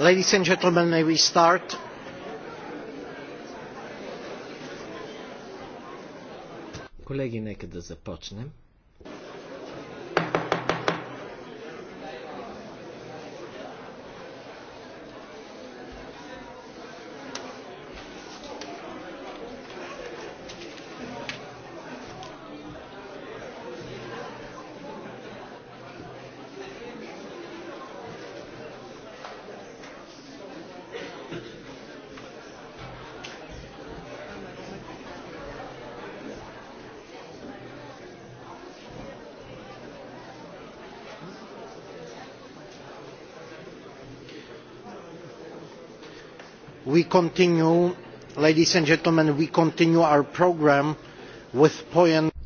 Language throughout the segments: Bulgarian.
Ladies and gentlemen, may we start? Колеги, нека да започнем.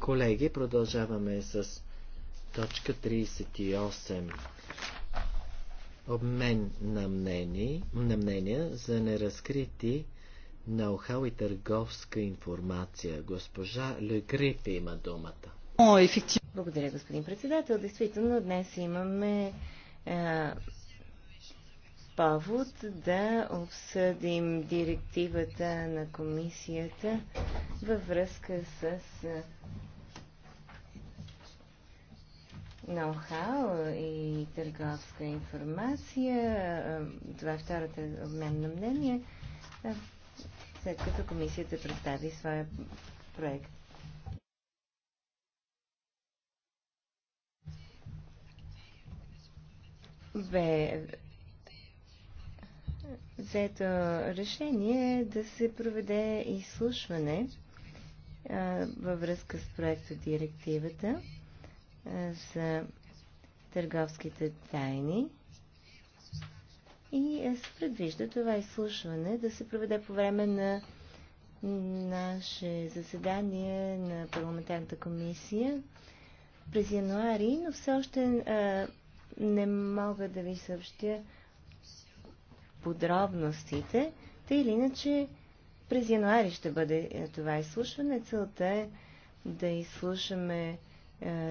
Колеги, продължаваме с точка 38. Обмен на, мнение, на мнения за неразкрити ноу-хау и търговска информация. Госпожа Легрип има думата. О, ефективно. Благодаря, господин председател. Действително, днес имаме а, е, повод да обсъдим директивата на комисията във връзка с ноу-хау и търговска информация. Това е втората обмен на мнение, след като комисията представи своя проект. Бе взето решение да се проведе изслушване във връзка с проекта директивата за търговските тайни. И се предвижда това изслушване да се проведе по време на наше заседание на парламентарната комисия през януари, но все още а, не мога да ви съобщя подробностите. тъй или иначе, през януари ще бъде е, това изслушване. Целта е да изслушаме е,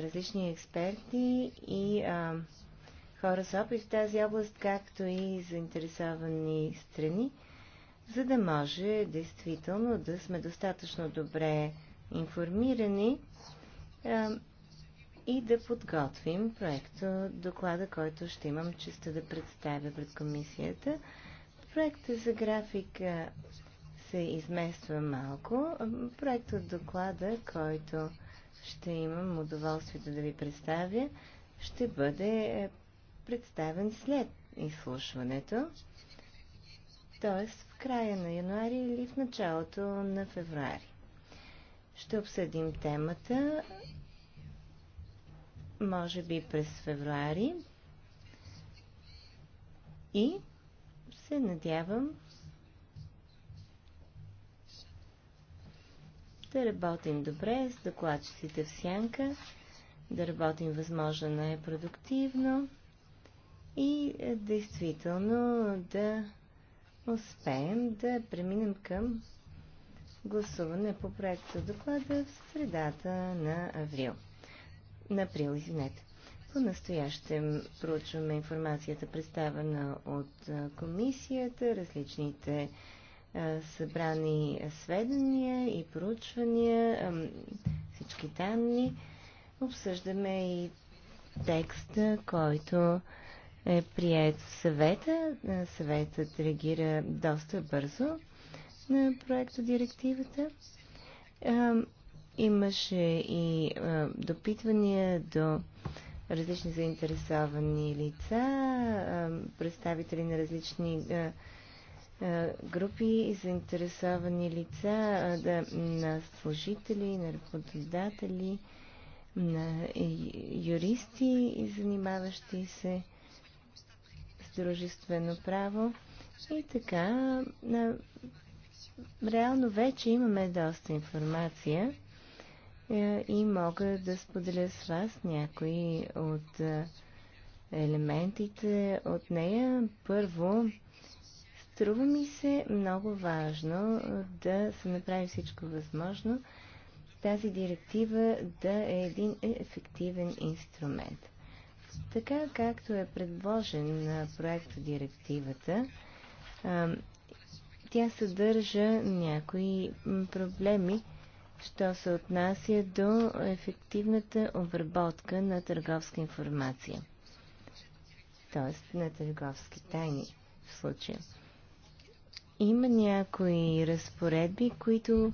различни експерти и а, хора с опит в тази област, както и заинтересовани страни, за да може действително да сме достатъчно добре информирани а, и да подготвим проекта доклада, който ще имам честа да представя пред комисията. Проектът за графика се измества малко. Проект от доклада, който ще имам удоволствието да ви представя, ще бъде е, представен след изслушването, т.е. в края на януари или в началото на февруари. Ще обсъдим темата, може би през февруари и се надявам да работим добре с докладчиците в сянка, да работим възможно най-продуктивно и е, действително да успеем да преминем към гласуване по проекта доклада в средата на април. На април, извинете. По-настоящем проучваме информацията представена от комисията, различните събрани сведения и проучвания, всички данни. Обсъждаме и текста, който е прият в съвета. Съветът реагира доста бързо на проекта директивата. Имаше и допитвания до различни заинтересовани лица, представители на различни групи и заинтересовани лица да, на служители, на работодатели, на юристи, и занимаващи се с дружествено право. И така, на, реално вече имаме доста информация е, и мога да споделя с вас някои от е, елементите от нея. Първо, струва ми се много важно е, да се направи всичко възможно тази директива да е един ефективен инструмент. Така както е предложен на проекта директивата, тя съдържа някои проблеми, що се отнася до ефективната обработка на търговска информация, т.е. на търговски тайни в случая. Има някои разпоредби, които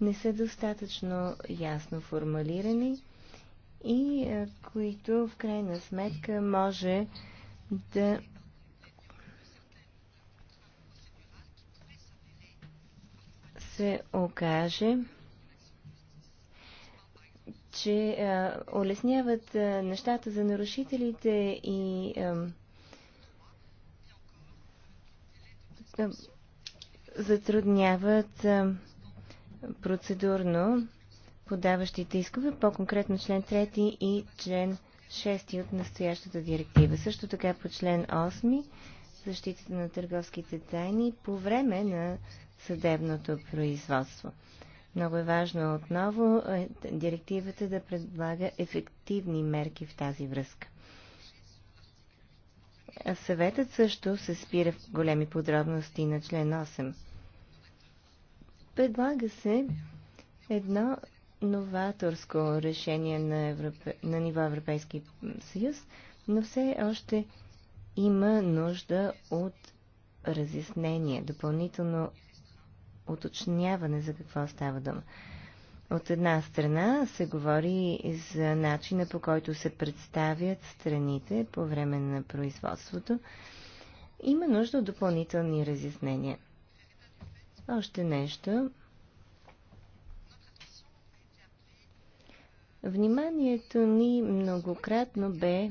не са достатъчно ясно формулирани и които в крайна сметка може да се окаже, че а, е, улесняват а, е, нещата за нарушителите и а, е, а, затрудняват а, процедурно подаващите искове, по-конкретно член 3 и член 6 от настоящата директива. Също така по член 8 защитата на търговските тайни по време на съдебното производство. Много е важно отново е, директивата да предлага ефективни мерки в тази връзка. съветът също се спира в големи подробности на член 8. Предлага се едно новаторско решение на, Европе... на ниво Европейски съюз, но все още има нужда от разяснение, допълнително уточняване за какво става дума. От една страна се говори за начина по който се представят страните по време на производството. Има нужда от допълнителни разяснения. Още нещо. Вниманието ни многократно бе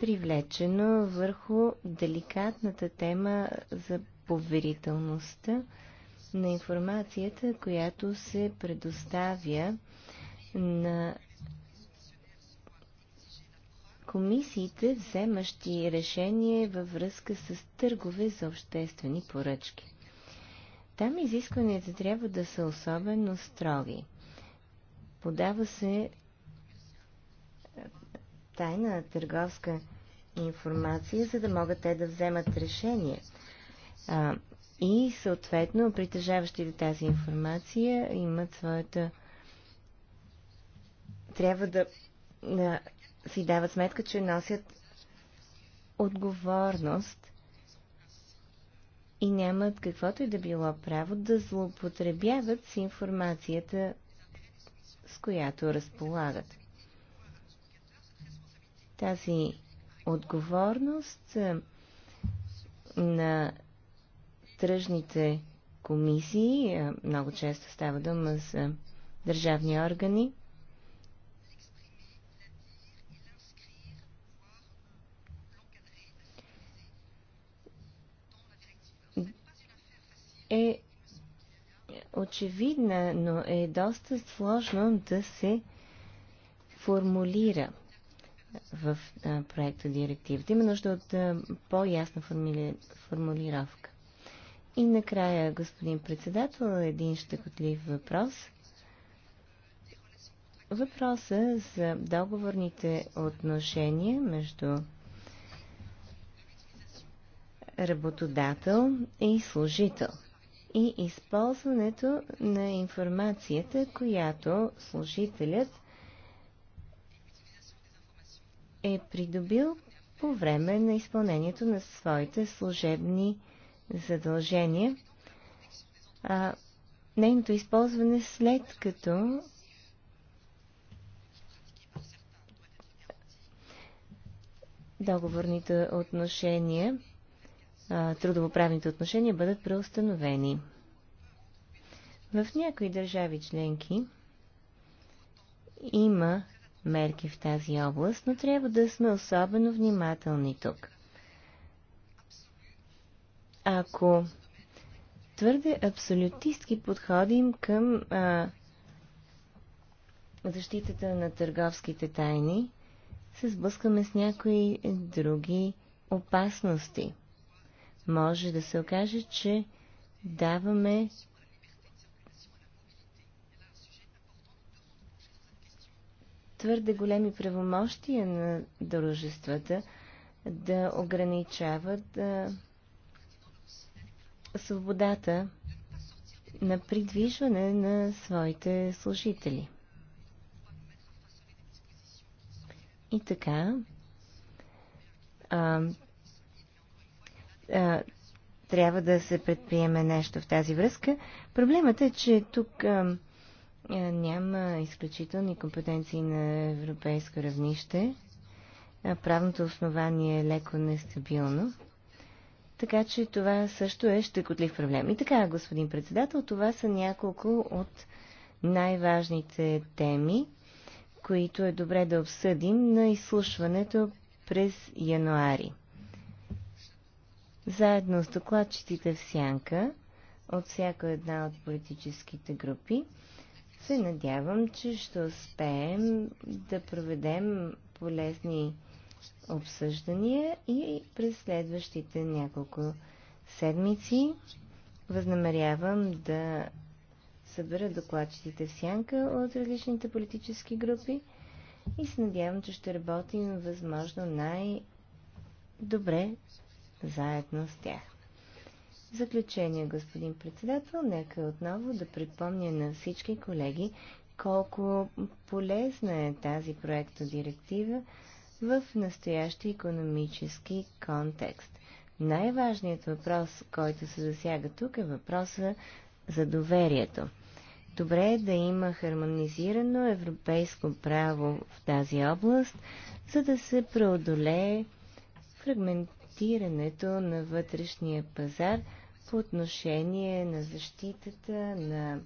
привлечено върху деликатната тема за поверителността на информацията, която се предоставя на комисиите, вземащи решение във връзка с търгове за обществени поръчки. Там изискванията трябва да са особено строги. Подава се е, тайна търговска информация, за да могат те да вземат решение и съответно притежаващите тази информация имат своята трябва да, да си дават сметка, че носят отговорност и нямат каквото и да било право да злоупотребяват с информацията, с която разполагат. Тази отговорност е, на тръжните комисии, много често става дума за държавни органи, е очевидна, но е доста сложно да се формулира в проекта директивата. Има нужда от по-ясна формулировка. И накрая, господин председател, един щекотлив въпрос. Въпроса за договорните отношения между работодател и служител и използването на информацията, която служителят е придобил по време на изпълнението на своите служебни задължение, а нейното използване след като договорните отношения, трудовоправните отношения бъдат преустановени. В някои държави членки има мерки в тази област, но трябва да сме особено внимателни тук ако твърде абсолютистки подходим към а, защитата на търговските тайни, се сблъскаме с някои други опасности. Може да се окаже, че даваме твърде големи правомощия на дружествата да ограничават а, свободата на придвижване на своите служители. И така, а, а, трябва да се предприеме нещо в тази връзка. Проблемът е, че тук а, няма изключителни компетенции на европейско равнище. А, правното основание е леко нестабилно. Така че това също е щекотлив проблем. И така, господин председател, това са няколко от най-важните теми, които е добре да обсъдим на изслушването през януари. Заедно с докладчиците в Сянка от всяка една от политическите групи, се надявам, че ще успеем да проведем полезни обсъждания и през следващите няколко седмици възнамерявам да събера докладчетите в сянка от различните политически групи и се надявам, че ще работим възможно най-добре заедно с тях. В заключение, господин председател, нека отново да припомня на всички колеги колко полезна е тази проекта директива в настоящия економически контекст. Най-важният въпрос, който се засяга тук е въпроса за доверието. Добре е да има хармонизирано европейско право в тази област, за да се преодолее фрагментирането на вътрешния пазар по отношение на защитата на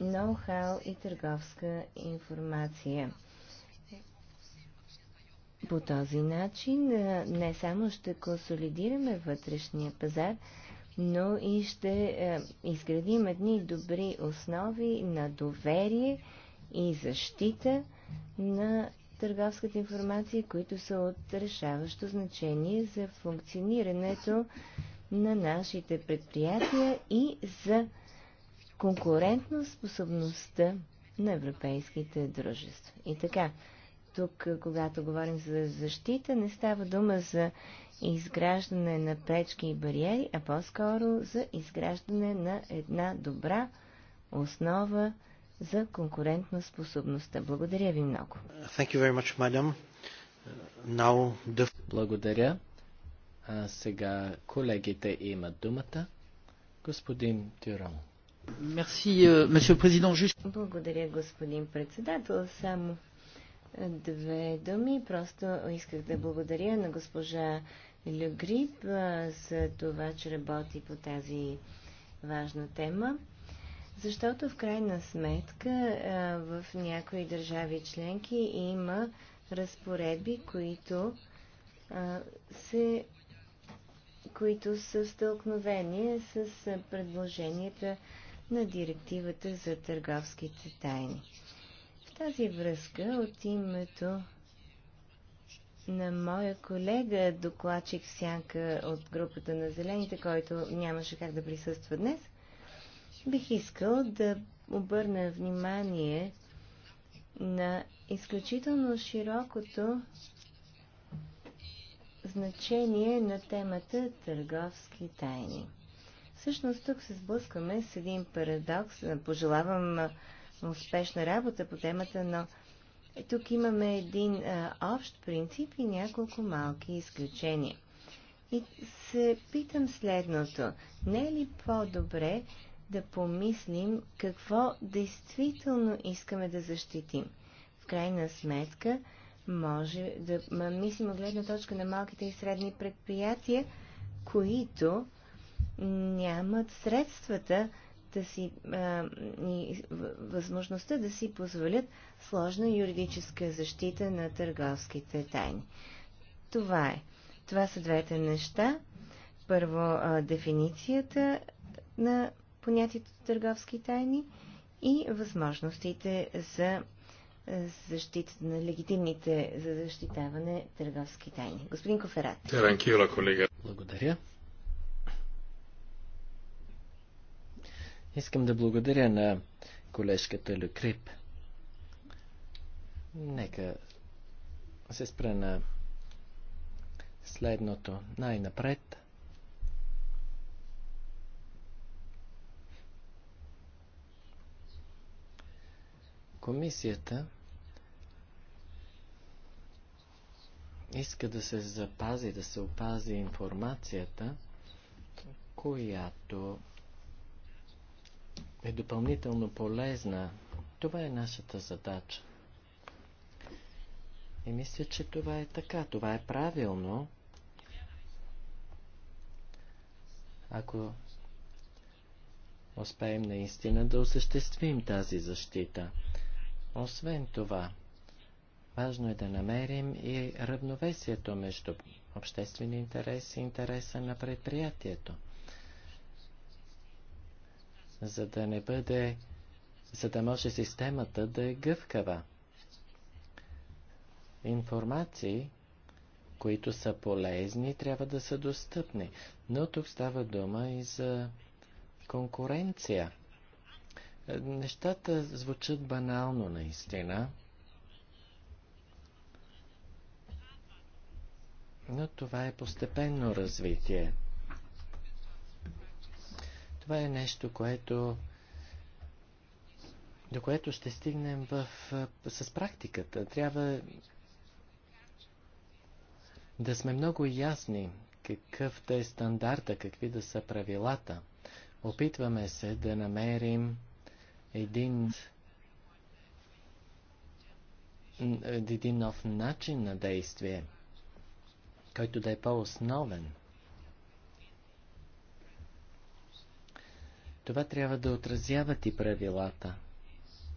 ноу-хау и търговска информация. По този начин не само ще консолидираме вътрешния пазар, но и ще изградим едни добри основи на доверие и защита на търговската информация, които са от решаващо значение за функционирането на нашите предприятия и за конкурентно способността на европейските дружества. И така, тук, когато говорим за защита, не става дума за изграждане на пречки и бариери, а по-скоро за изграждане на една добра основа за конкурентна способността. Благодаря ви много. Much, the... Благодаря. А сега колегите имат думата. Господин Тюрон. Merci, euh, Monsieur Благодаря, господин председател. Само две думи. Просто исках да благодаря на госпожа Люгрип за това, че работи по тази важна тема. Защото в крайна сметка в някои държави членки има разпоредби, които се които са в стълкновение с предложенията на директивата за търговските тайни тази връзка от името на моя колега, докладчик Сянка от групата на Зелените, който нямаше как да присъства днес, бих искал да обърна внимание на изключително широкото значение на темата търговски тайни. Всъщност тук се сблъскваме с един парадокс. Пожелавам успешна работа по темата, но тук имаме един а, общ принцип и няколко малки изключения. И се питам следното. Не е ли по-добре да помислим какво действително искаме да защитим? В крайна сметка, може да мислим от гледна точка на малките и средни предприятия, които нямат средствата да си а, и възможността да си позволят сложна юридическа защита на търговските тайни. Това е. Това са двете неща. Първо, а, дефиницията на понятието търговски тайни и възможностите за защита на легитимните за защитаване търговски тайни. Господин Коферат. Благодаря. Искам да благодаря на колежката Люкрип. Нека се спра на следното. Най-напред. Комисията иска да се запази, да се опази информацията, която е допълнително полезна. Това е нашата задача. И мисля, че това е така. Това е правилно. Ако успеем наистина да осъществим тази защита. Освен това, важно е да намерим и равновесието между обществени интереси и интереса на предприятието за да не бъде, за да може системата да е гъвкава. Информации, които са полезни, трябва да са достъпни. Но тук става дума и за конкуренция. Нещата звучат банално наистина, но това е постепенно развитие. Това е нещо, което до което ще стигнем в, с практиката. Трябва да сме много ясни какъв да е стандарта, какви да са правилата. Опитваме се да намерим един, един нов начин на действие, който да е по-основен. Това трябва да отразяват и правилата.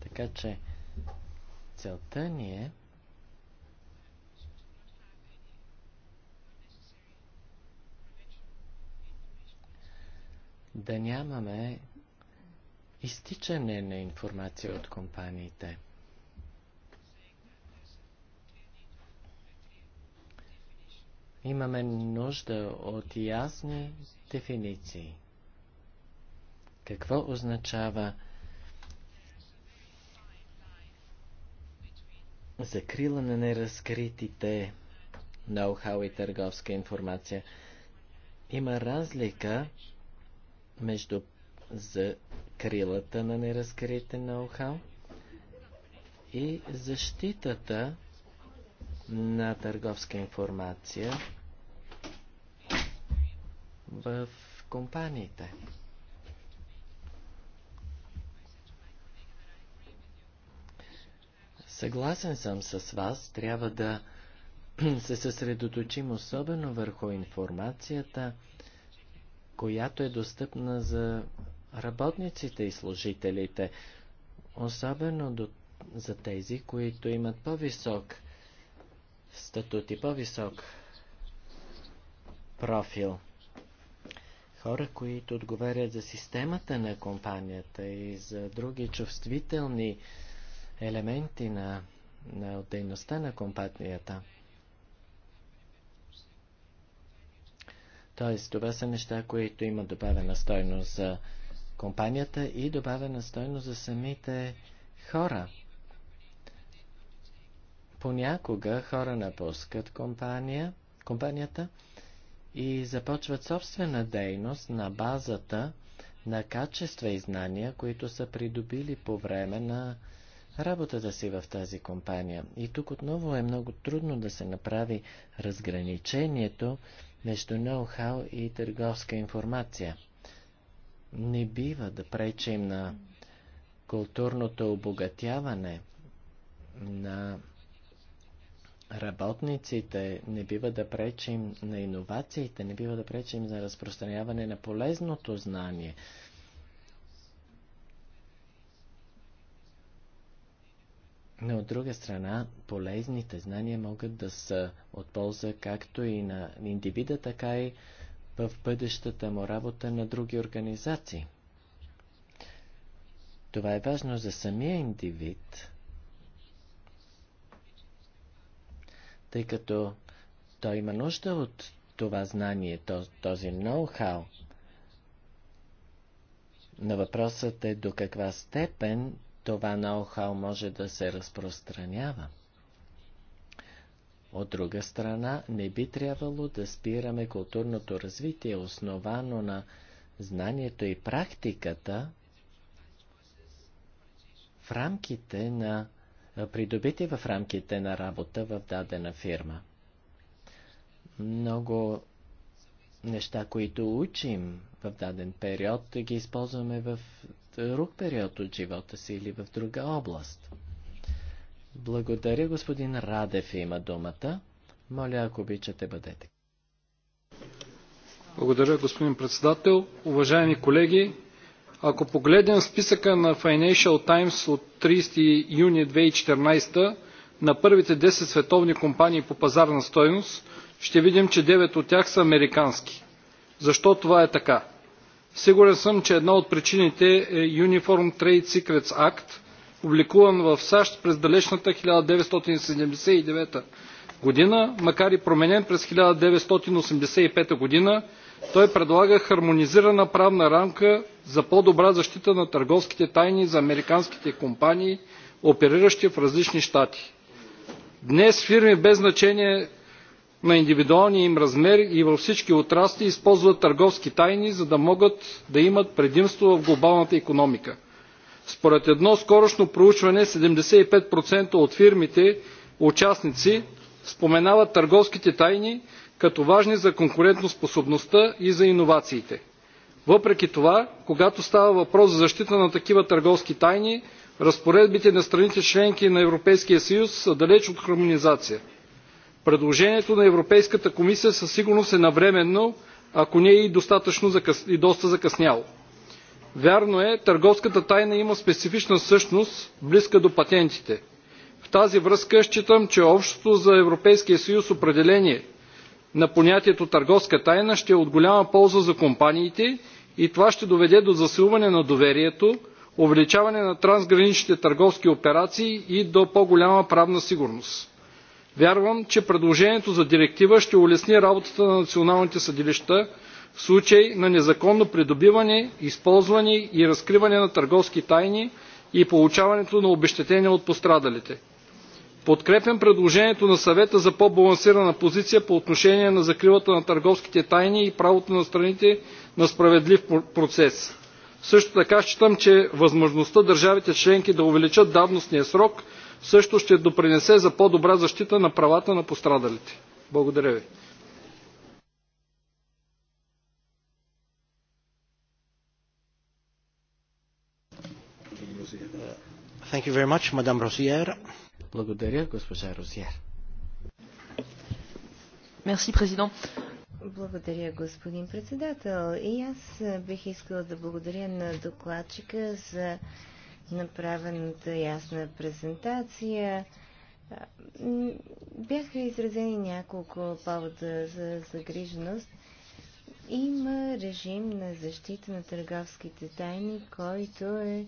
Така че целта ни е да нямаме изтичане на информация от компаниите. Имаме нужда от ясни дефиниции. Какво означава закрила на неразкритите ноу-хау и търговска информация? Има разлика между закрилата на неразкрите ноу-хау и защитата на търговска информация в компаниите. Съгласен съм с вас, трябва да се съсредоточим особено върху информацията, която е достъпна за работниците и служителите, особено до, за тези, които имат по-висок статут и по-висок профил. Хора, които отговарят за системата на компанията и за други чувствителни елементи на, на дейността на компанията. Тоест, това са неща, които имат добавена стойност за компанията и добавена стойност за самите хора. Понякога хора напускат компания, компанията и започват собствена дейност на базата на качества и знания, които са придобили по време на работата си в тази компания. И тук отново е много трудно да се направи разграничението между ноу-хау и търговска информация. Не бива да пречим на културното обогатяване на работниците, не бива да пречим на иновациите, не бива да пречим за разпространяване на полезното знание – Но от друга страна, полезните знания могат да са от полза както и на индивида, така и в бъдещата му работа на други организации. Това е важно за самия индивид, тъй като той има нужда от това знание, този ноу-хау. Но въпросът е до каква степен това ноу-хау може да се разпространява. От друга страна, не би трябвало да спираме културното развитие, основано на знанието и практиката, в рамките на придобити в рамките на работа в дадена фирма. Много неща, които учим в даден период, ги използваме в друг период от живота си или в друга област. Благодаря, господин Радев има думата. Моля, ако обичате, бъдете. Благодаря, господин председател. Уважаеми колеги, ако погледнем списъка на Financial Times от 30 юни 2014 на първите 10 световни компании по пазарна стойност, ще видим, че 9 от тях са американски. Защо това е така? Сигурен съм, че една от причините е Uniform Trade Secrets Act, публикуван в САЩ през далечната 1979 година, макар и променен през 1985 година, той предлага хармонизирана правна рамка за по-добра защита на търговските тайни за американските компании, опериращи в различни щати. Днес фирми без значение на индивидуалния им размер и във всички отрасли използват търговски тайни за да могат да имат предимство в глобалната економика. според едно скорошно проучване 75% от фирмите участници споменават търговските тайни като важни за конкурентоспособността и за иновациите. въпреки това когато става въпрос за защита на такива търговски тайни разпоредбите на страните членки на европейския съюз са далеч от хармонизация предложението на европейската комисия със сигурност е навременно ако не е и, и доста закъсняло. вярно е търговската тайна има специфична същност близка до патентите. в тази връзка считам че общото за европейския съюз определение на понятието търговска тайна ще е от голяма полза за компаниите и това ще доведе до засилване на доверието увеличаване на трансграничните търговски операции и до по голяма правна сигурност. Вярвам, че предложението за директива ще улесни работата на националните съдилища в случай на незаконно придобиване, използване и разкриване на търговски тайни и получаването на обещетения от пострадалите. Подкрепям предложението на съвета за по-балансирана позиция по отношение на закрилата на търговските тайни и правото на страните на справедлив процес. Също така считам, че възможността държавите членки да увеличат давностния срок също ще допринесе за по-добра защита на правата на пострадалите. Благодаря ви. Thank you very much, Rosier. Благодаря, госпожа Розиер. Мерси, президент. Благодаря, господин председател. И аз бих искала да благодаря на докладчика за направената ясна презентация. Бяха изразени няколко повода за загриженост. Има режим на защита на търговските тайни, който е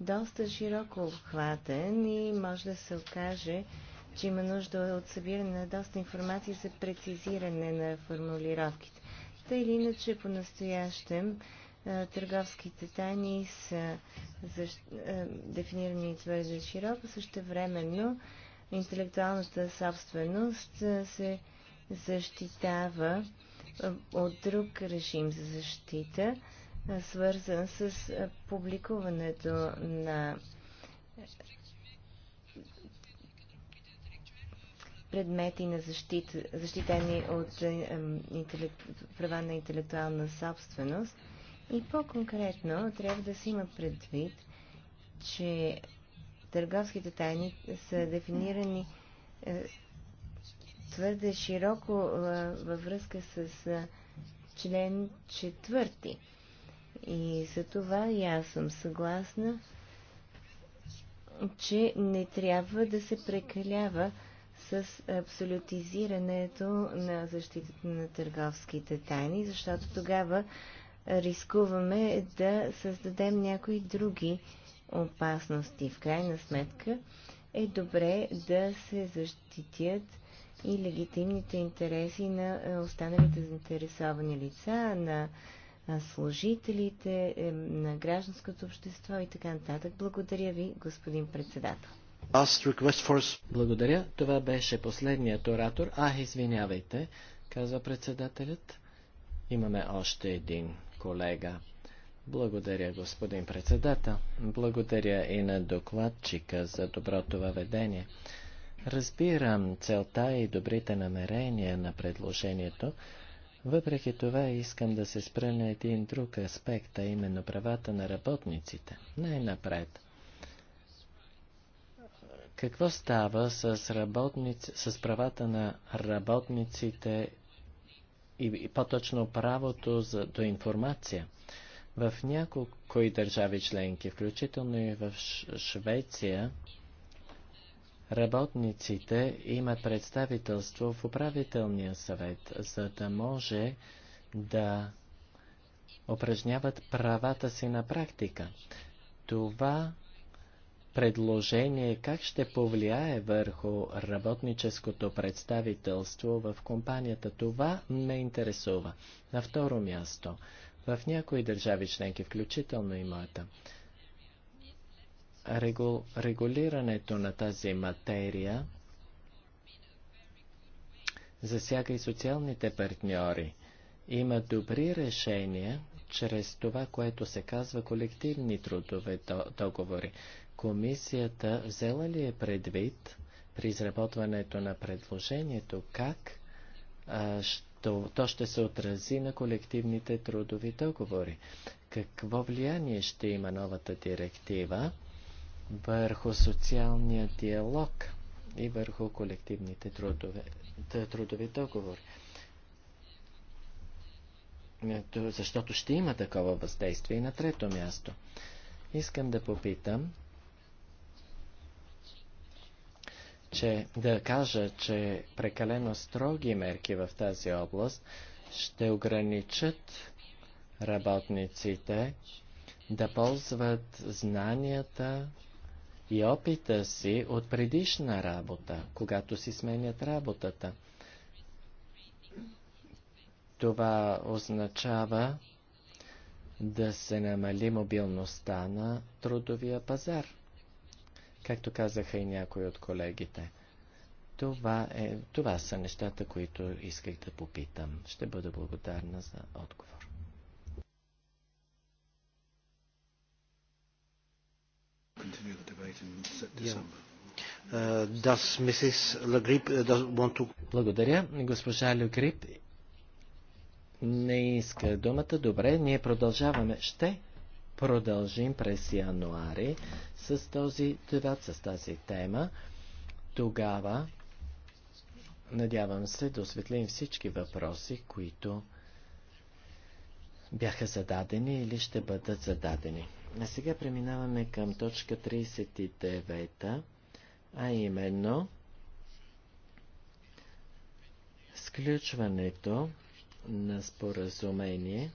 доста широко обхватен и може да се окаже, че има нужда от събиране на доста информация за прецизиране на формулировките. Та или иначе по-настоящем е, търговските тайни са е, дефинирани твърде широко, също времено интелектуалната собственост е, се защитава от друг режим за защита, свързан с публикуването на предмети на защита, защитени от права на интелектуална собственост – и по-конкретно трябва да се има предвид, че търговските тайни са дефинирани е, твърде широко е, във връзка с е, член четвърти. И за това и аз съм съгласна, че не трябва да се прекалява с абсолютизирането на защитата на търговските тайни, защото тогава рискуваме да създадем някои други опасности. В крайна сметка е добре да се защитят и легитимните интереси на е, останалите заинтересовани лица, на е, служителите, е, на гражданското общество и така нататък. Благодаря ви, господин председател. Благодаря. Това беше последният оратор. Ах, извинявайте, казва председателят. Имаме още един колега. Благодаря, господин председател. Благодаря и на докладчика за доброто въведение. Разбирам целта и добрите намерения на предложението, въпреки това искам да се спра на един друг аспект, а именно правата на работниците. Най-напред. Какво става с, работници, с правата на работниците и по-точно правото за, до информация. В няколко държави членки, включително и в Швеция, работниците имат представителство в управителния съвет, за да може да упражняват правата си на практика. Това предложение как ще повлияе върху работническото представителство в компанията. Това ме интересува. На второ място, в някои държави членки, включително и моята, регулирането на тази материя засяга и социалните партньори. Има добри решения чрез това, което се казва колективни трудове договори. Комисията взела ли е предвид при изработването на предложението как а, що, то ще се отрази на колективните трудови договори? Какво влияние ще има новата директива върху социалния диалог и върху колективните трудови, трудови договори? защото ще има такова въздействие. И на трето място, искам да попитам, че, да кажа, че прекалено строги мерки в тази област ще ограничат работниците да ползват знанията и опита си от предишна работа, когато си сменят работата. Това означава да се намали мобилността на трудовия пазар както казаха и някои от колегите. Това, е, това са нещата, които исках да попитам. Ще бъда благодарна за отговор. Uh, uh, Благодаря. Госпожа Люгрип не иска думата. Добре, ние продължаваме. Ще? продължим през януари с този дебат, с тази тема. Тогава надявам се да осветлим всички въпроси, които бяха зададени или ще бъдат зададени. А сега преминаваме към точка 39, а именно сключването на споразумение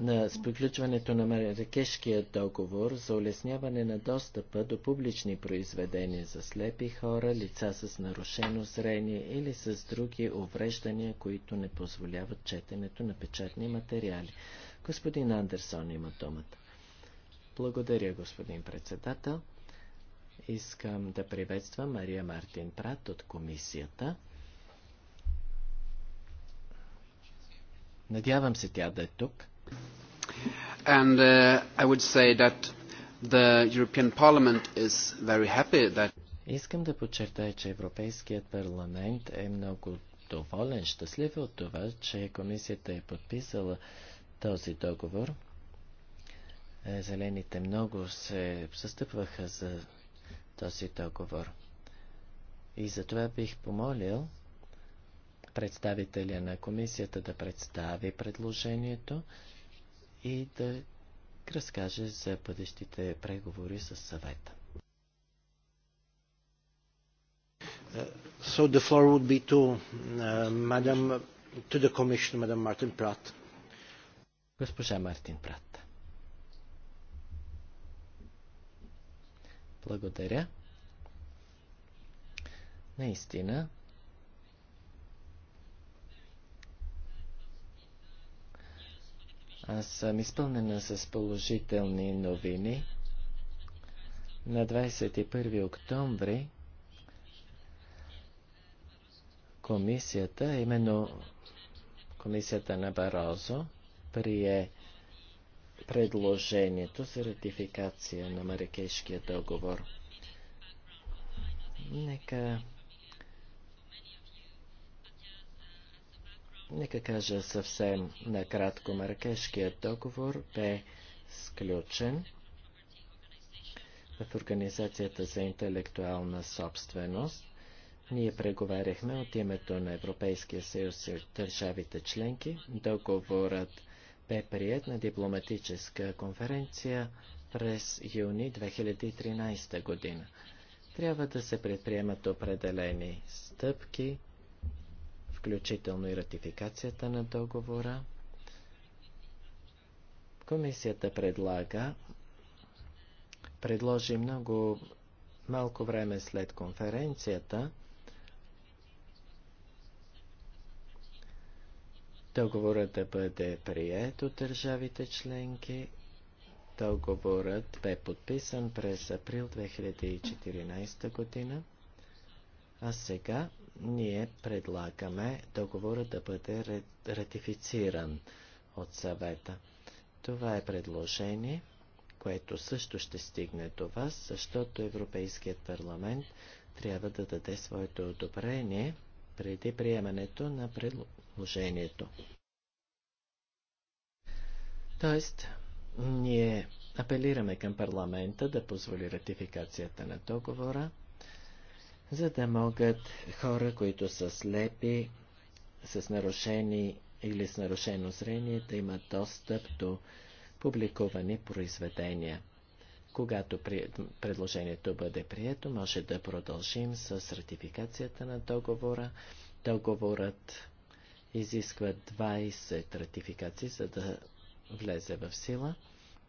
на приключването на Маракешкият договор за улесняване на достъпа до публични произведения за слепи хора, лица с нарушено зрение или с други увреждания, които не позволяват четенето на печатни материали. Господин Андерсон има думата. Благодаря, господин председател. Искам да приветствам Мария Мартин Прат от комисията. Надявам се тя да е тук. And uh, I would say that the European Parliament is very happy that Искам да подчертая, че Европейският парламент е много доволен, щастлив от това, че комисията е подписала този договор. Е, зелените много се застъпваха за този договор. И затова бих помолил представителя на комисията да представи предложението и да разкаже за бъдещите преговори с съвета. So the floor would be to, uh, madam, to the commission, madam Martin Pratt. Госпожа Мартин Прат. Благодаря. Наистина, Аз съм изпълнена с положителни новини. На 21 октомври комисията, именно комисията на Барозо, прие предложението за ратификация на Марикешкия договор. Нека Нека кажа съвсем накратко. Маракешкият договор бе сключен в Организацията за интелектуална собственост. Ние преговаряхме от името на Европейския съюз и държавите членки. Договорът бе прият на дипломатическа конференция през юни 2013 година. Трябва да се предприемат определени стъпки включително и ратификацията на договора. Комисията предлага, предложи много малко време след конференцията, договорът да бъде прият от държавите членки. Договорът бе подписан през април 2014 година, а сега ние предлагаме договора да бъде ратифициран от съвета. Това е предложение, което също ще стигне до вас, защото Европейският парламент трябва да даде своето одобрение преди приемането на предложението. Тоест, ние апелираме към парламента да позволи ратификацията на договора, за да могат хора, които са слепи, с нарушени или с нарушено зрение, да имат достъп до публикувани произведения. Когато предложението бъде прието, може да продължим с ратификацията на договора. Договорът изисква 20 ратификации, за да влезе в сила.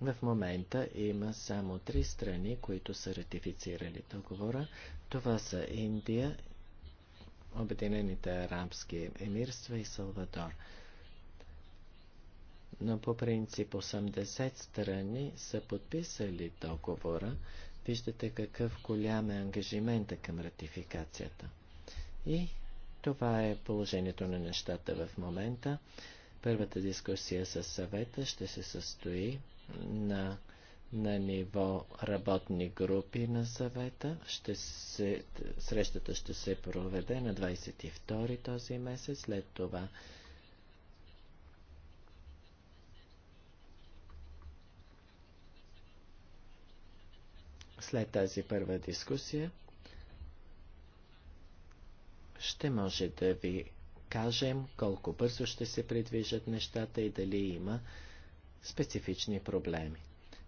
В момента има само три страни, които са ратифицирали договора. Това са Индия, Обединените арабски емирства и Салвадор. Но по принцип 80 страни са подписали договора. Виждате какъв голям е ангажимента към ратификацията. И това е положението на нещата в момента. Първата дискусия с съвета ще се състои на, на ниво работни групи на съвета. Ще се, срещата ще се проведе на 22 този месец, след това след тази първа дискусия ще може да ви кажем колко бързо ще се придвижат нещата и дали има специфични проблеми.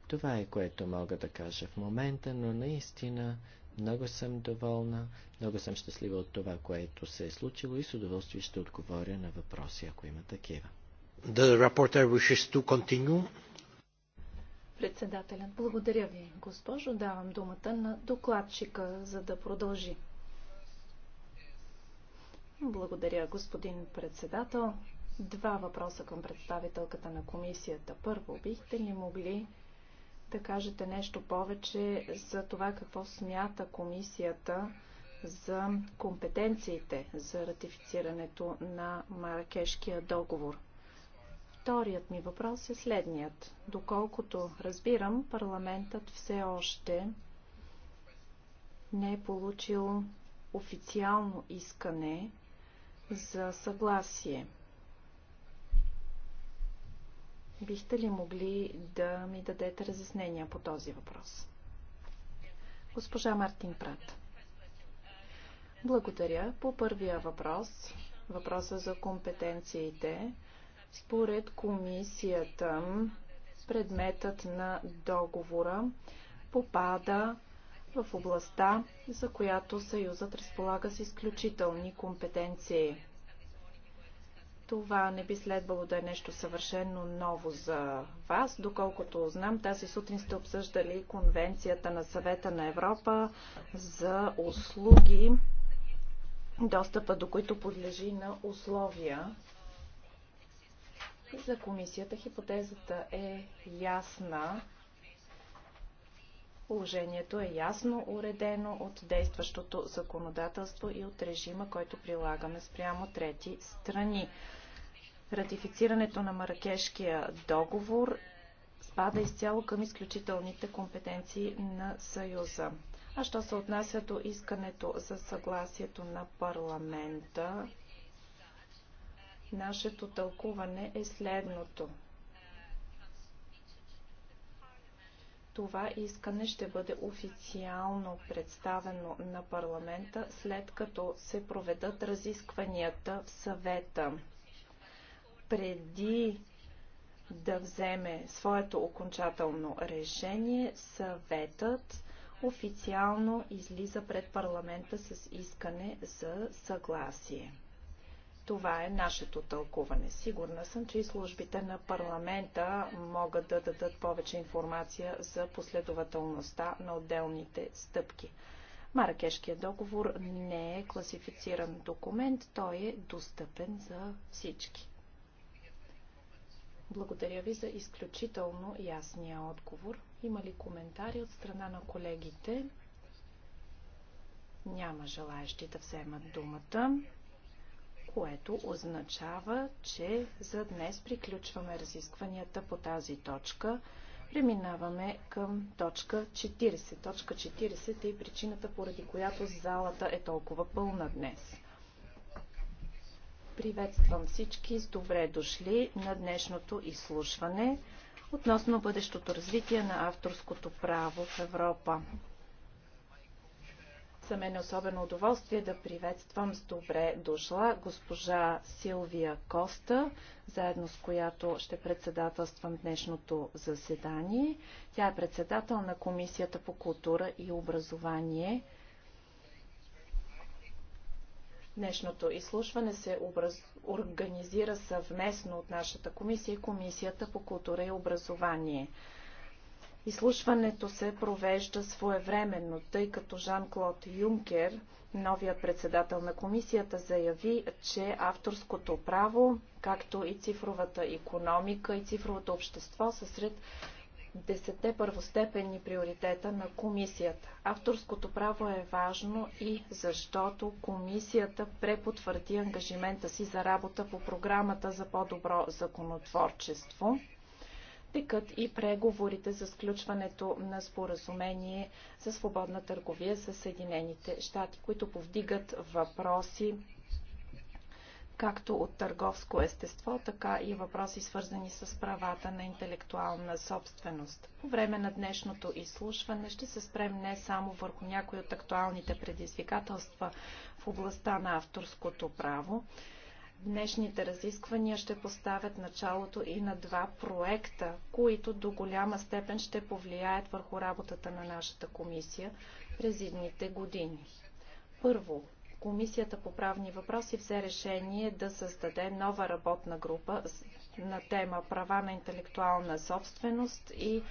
Това е което мога да кажа в момента, но наистина много съм доволна, много съм щастлива от това, което се е случило и с удоволствие ще отговоря на въпроси, ако има такива. The reporter wishes to continue. Председателят, благодаря ви, госпожо. Давам думата на докладчика, за да продължи. Благодаря, господин председател. Два въпроса към представителката на комисията. Първо, бихте ли могли да кажете нещо повече за това какво смята комисията за компетенциите за ратифицирането на Маракешкия договор? Вторият ми въпрос е следният. Доколкото разбирам, парламентът все още не е получил официално искане за съгласие Бихте ли могли да ми дадете разяснения по този въпрос? Госпожа Мартин Прат. Благодаря. По първия въпрос, въпроса за компетенциите, според комисията, предметът на договора попада в областта, за която Съюзът разполага с изключителни компетенции. Това не би следвало да е нещо съвършено ново за вас. Доколкото знам, тази сутрин сте обсъждали Конвенцията на съвета на Европа за услуги, достъпа до които подлежи на условия. За комисията хипотезата е ясна. Положението е ясно уредено от действащото законодателство и от режима, който прилагаме спрямо трети страни. Ратифицирането на Маракешкия договор спада изцяло към изключителните компетенции на Съюза. А що се отнася до искането за съгласието на парламента, нашето тълкуване е следното. Това искане ще бъде официално представено на парламента, след като се проведат разискванията в съвета преди да вземе своето окончателно решение, съветът официално излиза пред парламента с искане за съгласие. Това е нашето тълкуване. Сигурна съм, че и службите на парламента могат да дадат повече информация за последователността на отделните стъпки. Маракешкият договор не е класифициран документ, той е достъпен за всички. Благодаря ви за изключително ясния отговор. Има ли коментари от страна на колегите? Няма желаящи да вземат думата, което означава, че за днес приключваме разискванията по тази точка. Преминаваме към точка 40. Точка 40 е и причината, поради която залата е толкова пълна днес. Приветствам всички с добре дошли на днешното изслушване относно бъдещото развитие на авторското право в Европа. За мен е особено удоволствие да приветствам с добре дошла госпожа Силвия Коста, заедно с която ще председателствам днешното заседание. Тя е председател на Комисията по култура и образование – Днешното изслушване се образ... организира съвместно от нашата комисия и Комисията по култура и образование. Изслушването се провежда своевременно, тъй като Жан-Клод Юнкер, новият председател на комисията, заяви, че авторското право, както и цифровата економика и цифровото общество са сред десетте първостепенни приоритета на комисията. Авторското право е важно и защото комисията препотвърди ангажимента си за работа по програмата за по-добро законотворчество. Текат и преговорите за сключването на споразумение за свободна търговия с Съединените щати, които повдигат въпроси както от търговско естество, така и въпроси свързани с правата на интелектуална собственост. По време на днешното изслушване ще се спрем не само върху някои от актуалните предизвикателства в областта на авторското право, Днешните разисквания ще поставят началото и на два проекта, които до голяма степен ще повлияят върху работата на нашата комисия през идните години. Първо, Комисията по правни въпроси взе решение да създаде нова работна група на тема права на интелектуална собственост и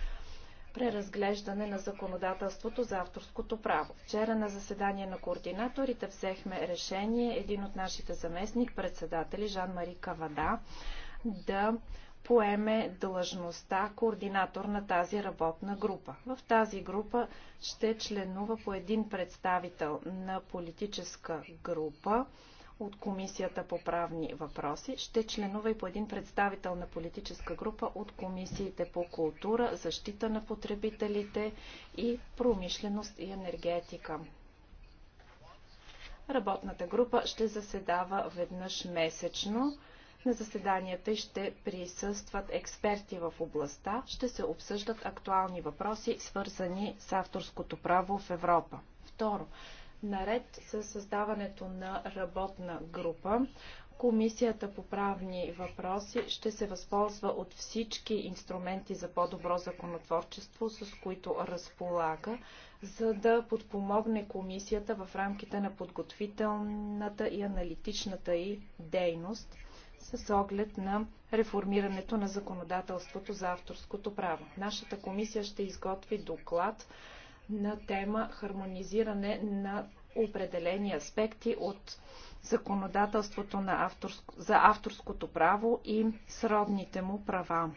преразглеждане на законодателството за авторското право. Вчера на заседание на координаторите взехме решение един от нашите заместник председатели Жан-Мари Кавада да поеме длъжността координатор на тази работна група. В тази група ще членува по един представител на политическа група от Комисията по правни въпроси. Ще членува и по един представител на политическа група от комисиите по култура, защита на потребителите и промишленост и енергетика. Работната група ще заседава веднъж месечно. На заседанията ще присъстват експерти в областта. Ще се обсъждат актуални въпроси, свързани с авторското право в Европа. Второ, наред с създаването на работна група, Комисията по правни въпроси ще се възползва от всички инструменти за по-добро законотворчество, с които разполага, за да подпомогне комисията в рамките на подготвителната и аналитичната й дейност – с оглед на реформирането на законодателството за авторското право. Нашата комисия ще изготви доклад на тема хармонизиране на определени аспекти от законодателството на авторско, за авторското право и сродните му права.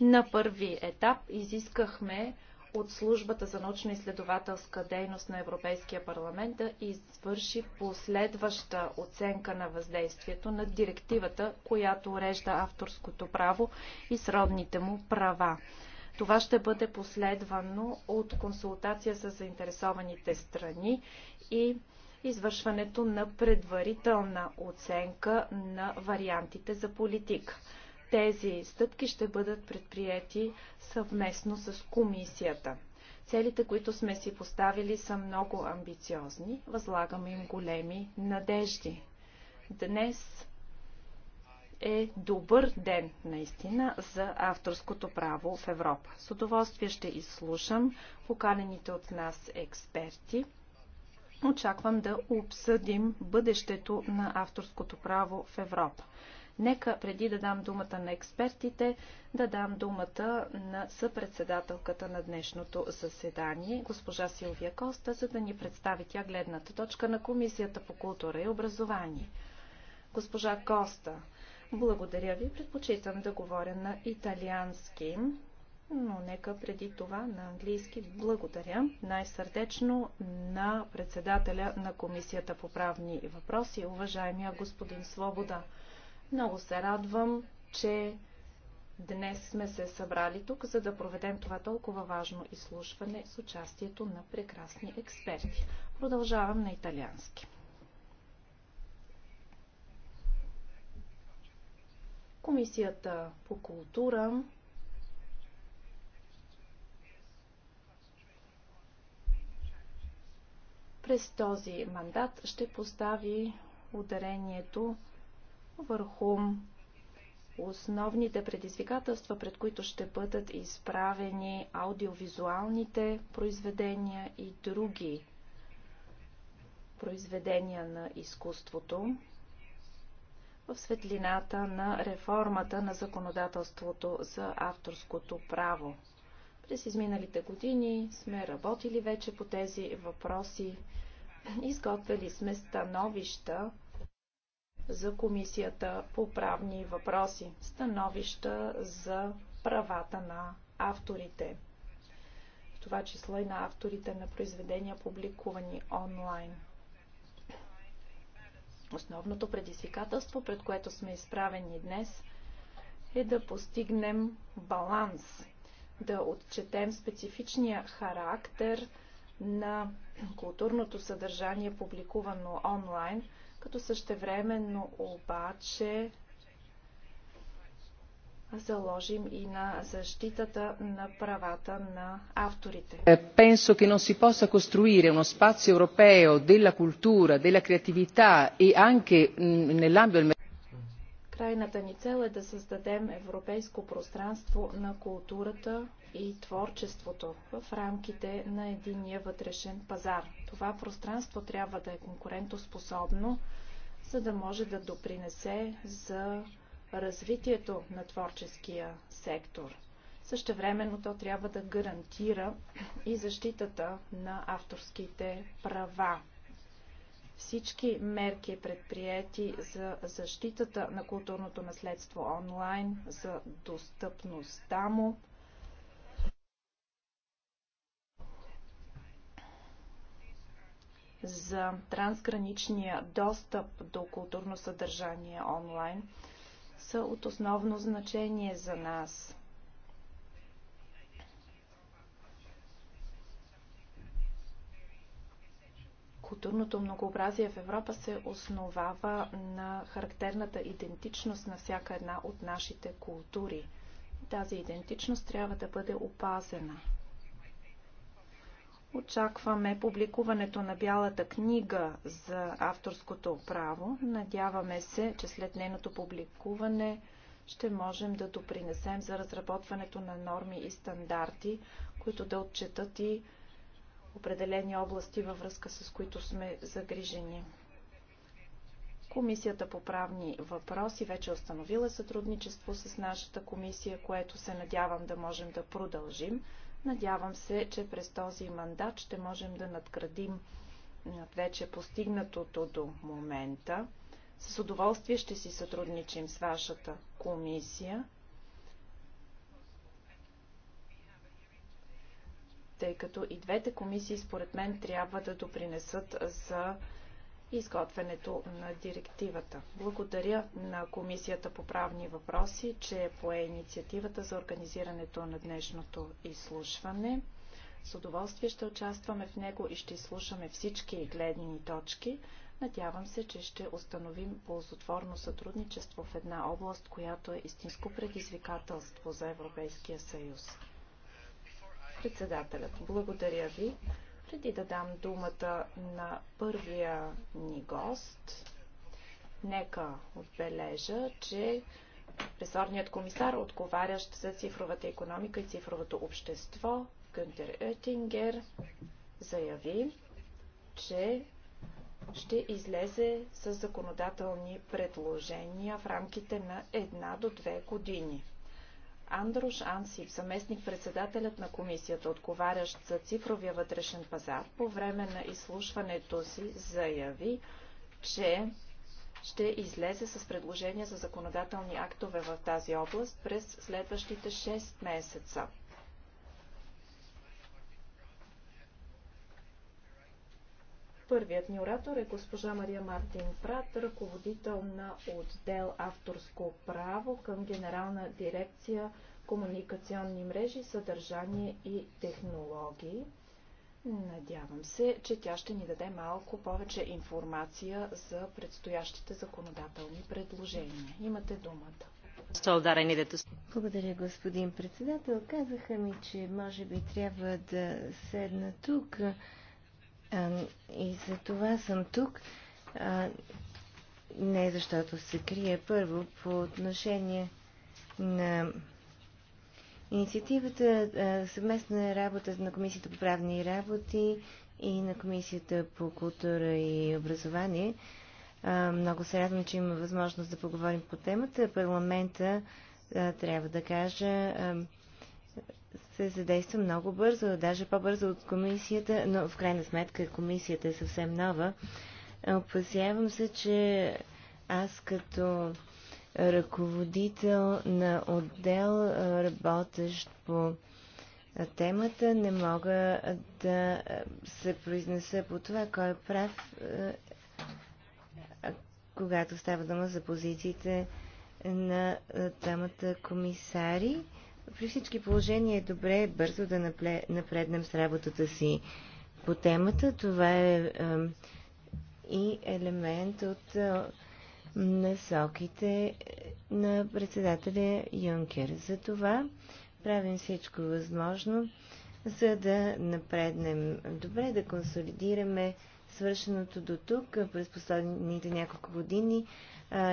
На първи етап изискахме от службата за научно-изследователска дейност на Европейския парламент да извърши последваща оценка на въздействието на директивата, която урежда авторското право и сродните му права. Това ще бъде последвано от консултация с заинтересованите страни и извършването на предварителна оценка на вариантите за политика. Тези стъпки ще бъдат предприяти съвместно с комисията. Целите, които сме си поставили, са много амбициозни. Възлагаме им големи надежди. Днес е добър ден наистина за авторското право в Европа. С удоволствие ще изслушам поканените от нас експерти. Очаквам да обсъдим бъдещето на авторското право в Европа. Нека преди да дам думата на експертите, да дам думата на съпредседателката на днешното заседание, госпожа Силвия Коста, за да ни представи тя гледната точка на Комисията по култура и образование. Госпожа Коста, благодаря ви. Предпочитам да говоря на италиански, но нека преди това на английски благодаря най-сърдечно на председателя на Комисията по правни въпроси, уважаемия господин Свобода. Много се радвам, че днес сме се събрали тук, за да проведем това толкова важно изслушване с участието на прекрасни експерти. Продължавам на италиански. Комисията по култура през този мандат ще постави ударението върху основните предизвикателства, пред които ще бъдат изправени аудиовизуалните произведения и други произведения на изкуството в светлината на реформата на законодателството за авторското право. През изминалите години сме работили вече по тези въпроси. Изготвили сме становища за Комисията по правни въпроси. Становища за правата на авторите. В това число и на авторите на произведения, публикувани онлайн. Основното предизвикателство, пред което сме изправени днес, е да постигнем баланс, да отчетем специфичния характер на културното съдържание, публикувано онлайн – като същевременно обаче заложим и на защитата на правата на авторите. Е, Penso che non si possa costruire uno spazio europeo della cultura, della creatività e anche nell'ambito del Крайната ни цел е да създадем европейско пространство на културата, и творчеството в рамките на единния вътрешен пазар. Това пространство трябва да е конкурентоспособно, за да може да допринесе за развитието на творческия сектор. Същевременно то трябва да гарантира и защитата на авторските права. Всички мерки предприяти за защитата на културното наследство онлайн, за достъпността му, за трансграничния достъп до културно съдържание онлайн са от основно значение за нас. Културното многообразие в Европа се основава на характерната идентичност на всяка една от нашите култури. Тази идентичност трябва да бъде опазена – Очакваме публикуването на Бялата книга за авторското право. Надяваме се, че след нейното публикуване ще можем да допринесем за разработването на норми и стандарти, които да отчетат и определени области във връзка с които сме загрижени. Комисията по правни въпроси вече е установила сътрудничество с нашата комисия, което се надявам да можем да продължим. Надявам се, че през този мандат ще можем да надградим вече постигнатото до момента. С удоволствие ще си сътрудничим с вашата комисия. тъй като и двете комисии според мен трябва да допринесат за изготвянето на директивата. Благодаря на Комисията по правни въпроси, че пое инициативата за организирането на днешното изслушване. С удоволствие ще участваме в него и ще изслушаме всички гледни точки. Надявам се, че ще установим ползотворно сътрудничество в една област, която е истинско предизвикателство за Европейския съюз. Председателят, благодаря ви. Преди да дам думата на първия ни гост, нека отбележа, че ресорният комисар, отговарящ за цифровата економика и цифровото общество, Гюнтер Оетингер, заяви, че ще излезе с законодателни предложения в рамките на една до две години. Андрош Ансип, заместник-председателят на комисията, отговарящ за цифровия вътрешен пазар, по време на изслушването си заяви, че ще излезе с предложения за законодателни актове в тази област през следващите 6 месеца. Първият ни оратор е госпожа Мария Мартин Прат, ръководител на отдел авторско право към Генерална дирекция комуникационни мрежи, съдържание и технологии. Надявам се, че тя ще ни даде малко повече информация за предстоящите законодателни предложения. Имате думата. Благодаря, господин председател. Казаха ми, че може би трябва да седна тук. И за това съм тук. Не защото се крие първо по отношение на инициативата съвместна работа на Комисията по правни работи и на Комисията по култура и образование. Много се радвам, че има възможност да поговорим по темата. Парламента трябва да кажа се задейства много бързо, даже по-бързо от комисията, но в крайна сметка комисията е съвсем нова. Опасявам се, че аз като ръководител на отдел, работещ по темата, не мога да се произнеса по това, кой е прав, когато става дума за позициите на двамата комисари. При всички положения е добре бързо да напреднем с работата си по темата. Това е, и елемент от насоките на председателя Юнкер. За това правим всичко възможно, за да напреднем добре, да консолидираме свършеното до тук през последните няколко години.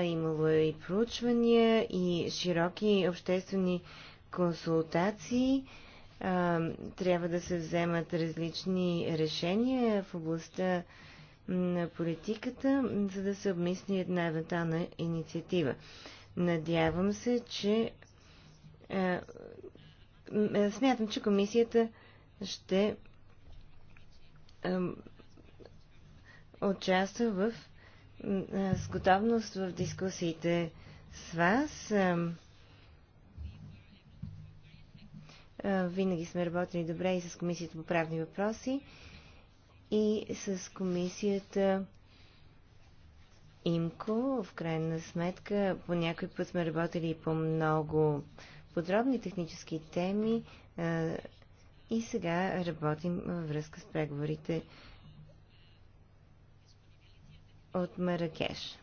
имало е и проучвания, и широки обществени консултации а, трябва да се вземат различни решения в областта на политиката, за да се обмисли една евентуална инициатива. Надявам се, че а, смятам, че комисията ще а, участва в с готовност в дискусиите с вас. Винаги сме работили добре и с Комисията по правни въпроси, и с Комисията ИМКО. В крайна сметка, по някой път сме работили и по много подробни технически теми и сега работим във връзка с преговорите от Маракеш.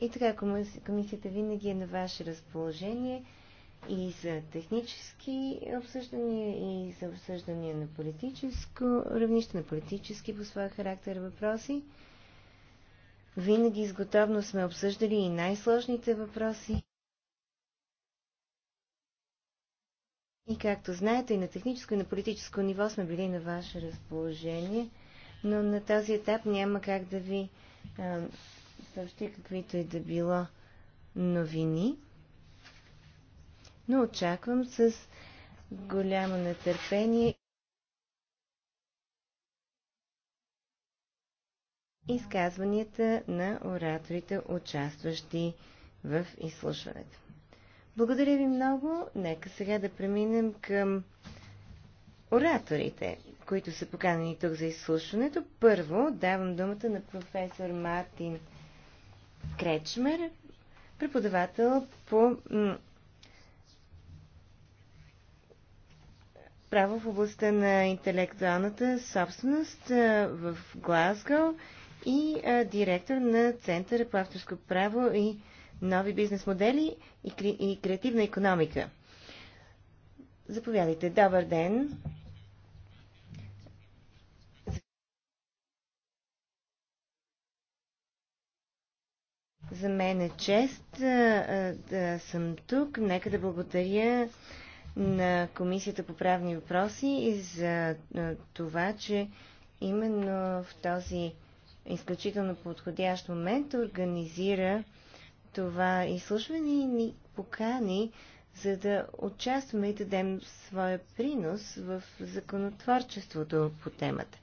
И така, комисията винаги е на ваше разположение и за технически обсъждания, и за обсъждания на политическо равнище, на политически по своя характер въпроси. Винаги с готовност сме обсъждали и най-сложните въпроси. И както знаете, и на техническо, и на политическо ниво сме били на ваше разположение, но на този етап няма как да ви съобщи каквито и да било новини, но очаквам с голямо нетърпение изказванията на ораторите, участващи в изслушването. Благодаря ви много. Нека сега да преминем към ораторите, които са поканени тук за изслушването. Първо давам думата на професор Мартин Кречмер, преподавател по право в областта на интелектуалната собственост в Глазгъл и директор на Центъра по авторско право и нови бизнес модели и, креативна економика. Заповядайте. Добър ден! За мен е чест да съм тук. Нека да благодаря на Комисията по правни въпроси и за това, че именно в този изключително подходящ момент организира това изслушване и ни покани, за да участваме и дадем своя принос в законотворчеството по темата.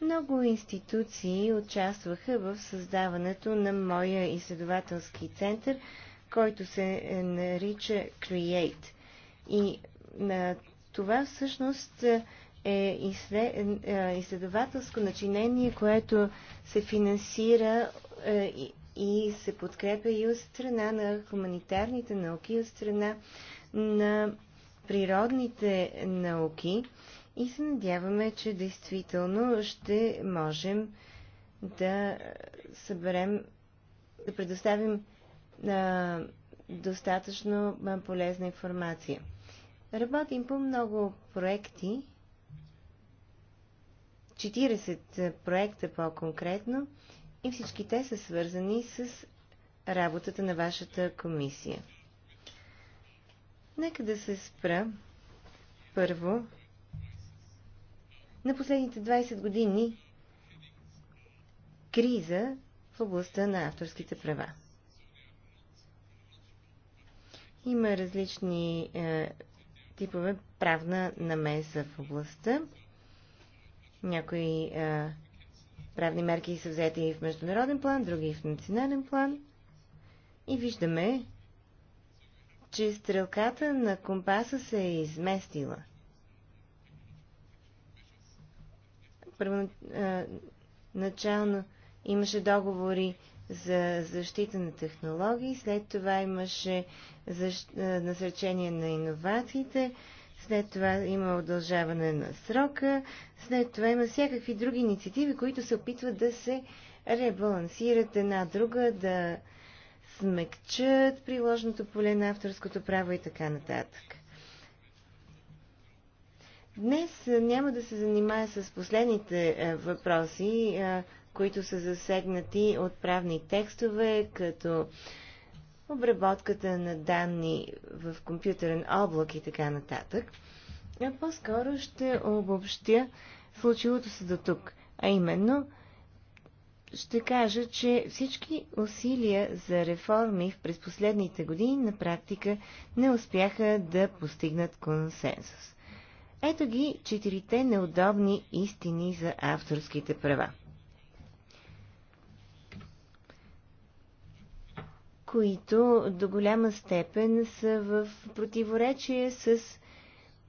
Много институции участваха в създаването на моя изследователски център, който се е, нарича CREATE. И на това всъщност е, е, е изследователско начинение, което се финансира и се подкрепя и от страна на хуманитарните науки, и от страна на природните науки и се надяваме, че действително ще можем да съберем, да предоставим а, достатъчно полезна информация. Работим по много проекти, 40 проекта по-конкретно, и всички те са свързани с работата на вашата комисия. Нека да се спра първо на последните 20 години криза в областта на авторските права. Има различни е, типове правна намеса в областта. Някои е, правни мерки са взети и в международен план, други и в национален план. И виждаме, че стрелката на компаса се е изместила – първоначално имаше договори за защита на технологии, след това имаше насречение насърчение на иновациите, след това има удължаване на срока, след това има всякакви други инициативи, които се опитват да се ребалансират една друга, да смекчат приложното поле на авторското право и така нататък. Днес няма да се занимая с последните въпроси, които са засегнати от правни текстове, като обработката на данни в компютърен облак и така нататък. А по-скоро ще обобщя случилото се до тук. А именно, ще кажа, че всички усилия за реформи през последните години на практика не успяха да постигнат консенсус. Ето ги четирите неудобни истини за авторските права. които до голяма степен са в противоречие с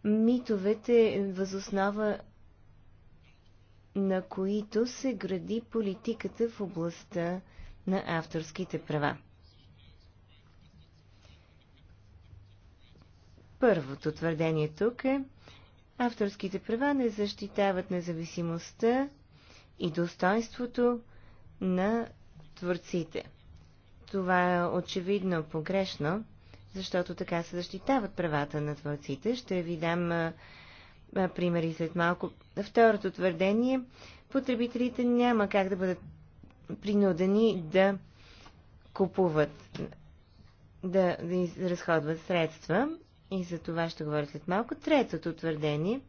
митовете, възоснова на които се гради политиката в областта на авторските права. Първото твърдение тук е, авторските права не защитават независимостта и достоинството на творците. Това е очевидно погрешно, защото така се защитават правата на творците. Ще ви дам а, а, примери след малко. Второто твърдение потребителите няма как да бъдат принудени да купуват, да, да изразходват средства и за това ще говоря след малко. Третото твърдение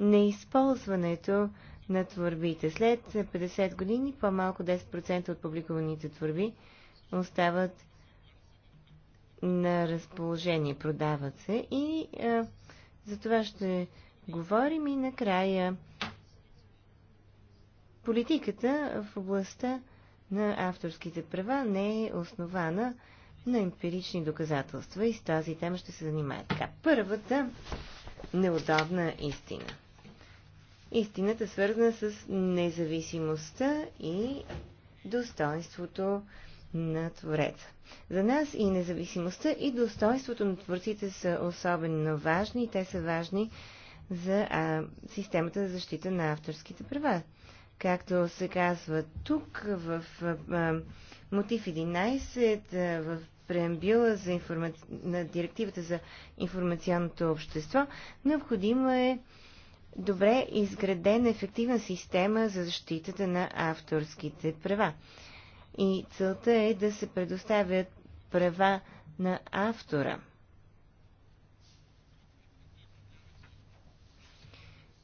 неизползването на творбите. След 50 години по-малко 10% от публикуваните творби остават на разположение, продават се и а, за това ще говорим и накрая политиката в областта на авторските права не е основана на емпирични доказателства и с тази тема ще се занимая така. Първата неудобна истина. Истината свързана с независимостта и достоинството на Твореца. За нас и независимостта и достоинството на Творците са особено важни и те са важни за а, системата за защита на авторските права както се казва тук в мотив 11 в преамбила за информа... на директивата за информационното общество, необходимо е добре изградена ефективна система за защитата на авторските права. И целта е да се предоставят права на автора –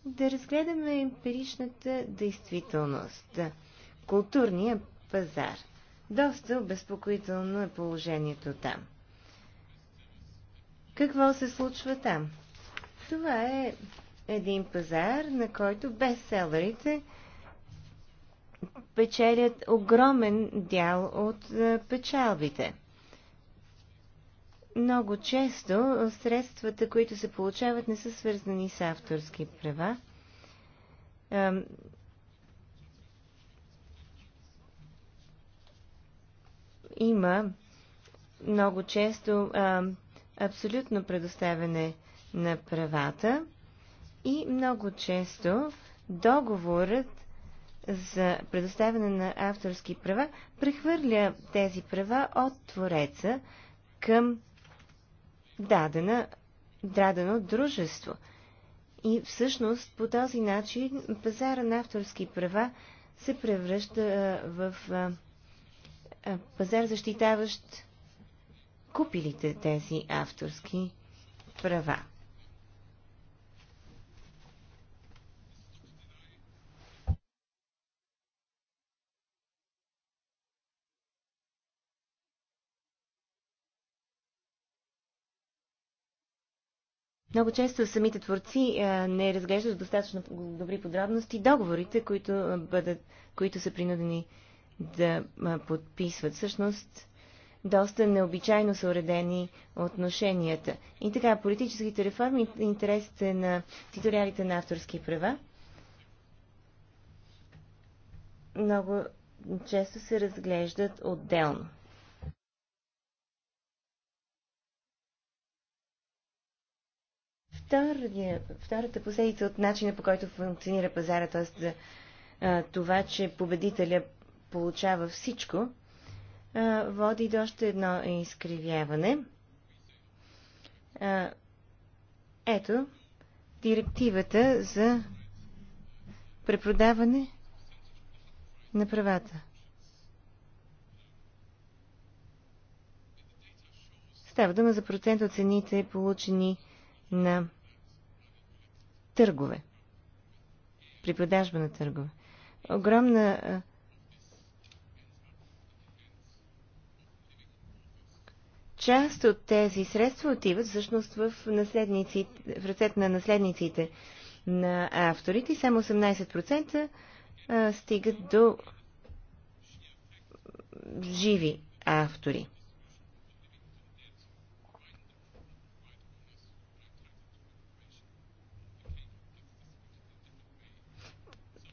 да разгледаме емпиричната действителност. Културния пазар. Доста обезпокоително е положението там. Какво се случва там? Това е един пазар, на който бестселерите печелят огромен дял от е, печалбите – много често средствата, които се получават, не са свързани с авторски права. Има много често абсолютно предоставяне на правата и много често договорът за предоставяне на авторски права прехвърля тези права от твореца към дадена, дадено дружество. И всъщност по този начин пазара на авторски права се превръща в пазар защитаващ купилите тези авторски права. Много често самите творци е, не разглеждат достатъчно добри подробности договорите, които, е, бъдат, които са принудени да е, подписват. Всъщност, доста необичайно са уредени отношенията. И така, политическите реформи, интересите на титулярите на авторски права, много често се разглеждат отделно. втория, втората последица от начина по който функционира пазара, т.е. това, че победителя получава всичко, води до още едно изкривяване. Ето, директивата за препродаване на правата. Става дума за процент от цените, получени на търгове. При продажба на търгове. Огромна част от тези средства отиват всъщност в, в ръцете на наследниците на авторите и само 18% стигат до живи автори.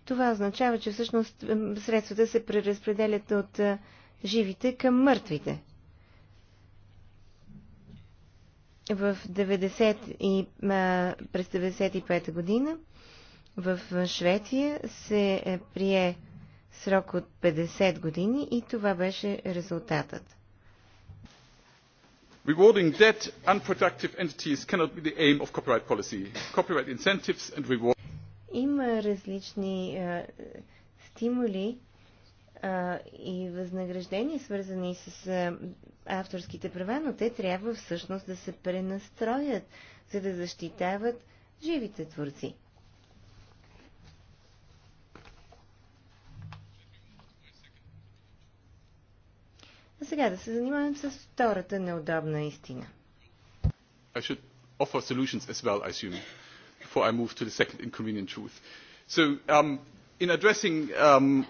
Това означава, че всъщност средствата се преразпределят от е, живите към мъртвите. В 90 и, а, е, през 95 година в Швеция се е, прие срок от 50 години и това беше резултатът. Rewarding dead, unproductive entities cannot be the aim of copyright policy. Copyright incentives and rewards има различни а, е, стимули а, е, и възнаграждения, свързани с а, е, авторските права, но те трябва всъщност да се пренастроят, за да защитават живите творци. А сега да се занимаем с втората неудобна истина. I should offer solutions as well, I assume before I move to the second inconvenient truth. So, um, in addressing um,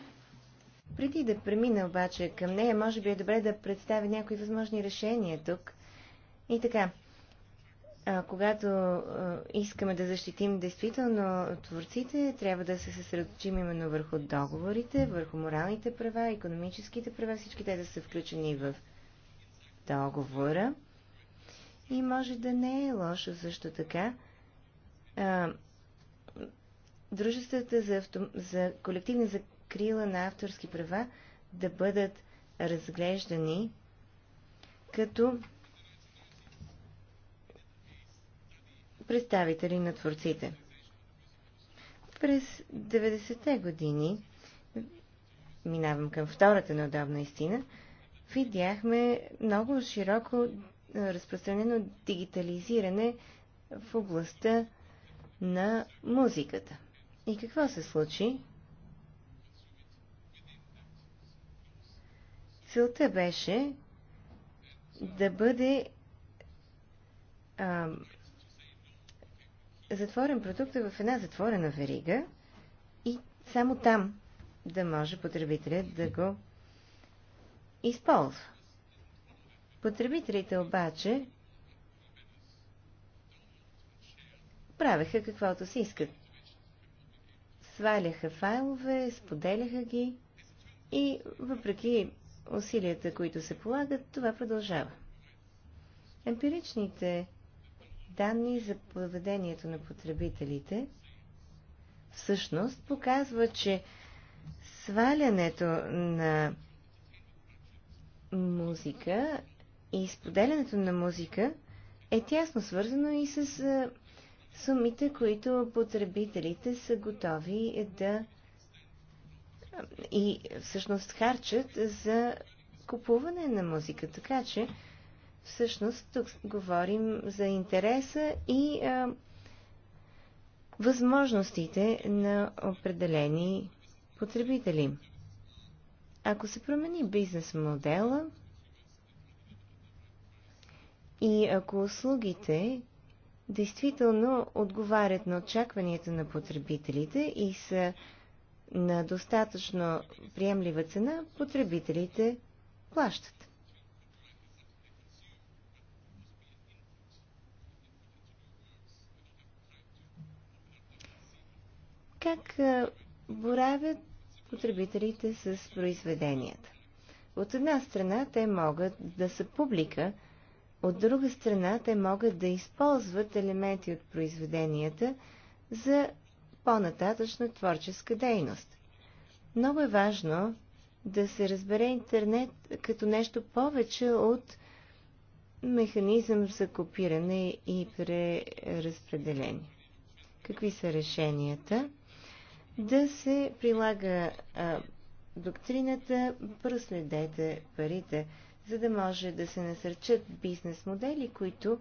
преди да премина обаче към нея, може би е добре да представя някои възможни решения тук. И така, а, когато а, искаме да защитим действително творците, трябва да се съсредоточим именно върху договорите, върху моралните права, економическите права, всички те да са включени в договора. И може да не е лошо също така дружествата за, авто, за колективни закрила на авторски права да бъдат разглеждани като представители на творците. През 90-те години, минавам към втората неудобна истина, видяхме много широко разпространено дигитализиране в областта на музиката. И какво се случи? Целта беше да бъде а, затворен продукт в една затворена верига и само там да може потребителят да го използва. Потребителите обаче правеха каквото си искат. Сваляха файлове, споделяха ги и въпреки усилията, които се полагат, това продължава. Емпиричните данни за поведението на потребителите всъщност показва, че свалянето на музика и изподелянето на музика е тясно свързано и с сумите, които потребителите са готови да и всъщност харчат за купуване на музика. Така че всъщност тук говорим за интереса и а, възможностите на определени потребители. Ако се промени бизнес модела и ако услугите действително отговарят на очакванията на потребителите и са на достатъчно приемлива цена, потребителите плащат. Как боравят потребителите с произведенията? От една страна те могат да са публика, от друга страна, те могат да използват елементи от произведенията за по-нататъчна творческа дейност. Много е важно да се разбере интернет като нещо повече от механизъм за копиране и преразпределение. Какви са решенията? Да се прилага а, доктрината проследете парите за да може да се насърчат бизнес модели, които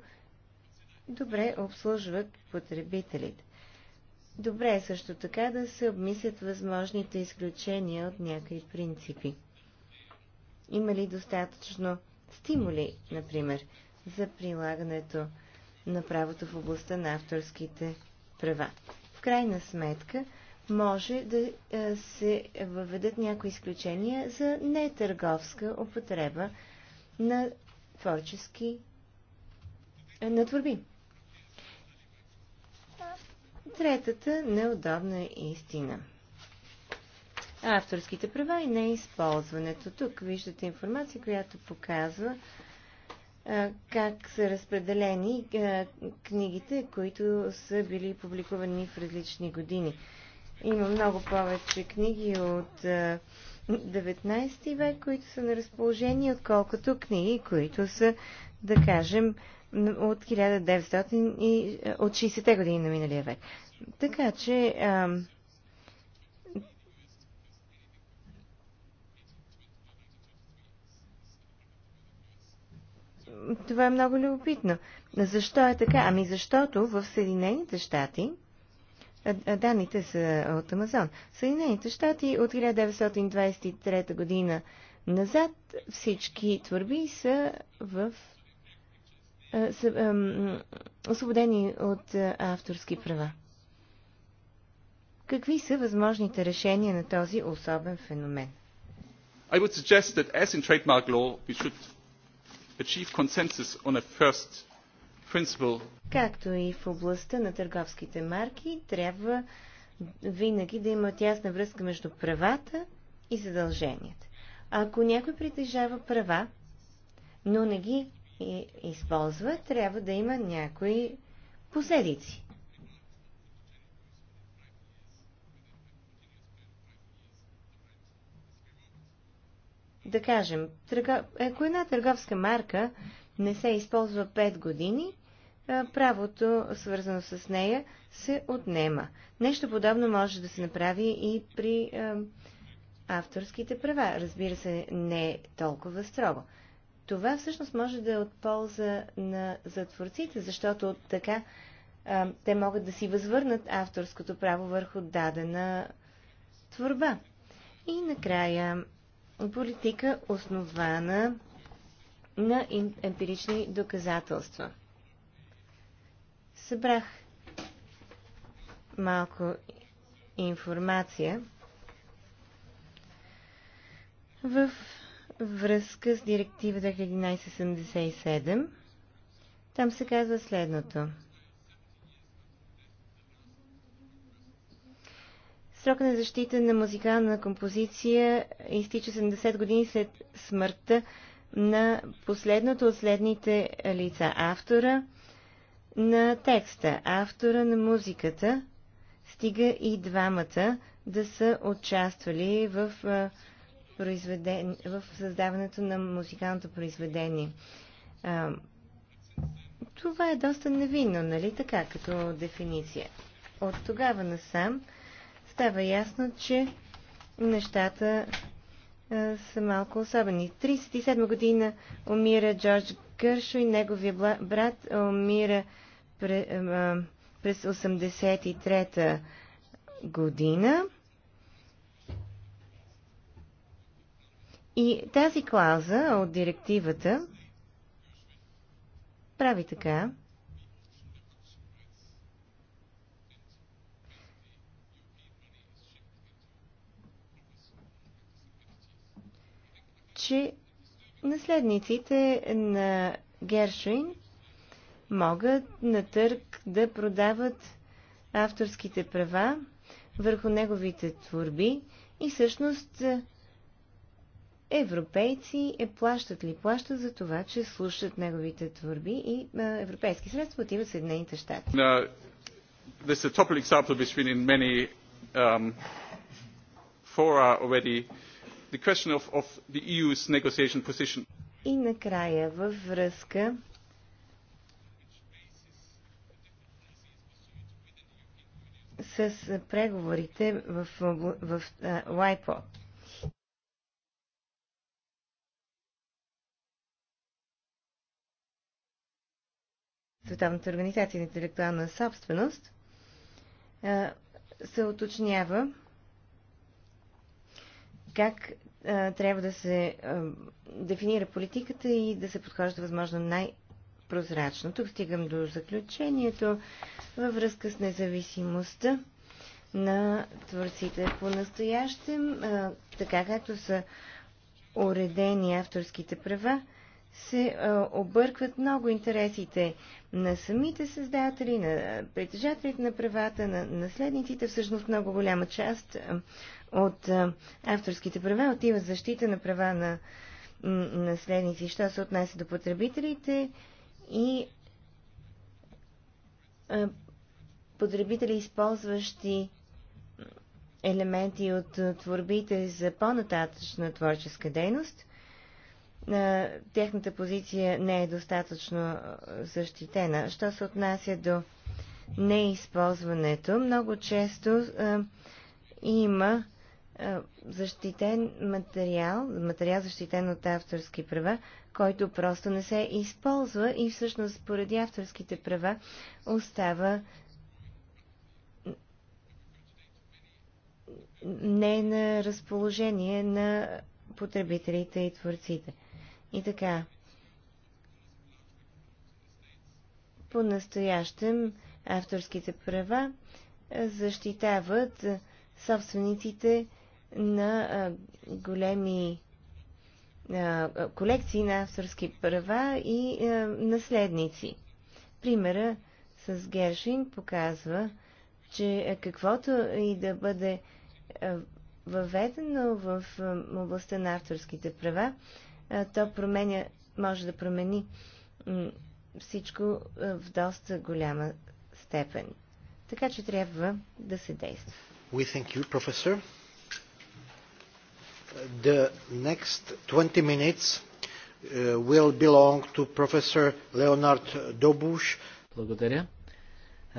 добре обслужват потребителите. Добре е също така да се обмислят възможните изключения от някои принципи. Има ли достатъчно стимули, например, за прилагането на правото в областта на авторските права? В крайна сметка, може да се въведат някои изключения за нетърговска употреба на творчески е, на творби. Третата неудобна истина. Авторските права и неизползването. Тук виждате информация, която показва е, как са разпределени е, книгите, които са били публикувани в различни години. Има много повече книги от 19 век, които са на разположение, отколкото книги, които са, да кажем, от 1900 и е, от 60-те години на миналия век. Така че ам, това е много любопитно. Защо е така? Ами защото в Съединените щати е, е, данните са от Амазон. Съединените щати от 1923 година назад всички твърби са в е, са, ам, освободени от авторски права. Какви са възможните решения на този особен феномен? I would suggest that as in trademark law, we should achieve consensus on a first Както и в областта на търговските марки, трябва винаги да има тясна връзка между правата и задълженията. Ако някой притежава права, но не ги използва, трябва да има някои последици. Да кажем, ако една търговска марка не се използва 5 години, правото, свързано с нея, се отнема. Нещо подобно може да се направи и при авторските права. Разбира се, не е толкова строго. Това всъщност може да е от полза на, затворците, защото така а, те могат да си възвърнат авторското право върху дадена творба. И накрая политика основана на емпирични доказателства. Събрах малко информация в връзка с директива 2011-77. Там се казва следното. Срока на защита на музикална композиция изтича 70 години след смъртта на последното от следните лица. Автора на текста, автора на музиката, стига и двамата да са участвали в, произведен... в създаването на музикалното произведение. Това е доста невинно, нали така, като дефиниция. От тогава насам става ясно, че нещата е, са малко особени. 37 година умира Джордж Гършо и неговия брат умира е, през 83-та година. И тази клауза от директивата прави така, че наследниците на Гершуин могат на търг да продават авторските права върху неговите творби и всъщност европейци е плащат ли плащат за това, че слушат неговите творби и европейски средства отиват в Съединените щати. This is a topical example between in many um, fora already the question of, of the EU's negotiation position. И накрая във връзка с преговорите в, в, в Световната организация на интелектуална собственост се уточнява как трябва да се дефинира политиката и да се подхожда възможно най- прозрачно. Тук стигам до заключението във връзка с независимостта на творците. По-настоящем, така както са уредени авторските права, се объркват много интересите на самите създатели, на притежателите на правата, на наследниците. Всъщност много голяма част от авторските права отива защита на права на наследници. Що се отнася до потребителите и потребители, използващи елементи от творбите за по-нататъчна творческа дейност – е, тяхната позиция не е достатъчно е, защитена. Що се отнася до неизползването, много често е, има защитен материал, материал защитен от авторски права, който просто не се използва и всъщност поради авторските права остава не на разположение на потребителите и творците. И така, по-настоящем авторските права защитават собствениците на големи колекции на авторски права и наследници. Примера с Гершин показва, че каквото и да бъде въведено в областта на авторските права, то променя, може да промени всичко в доста голяма степен. Така че трябва да се действа. We thank you, professor. The next 20 minutes uh, will belong to professor Leonard Dobush. Благодаря.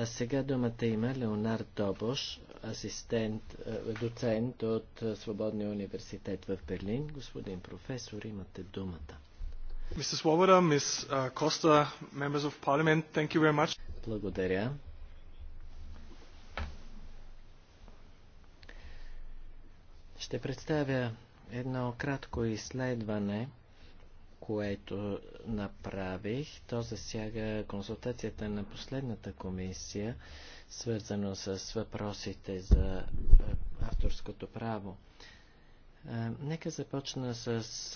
А сега думата има Леонард Добош, асистент, е, доцент от е, Свободния университет в Берлин. Господин професор, имате думата. Е, members of parliament, thank you very much. Благодаря. Ще представя едно кратко изследване което направих, то засяга консултацията на последната комисия, свързано с въпросите за авторското право. Нека започна с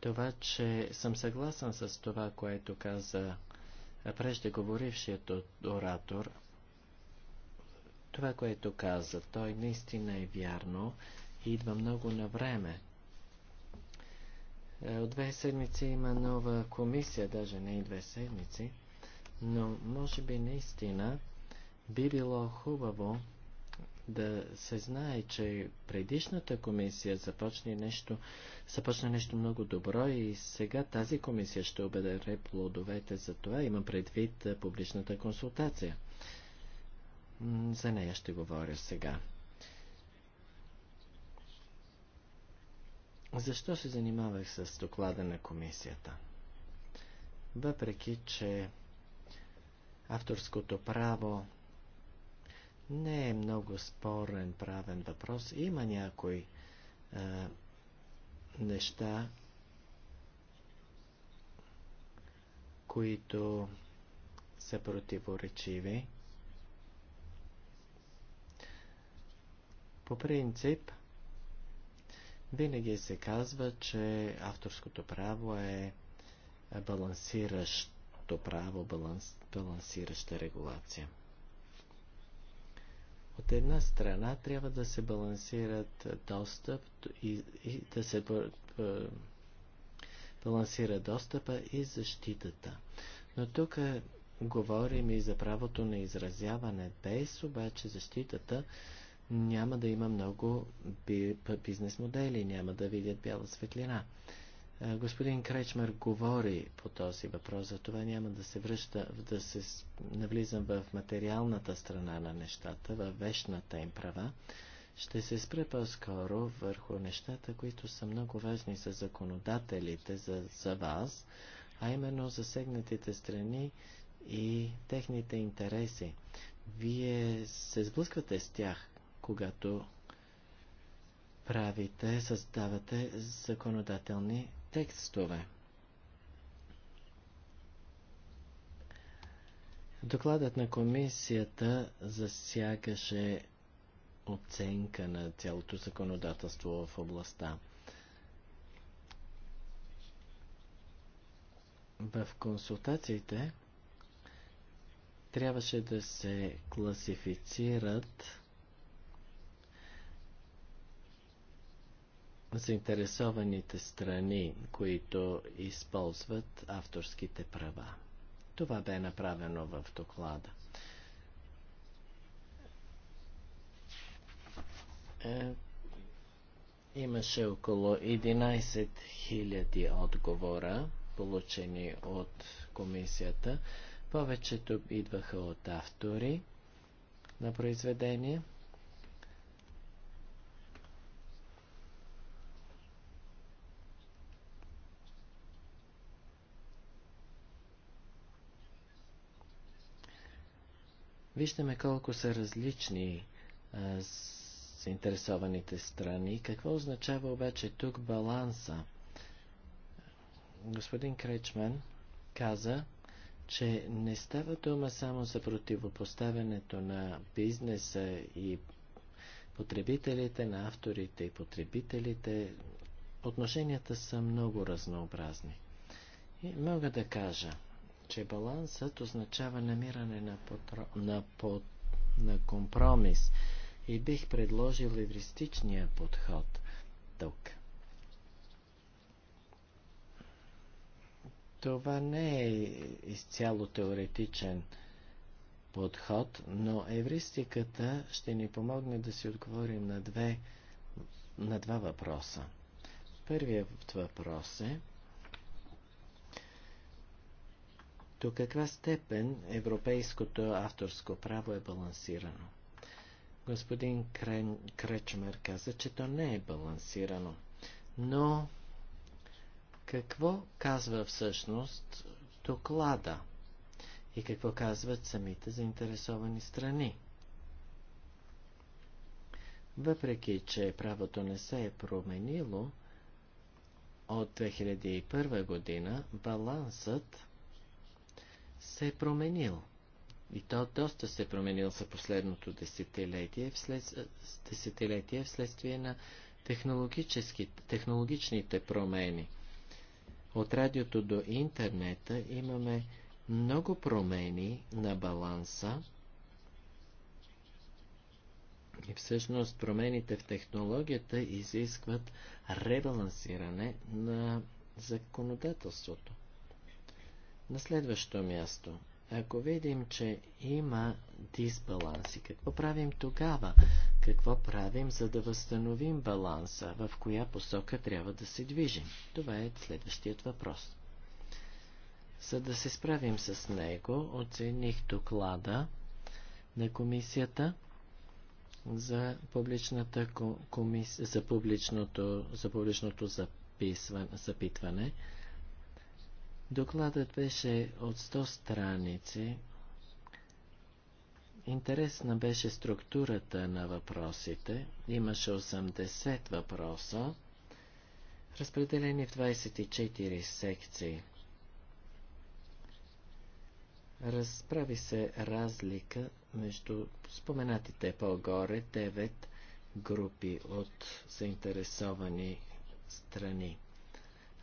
това, че съм съгласен с това, което каза преждеговорившият оратор. Това, което каза, той наистина е вярно и идва много на време. Е, от две седмици има нова комисия, даже не и две седмици, но може би наистина би било хубаво да се знае, че предишната комисия започне нещо, започна нещо много добро и сега тази комисия ще обедере плодовете за това. Има предвид е, публичната консултация. За нея ще говоря сега. Защо се занимавах с доклада на комисията? Въпреки, че авторското право не е много спорен правен въпрос, има някои е, неща, които са противоречиви. По принцип, винаги се казва, че авторското право е балансиращо право, баланс, балансираща регулация. От една страна трябва да се балансират достъп и, и да се балансира достъпа и защитата. Но тук говорим и за правото на изразяване, без обаче защитата няма да има много бизнес модели, няма да видят бяла светлина. Господин Кречмер говори по този въпрос, за това няма да се връща, да се навлизам в материалната страна на нещата, във вечната им права. Ще се спре по-скоро върху нещата, които са много важни за законодателите, за, за вас, а именно засегнатите страни и техните интереси. Вие се сблъсквате с тях когато правите, създавате законодателни текстове. Докладът на комисията засягаше оценка на цялото законодателство в областта. В консултациите трябваше да се класифицират заинтересованите страни, които използват авторските права. Това бе направено в доклада. Е, имаше около 11 000 отговора, получени от комисията. Повечето идваха от автори на произведения. Виждаме колко са различни а, заинтересованите страни. Какво означава обаче тук баланса? Господин Кречман каза, че не става дума само за противопоставянето на бизнеса и потребителите, на авторите и потребителите. Отношенията са много разнообразни. И мога да кажа, че балансът означава намиране на, потро... на, по... на компромис и бих предложил евристичния подход тук. Това не е изцяло теоретичен подход, но евристиката ще ни помогне да си отговорим на, две, на два въпроса. Първият въпрос е До каква степен европейското авторско право е балансирано? Господин Крен, Кречмер каза, че то не е балансирано. Но какво казва всъщност доклада? И какво казват самите заинтересовани страни? Въпреки, че правото не се е променило, от 2001 година балансът се е променил. И то доста се е променил за последното десетилетие, вслед, десетилетие вследствие на технологичните промени. От радиото до интернета имаме много промени на баланса и всъщност промените в технологията изискват ребалансиране на законодателството. На следващо място, ако видим, че има дисбаланси, какво правим тогава? Какво правим, за да възстановим баланса? В коя посока трябва да се движим? Това е следващият въпрос. За да се справим с него, оцених доклада на комисията за, публичната комис... за, публичното, за публичното запитване Докладът беше от 100 страници. Интересна беше структурата на въпросите. Имаше 80 въпроса, разпределени в 24 секции. Разправи се разлика между споменатите по-горе 9 групи от заинтересовани страни.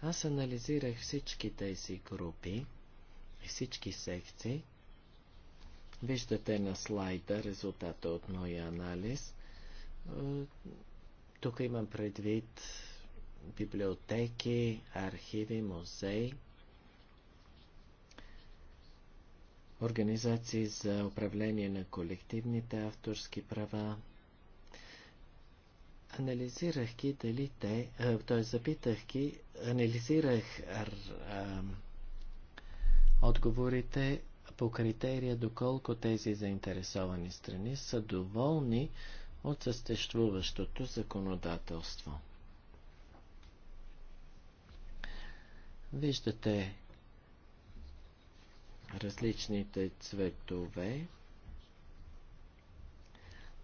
Аз анализирах всички тези групи, всички секции. Виждате на слайда резултата от моя анализ. Е, тук имам предвид библиотеки, архиви, музеи, организации за управление на колективните авторски права, анализирах ги дали те, т.е. запитах ги, анализирах а, отговорите по критерия доколко тези заинтересовани страни са доволни от съществуващото законодателство. Виждате различните цветове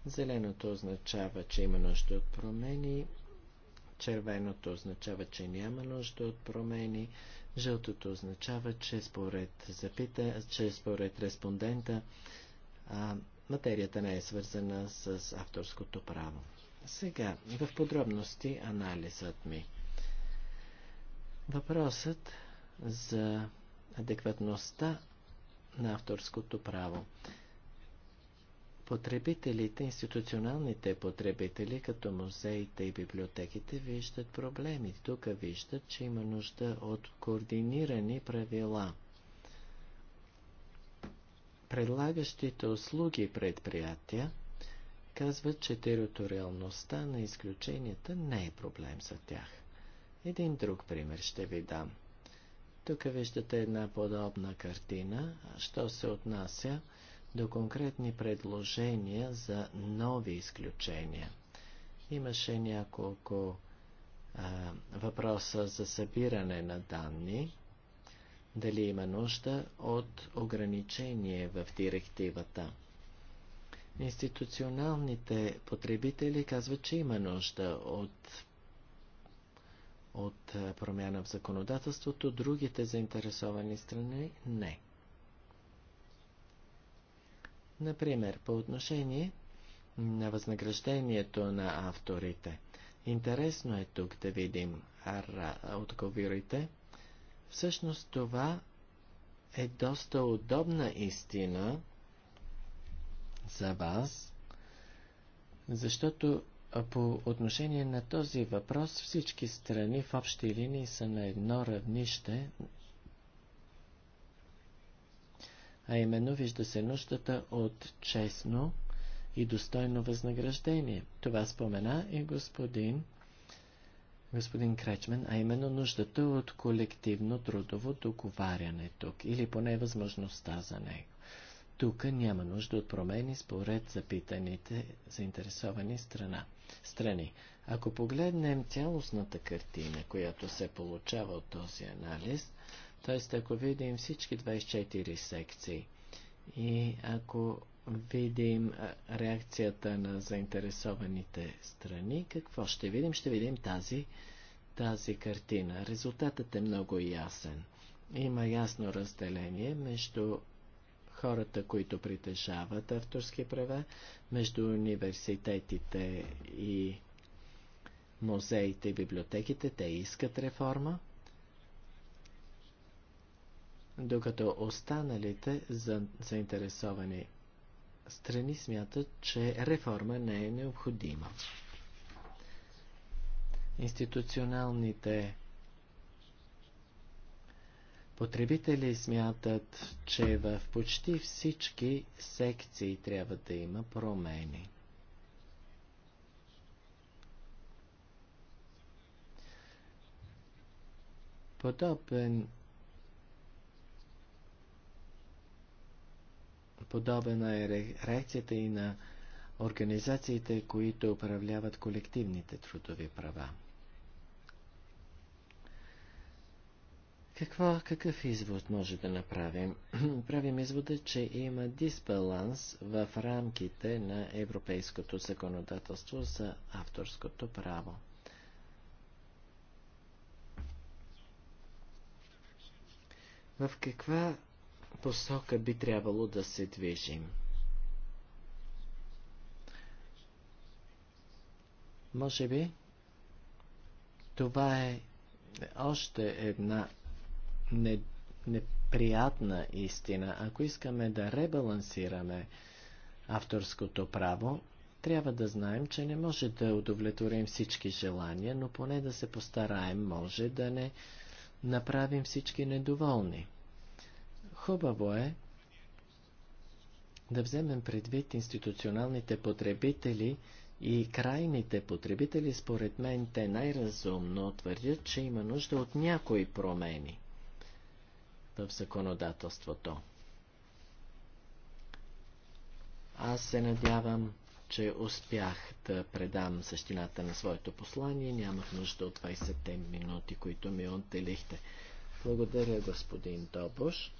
Зеленото означава, че има нужда от промени. Червеното означава, че няма нужда от промени. Жълтото означава, че според, запита, че според респондента а, материята не е свързана с авторското право. Сега, в подробности анализът ми. Въпросът за адекватността на авторското право. Потребителите, институционалните потребители, като музеите и библиотеките, виждат проблеми. Тук виждат, че има нужда от координирани правила. Предлагащите услуги предприятия казват, че териториалността на изключенията не е проблем за тях. Един друг пример ще ви дам. Тук виждате една подобна картина, що се отнася до конкретни предложения за нови изключения. Имаше няколко а, въпроса за събиране на данни, дали има нужда от ограничение в директивата. Институционалните потребители казват, че има нужда от от промяна в законодателството, другите заинтересовани страни не. Например, по отношение на възнаграждението на авторите. Интересно е тук да видим отговорите. Всъщност това е доста удобна истина за вас, защото по отношение на този въпрос всички страни в общи линии са на едно равнище а именно вижда се нуждата от честно и достойно възнаграждение. Това спомена и господин, господин Кречмен, а именно нуждата от колективно трудово договаряне тук, или поне възможността за него. Тук няма нужда от промени според запитаните заинтересовани страна. страни. Ако погледнем цялостната картина, която се получава от този анализ, Тоест, ако видим всички 24 секции и ако видим реакцията на заинтересованите страни, какво ще видим? Ще видим тази, тази картина. Резултатът е много ясен. Има ясно разделение между хората, които притежават авторски права, между университетите и музеите и библиотеките. Те искат реформа докато останалите за, заинтересовани страни смятат, че реформа не е необходима. Институционалните потребители смятат, че в почти всички секции трябва да има промени. Подобен Подобена е реакцията и на организациите, които управляват колективните трудови права. Какво, какъв извод може да направим? Правим извода, че има дисбаланс в рамките на европейското законодателство за авторското право. В каква посока би трябвало да се движим. Може би това е още една не, неприятна истина. Ако искаме да ребалансираме авторското право, трябва да знаем, че не може да удовлетворим всички желания, но поне да се постараем, може да не направим всички недоволни. Хубаво е да вземем предвид институционалните потребители и крайните потребители. Според мен те най-разумно твърдят, че има нужда от някои промени в законодателството. Аз се надявам, че успях да предам същината на своето послание. Нямах нужда от 20-те минути, които ми отделихте. Благодаря, господин Добош.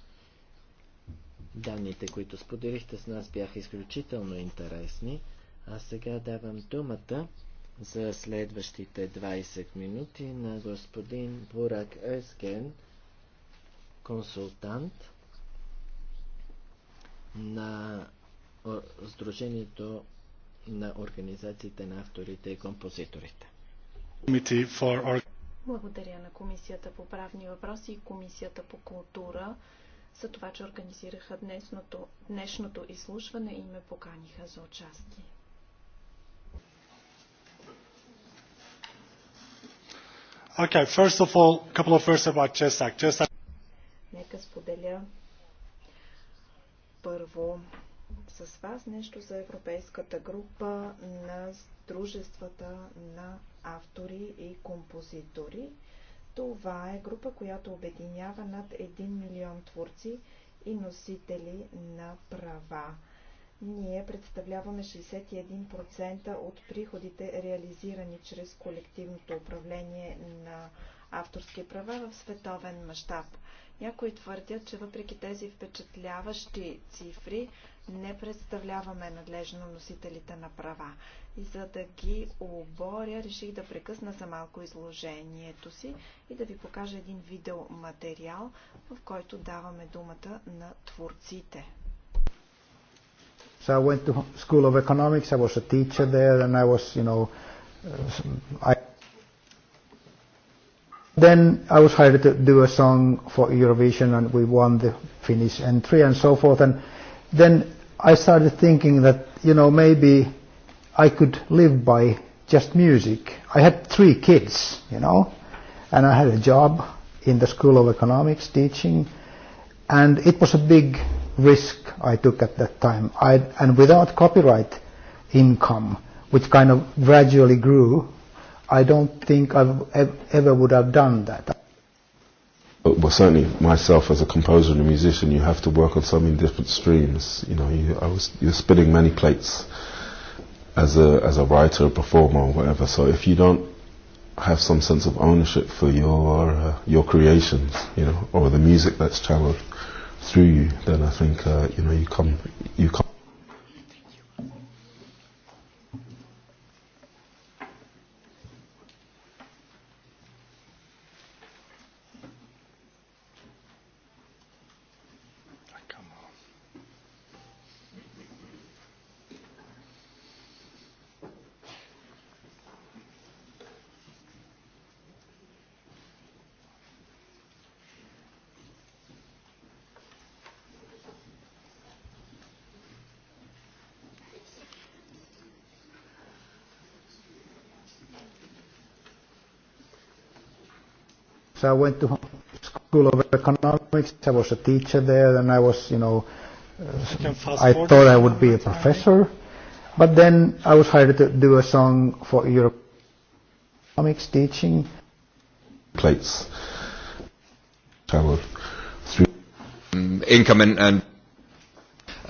Данните, които споделихте с нас, бяха изключително интересни. А сега давам думата за следващите 20 минути на господин Бурак Ескен, консултант на Сдружението на организациите на авторите и композиторите. Благодаря на Комисията по правни въпроси и Комисията по култура за това, че организираха днесното, днешното изслушване и ме поканиха за участие. Okay, first of all, couple of words about CESAC. CESAC. Нека споделя първо с вас нещо за Европейската група на дружествата на автори и композитори. Това е група, която обединява над 1 милион творци и носители на права. Ние представляваме 61% от приходите, реализирани чрез колективното управление на авторски права в световен мащаб. Някои твърдят, че въпреки тези впечатляващи цифри, не представляваме надлежно носителите на права. И за да ги оборя, реших да прекъсна за малко изложението си и да ви покажа един видеоматериал, в който даваме думата на творците. So I went to School of Economics, I was a teacher there and I was, you know, uh, I Then I was hired to do a song for Eurovision and we won the Finnish entry and so forth. And then I started thinking that, you know, maybe I could live by just music. I had three kids, you know, and I had a job in the School of Economics teaching. And it was a big risk I took at that time. I, and without copyright income, which kind of gradually grew I don't think I ever would have done that. Well, certainly myself as a composer and a musician, you have to work on so many different streams. You know, you, I was, you're spinning many plates as a, as a writer, a performer, or whatever. So if you don't have some sense of ownership for your, uh, your creations, you know, or the music that's channeled through you, then I think, uh, you know, you come, you come. so I went to School of Economics. I was a teacher there, and I was, you know, you I thought I would be a professor. But then I was hired to do a song for Europe economics teaching. Plates. Travel through income and, and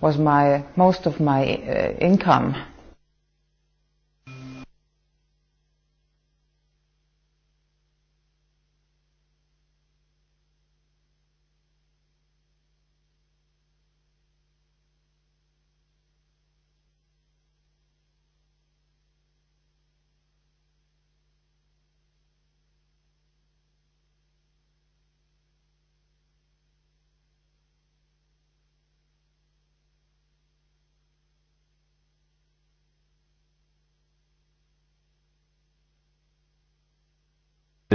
was my most of my uh income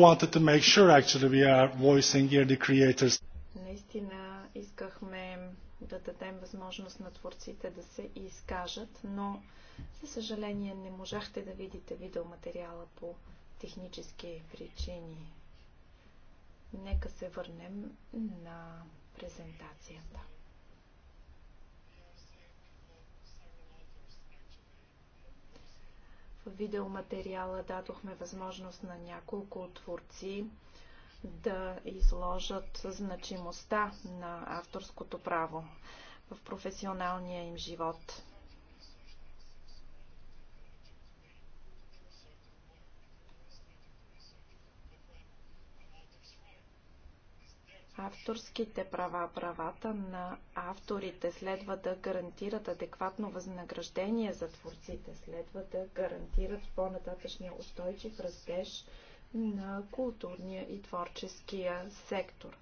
wanted to make sure actually we are voicing here the creators. Наистина искахме да дадем възможност на творците да се изкажат, но за съжаление не можахте да видите видеоматериала по технически причини. Нека се върнем на презентацията. видеоматериала дадохме възможност на няколко творци да изложат значимостта на авторското право в професионалния им живот. Авторските права, правата на авторите следва да гарантират адекватно възнаграждение за творците, следва да гарантират по-нататъчния устойчив растеж на културния и творческия сектор.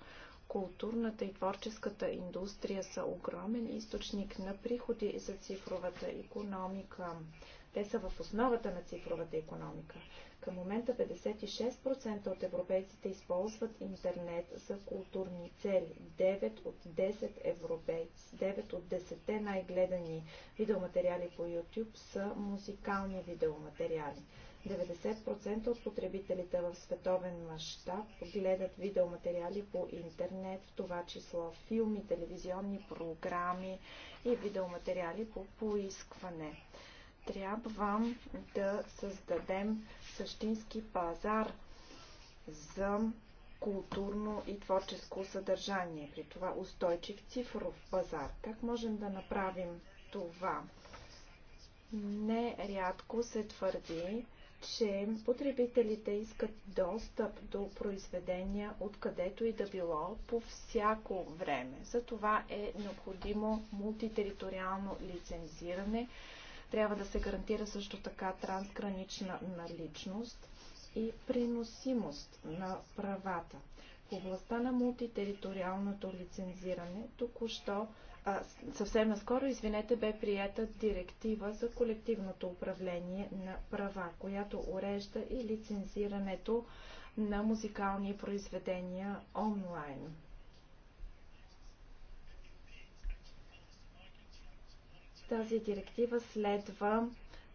Културната и творческата индустрия са огромен източник на приходи за цифровата економика. Те са в основата на цифровата економика. Към момента 56% от европейците използват интернет за културни цели. 9 от 10 европейци, 9 от 10 най-гледани видеоматериали по YouTube са музикални видеоматериали. 90% от потребителите в световен мащаб гледат видеоматериали по интернет, в това число филми, телевизионни програми и видеоматериали по поискване. Трябва да създадем същински пазар за културно и творческо съдържание, при това устойчив цифров пазар. Как можем да направим това? Нерядко се твърди, че потребителите искат достъп до произведения откъдето и да било по всяко време. За това е необходимо мултитериториално лицензиране, трябва да се гарантира също така трансгранична наличност и приносимост на правата. В областта на мултитериториалното лицензиране току-що а, съвсем наскоро, извинете, бе приета директива за колективното управление на права, която урежда и лицензирането на музикални произведения онлайн. Тази директива следва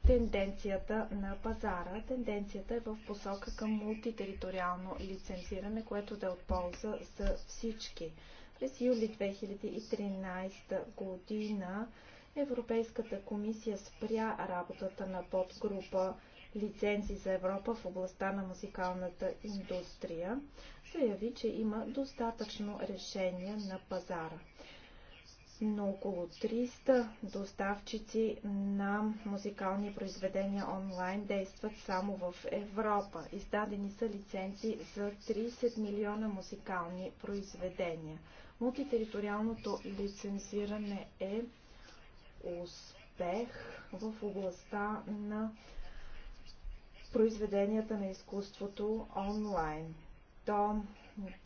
тенденцията на пазара. Тенденцията е в посока към мултитериториално лицензиране, което да е от полза за всички. През юли 2013 година Европейската комисия спря работата на подгрупа лицензи за Европа в областта на музикалната индустрия, заяви, че има достатъчно решения на пазара но около 300 доставчици на музикални произведения онлайн действат само в Европа. Издадени са лицензи за 30 милиона музикални произведения. Мултитериториалното лицензиране е успех в областта на произведенията на изкуството онлайн. То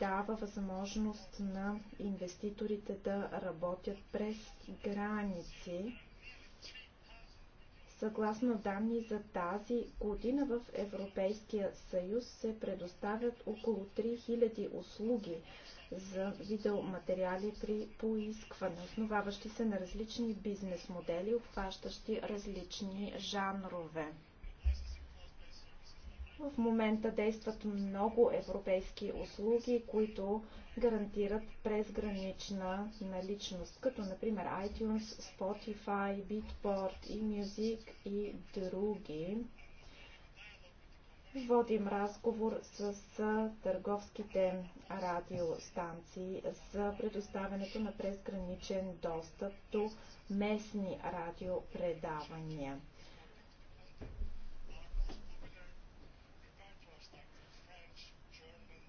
дава възможност на инвеститорите да работят през граници. Съгласно данни за тази година в Европейския съюз се предоставят около 3000 услуги за видеоматериали при поискване, основаващи се на различни бизнес модели, обхващащи различни жанрове. В момента действат много европейски услуги, които гарантират презгранична наличност, като например iTunes, Spotify, Beatport, Music и други. Водим разговор с търговските радиостанции за предоставянето на презграничен достъп до местни радиопредавания.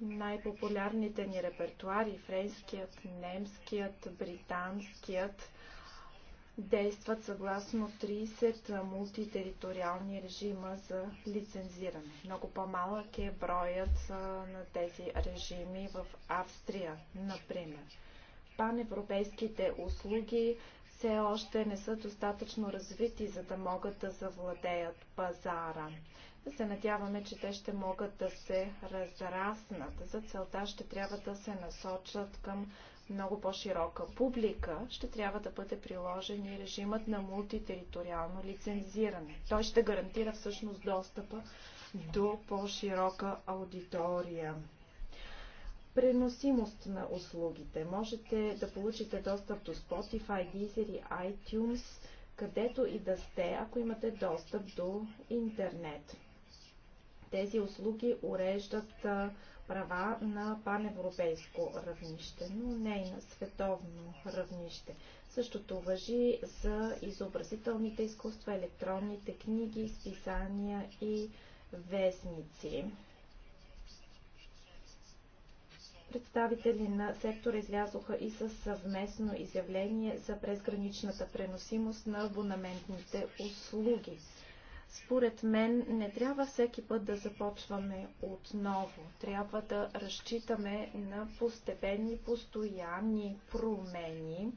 най-популярните ни репертуари, френският, немският, британският, действат съгласно 30 мултитериториални режима за лицензиране. Много по-малък е броят на тези режими в Австрия, например. Паневропейските услуги все още не са достатъчно развити, за да могат да завладеят пазара се надяваме, че те ще могат да се разраснат. За целта ще трябва да се насочат към много по-широка публика. Ще трябва да бъде приложен и режимът на мултитериториално лицензиране. Той ще гарантира всъщност достъпа до по-широка аудитория преносимост на услугите. Можете да получите достъп до Spotify, Deezer и iTunes, където и да сте, ако имате достъп до интернет. Тези услуги уреждат права на паневропейско равнище, но не и на световно равнище. Същото въжи за изобразителните изкуства, електронните книги, списания и вестници. Представители на сектора излязоха и със съвместно изявление за презграничната преносимост на абонаментните услуги. Според мен не трябва всеки път да започваме отново. Трябва да разчитаме на постепенни, постоянни промени.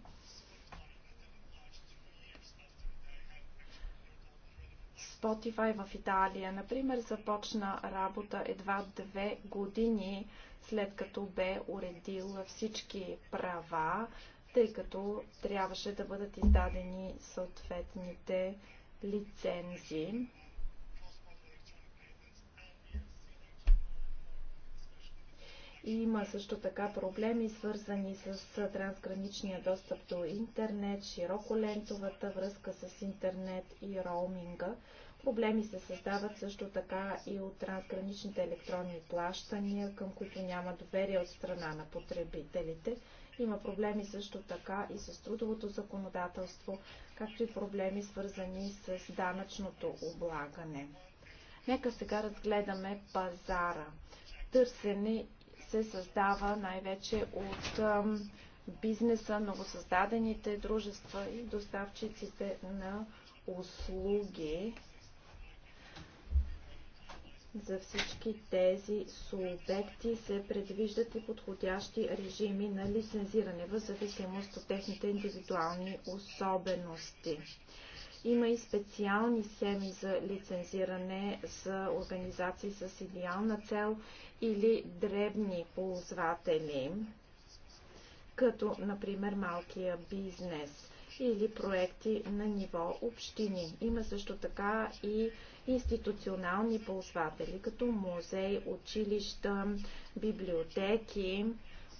Spotify в Италия, например, започна работа едва две години след като бе уредил всички права, тъй като трябваше да бъдат издадени съответните лицензи. И има също така проблеми, свързани с трансграничния достъп до интернет, широколентовата връзка с интернет и роуминга. Проблеми се създават също така и от трансграничните електронни плащания, към които няма доверие от страна на потребителите. Има проблеми също така и с трудовото законодателство, както и проблеми свързани с данъчното облагане. Нека сега разгледаме пазара. Търсене се създава най-вече от бизнеса, новосъздадените дружества и доставчиците на услуги. За всички тези субекти се предвиждат и подходящи режими на лицензиране в зависимост от техните индивидуални особености. Има и специални схеми за лицензиране за организации с идеална цел или дребни ползватели, като например малкия бизнес или проекти на ниво общини. Има също така и институционални ползватели, като музей, училища, библиотеки.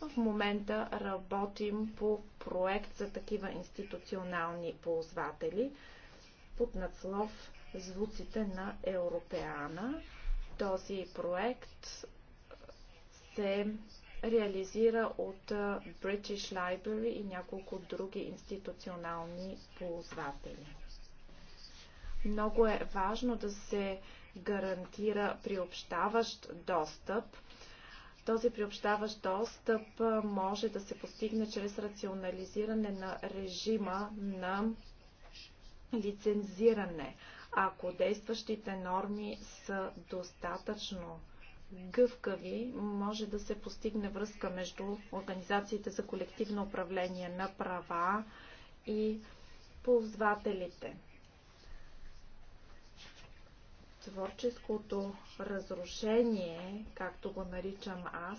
В момента работим по проект за такива институционални ползватели под надслов Звуците на Европеана. Този проект се реализира от British Library и няколко други институционални ползватели. Много е важно да се гарантира приобщаващ достъп. Този приобщаващ достъп може да се постигне чрез рационализиране на режима на лицензиране, ако действащите норми са достатъчно гъвкави, може да се постигне връзка между организациите за колективно управление на права и ползвателите. Творческото разрушение, както го наричам аз,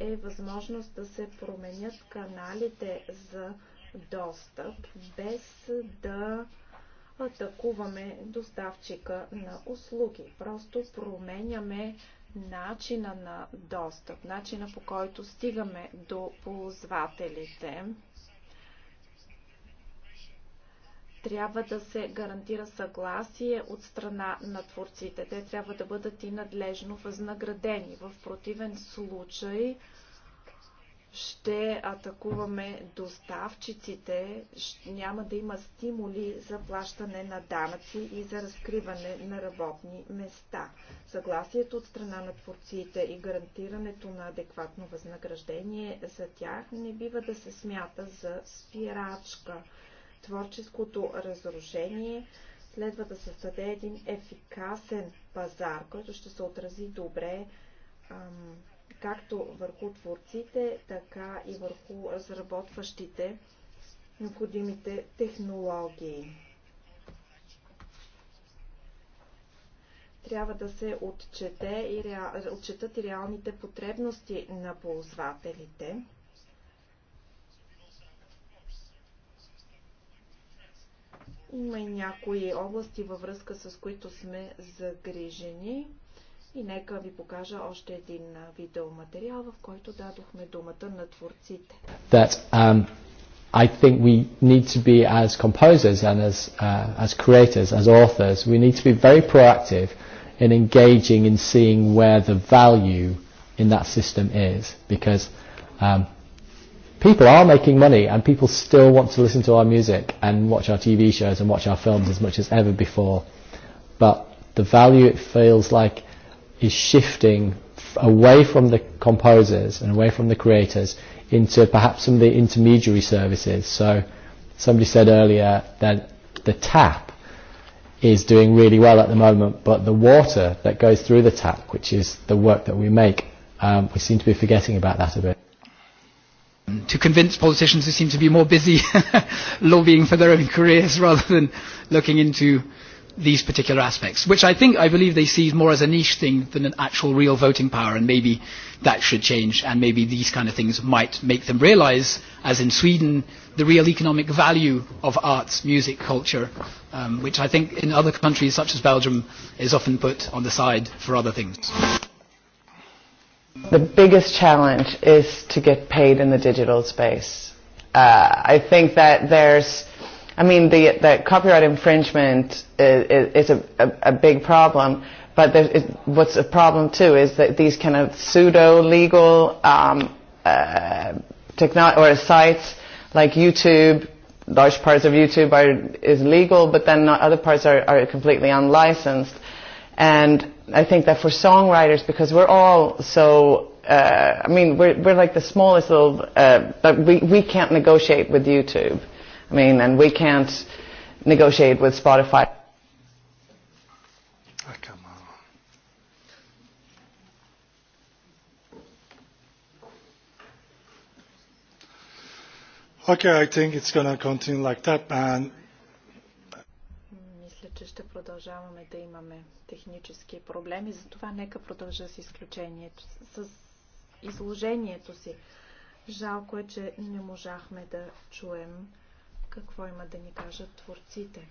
е възможност да се променят каналите за достъп, без да атакуваме доставчика на услуги. Просто променяме начина на достъп, начина по който стигаме до ползвателите. трябва да се гарантира съгласие от страна на творците. Те трябва да бъдат и надлежно възнаградени. В противен случай ще атакуваме доставчиците, няма да има стимули за плащане на данъци и за разкриване на работни места. Съгласието от страна на творците и гарантирането на адекватно възнаграждение за тях не бива да се смята за спирачка творческото разрушение, следва да създаде един ефикасен пазар, който ще се отрази добре ам, както върху творците, така и върху разработващите необходимите технологии. Трябва да се отчете и ре... отчетат и реалните потребности на ползвателите. Има и някои области във връзка с които сме загрижени. И нека ви покажа още един видеоматериал, в който дадохме думата на творците. That, um... I think we need to be as composers and as, uh, as creators, as authors, we need to be very proactive in engaging in seeing where the value in that system is because um, people are making money and people still want to listen to our music and watch our TV shows and watch our films as much as ever before. But the value it feels like is shifting away from the composers and away from the creators into perhaps some of the intermediary services. So somebody said earlier that the tap is doing really well at the moment, but the water that goes through the tap, which is the work that we make, um, we seem to be forgetting about that a bit to convince politicians who seem to be more busy lobbying for their own careers rather than looking into these particular aspects, which I think, I believe they see more as a niche thing than an actual real voting power, and maybe that should change, and maybe these kind of things might make them realise, as in Sweden, the real economic value of arts, music, culture, um, which I think in other countries such as Belgium is often put on the side for other things. The biggest challenge is to get paid in the digital space. Uh, I think that there's, I mean, the, the copyright infringement is, is a, a, a big problem, but there it, what's a problem too is that these kind of pseudo-legal um, uh, technology or sites like YouTube, large parts of YouTube are, is legal, but then not, other parts are, are completely unlicensed. And I think that for songwriters, because we're all so, uh, I mean, we're, we're like the smallest little, uh, but we, we can't negotiate with YouTube. I mean, and we can't negotiate with Spotify. Okay, I think it's going to continue like that, and ще продължаваме да имаме технически проблеми, затова нека продължа с изключението, с изложението си. Жалко е, че не можахме да чуем какво има да ни кажат творците.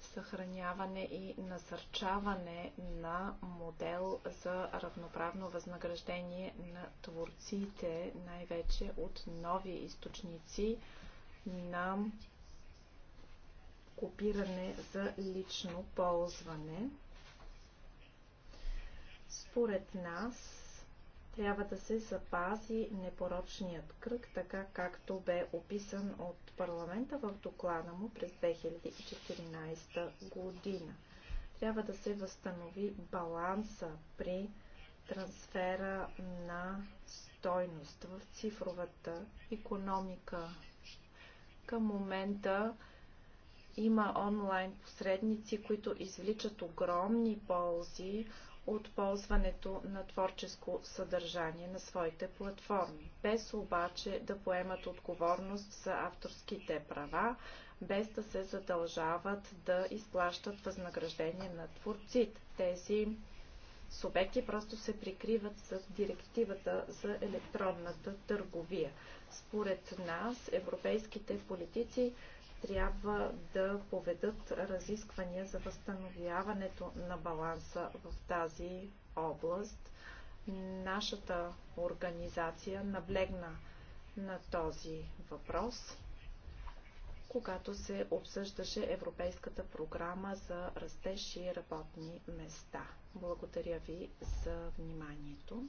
Съхраняване и насърчаване на модел за равноправно възнаграждение на творците, най-вече от нови източници на копиране за лично ползване. Според нас трябва да се запази непорочният кръг, така както бе описан от парламента в доклада му през 2014 година. Трябва да се възстанови баланса при трансфера на стойност в цифровата економика. Към момента има онлайн посредници, които извличат огромни ползи от ползването на творческо съдържание на своите платформи, без обаче да поемат отговорност за авторските права, без да се задължават да изплащат възнаграждение на творците. Тези субекти просто се прикриват с директивата за електронната търговия. Според нас, европейските политици трябва да поведат разисквания за възстановяването на баланса в тази област. Нашата организация наблегна на този въпрос, когато се обсъждаше Европейската програма за растеж и работни места. Благодаря ви за вниманието.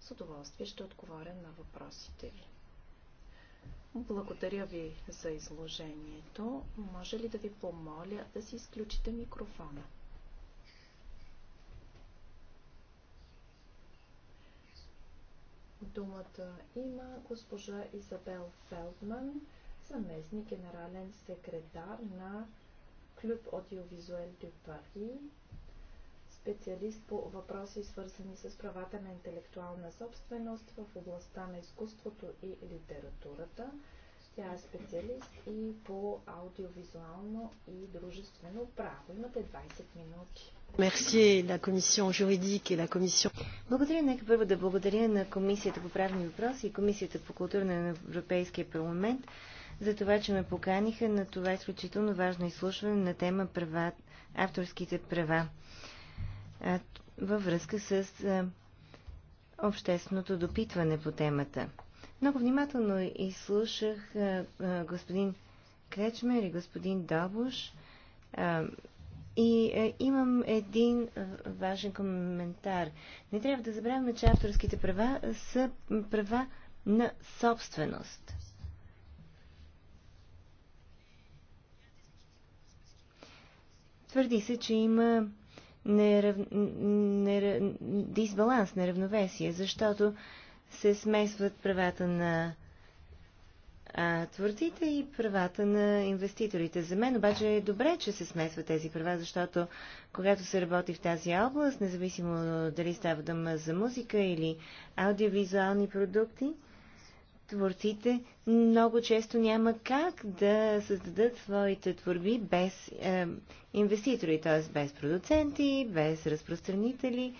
С удоволствие ще отговоря на въпросите ви. Благодаря ви за изложението. Може ли да ви помоля да си изключите микрофона? Думата има госпожа Изабел Фелдман, съместник генерален секретар на Клуб Аудиовизуел де Пари, специалист по въпроси свързани с правата на интелектуална собственост в областта на изкуството и литературата. Тя е специалист и по аудиовизуално и дружествено право. Имате 20 минути. Благодаря. Нека първо да благодаря на Комисията по правни въпроси и Комисията по култура на Европейския парламент за това, че ме поканиха на това изключително важно изслушване на тема права, авторските права във връзка с общественото допитване по темата. Много внимателно изслушах господин Кречмер и господин Добуш и имам един важен коментар. Не трябва да забравяме, че авторските права са права на собственост. Твърди се, че има нерав... нер... дисбаланс, неравновесие, защото се смесват правата на а, твърдите и правата на инвеститорите. За мен обаче е добре, че се смесват тези права, защото когато се работи в тази област, независимо дали става дума за музика или аудиовизуални продукти, творците много често няма как да създадат своите творби без е, инвеститори, т.е. без продуценти, без разпространители.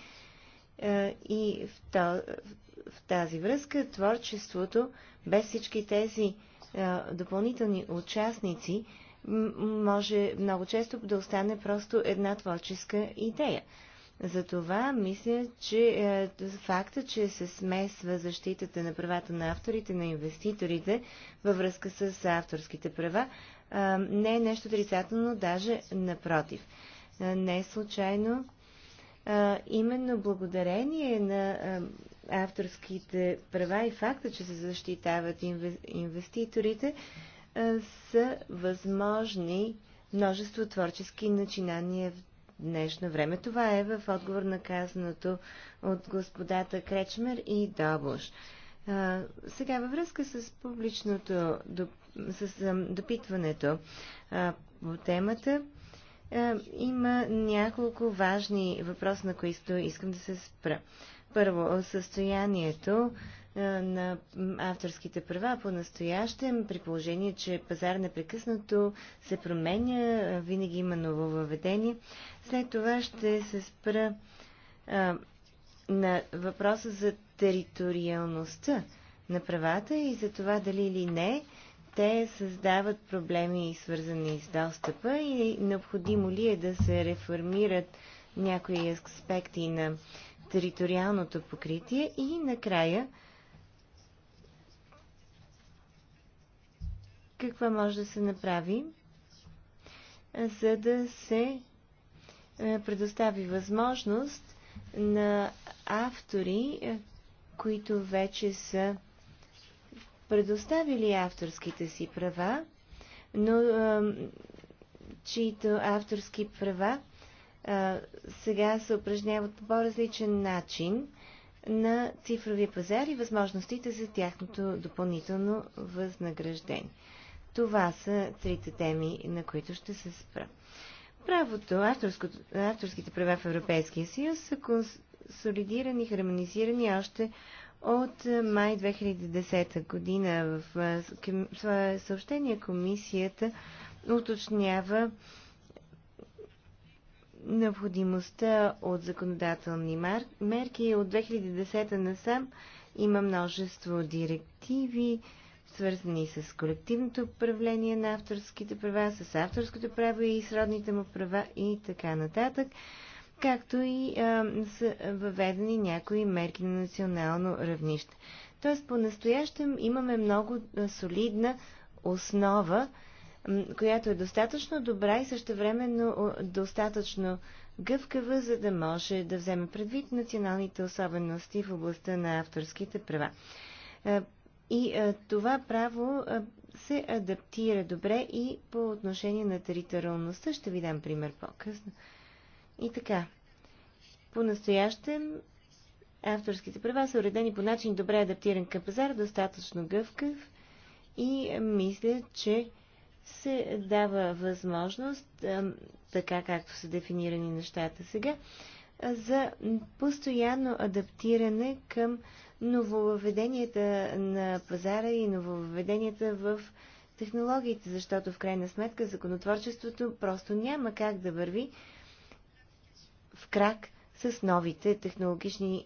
Е, и в, то, в тази връзка творчеството без всички тези е, допълнителни участници може много често да остане просто една творческа идея. Затова мисля, че е, факта, че се смесва защитата на правата на авторите, на инвеститорите във връзка с авторските права, е, не е нещо отрицателно, даже напротив. Е, не е случайно. Именно благодарение на авторските права и факта, че се защитават инвеститорите, са възможни множество творчески начинания в днешно време. Това е в отговор на казаното от господата Кречмер и Добуш. А, сега във връзка с публичното доп... с а, допитването а, по темата а, има няколко важни въпроси, на които искам да се спра. Първо, състоянието е, на авторските права по настоящем, при положение, че пазар непрекъснато се променя, е, винаги има ново въведение. След това ще се спра а, е, на въпроса за териториалността на правата и за това дали или не те създават проблеми, свързани с достъпа и необходимо ли е да се реформират някои аспекти на териториалното покритие и накрая – какво може да се направи, за да се е, предостави възможност на автори, е, които вече са предоставили авторските си права, но е, чието авторски права сега се упражняват по по-различен начин на цифрови пазар и възможностите за тяхното допълнително възнаграждение. Това са трите теми, на които ще се спра. Правото, авторските права в Европейския съюз са консолидирани, хармонизирани още от май 2010 година. В свое съобщение комисията уточнява необходимостта от законодателни мерки. От 2010 насам има множество директиви, свързани с колективното управление на авторските права, с авторското право и сродните му права и така нататък, както и а, са въведени някои мерки на национално равнище. Тоест, по-настоящем имаме много солидна основа, която е достатъчно добра и същевременно достатъчно гъвкава, за да може да вземе предвид националните особености в областта на авторските права. И а, е, това право а, е, се адаптира добре и по отношение на териториалността. Ще ви дам пример по-късно. И така. По-настоящем авторските права са уредени по начин добре адаптиран към пазар, достатъчно гъвкав и е, мисля, че се дава възможност, така както са дефинирани нещата сега, за постоянно адаптиране към нововведенията на пазара и нововведенията в технологиите, защото в крайна сметка законотворчеството просто няма как да върви в крак с новите технологични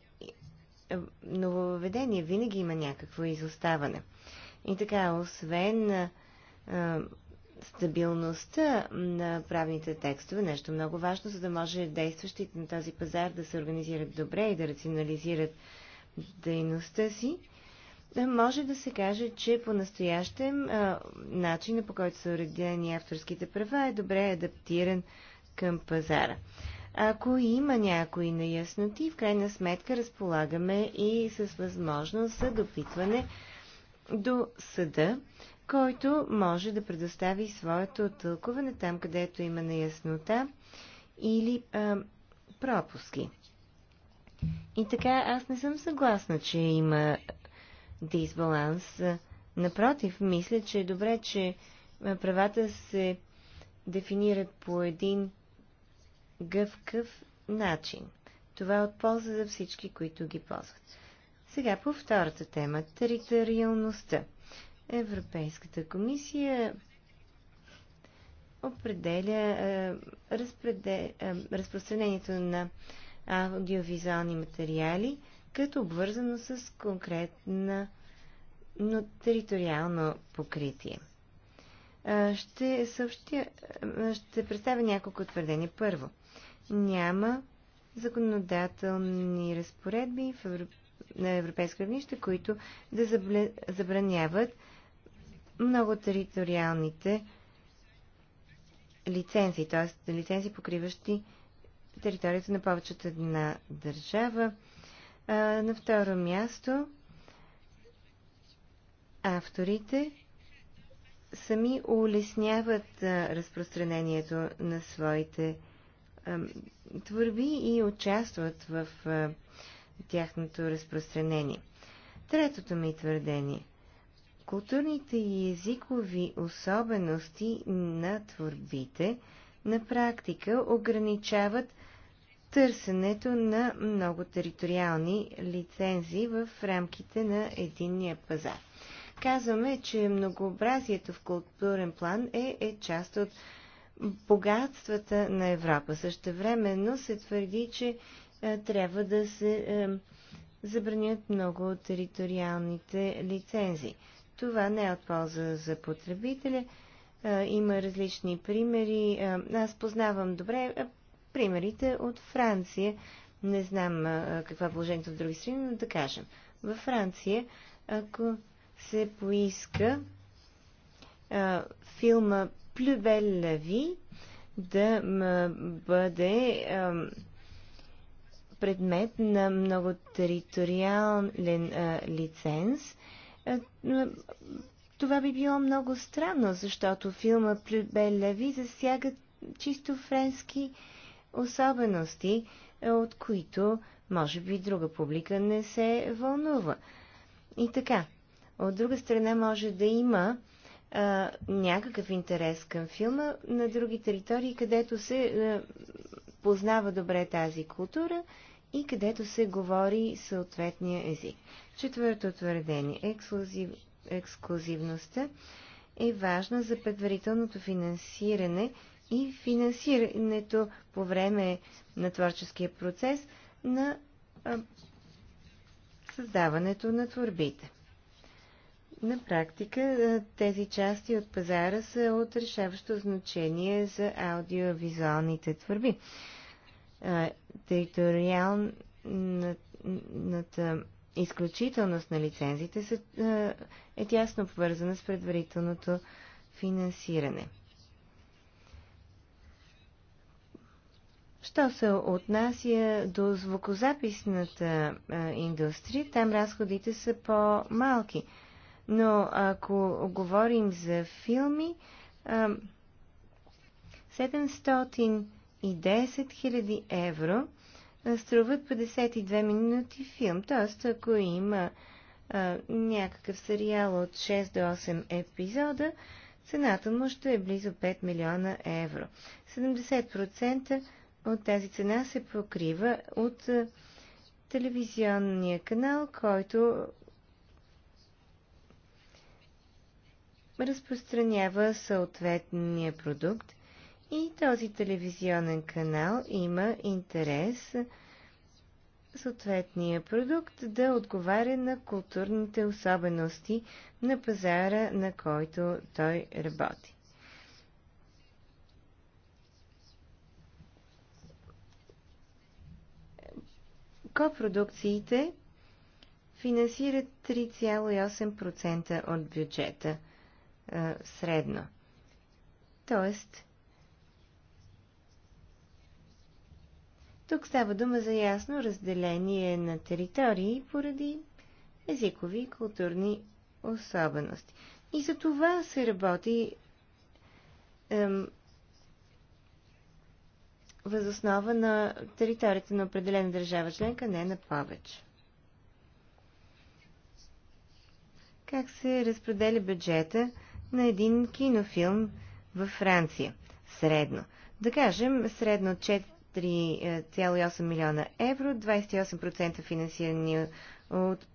е, нововведения. Винаги има някакво изоставане. И така, освен а, е, стабилността на правните текстове, нещо много важно, за да може действащите на този пазар да се организират добре и да рационализират дейността си, може да се каже, че по-настоящем начина по който са уредени авторските права е добре адаптиран към пазара. Ако има някои неясноти, в крайна сметка разполагаме и с възможност за допитване до съда, който може да предостави своето тълкуване там, където има неяснота или а, пропуски. И така аз не съм съгласна, че има дисбаланс. Напротив, мисля, че е добре, че правата се дефинират по един гъвкав начин. Това е от полза за всички, които ги ползват. Сега по втората тема – териториалността. Европейската комисия определя е, е, разпространението на аудиовизуални материали, като обвързано с конкретна но териториално покритие. Ще, съобщя, ще представя няколко твърдения. Първо, няма законодателни разпоредби в Европ... на европейско равнище, които да забраняват много териториалните лицензии, т.е. лицензии, покриващи територията на повечето една държава. А, на второ място, авторите сами улесняват а, разпространението на своите а, творби и участват в а, тяхното разпространение. Третото ми твърдение – културните и езикови особености на творбите на практика ограничават търсенето на много териториални лицензии в рамките на единния пазар. Казваме, че многообразието в културен план е, е част от богатствата на Европа. Същевременно се твърди, че е, трябва да се е, забранят много от териториалните лицензии. Това не е от полза за потребителя. Е, има различни примери. Е, аз познавам добре е, примерите от Франция. Не знам какво е положението в други страни, но да кажем. Във Франция, ако се поиска а, филма Плюбел лави да бъде а, предмет на много териториален а, лиценз, а, това би било много странно, защото филма Плюбел лави засяга чисто френски а, особености, е, от които може би друга публика не се вълнува. И така, от друга страна може да има а, някакъв интерес към филма на други територии, където се а, е, познава добре тази култура и където се говори съответния език. Четвърто твърдение ексклюзив, – ексклюзивността е важна за предварителното финансиране и финансирането по време на творческия процес на създаването на творбите. На практика тези части от пазара са от решаващо значение за аудиовизуалните творби. Териториалната изключителност на лицензите е тясно свързана с предварителното финансиране. Що се отнася до звукозаписната индустрия, там разходите са по-малки. Но ако говорим за филми, 710 000 евро струват 52 минути филм. Тоест, ако има а, някакъв сериал от 6 до 8 епизода, цената му ще е близо 5 милиона евро. 70% от тази цена се покрива от телевизионния канал, който разпространява съответния продукт и този телевизионен канал има интерес съответния продукт да отговаря на културните особености на пазара, на който той работи. Копродукциите финансират 3,8% от бюджета а, средно. Тоест, тук става дума за ясно разделение на територии поради езикови и културни особености. И за това се работи възоснова на територията на определена държава членка, не на повече. Как се разпределя бюджета на един кинофилм във Франция? Средно. Да кажем, средно 4,8 милиона евро, 28% финансирани от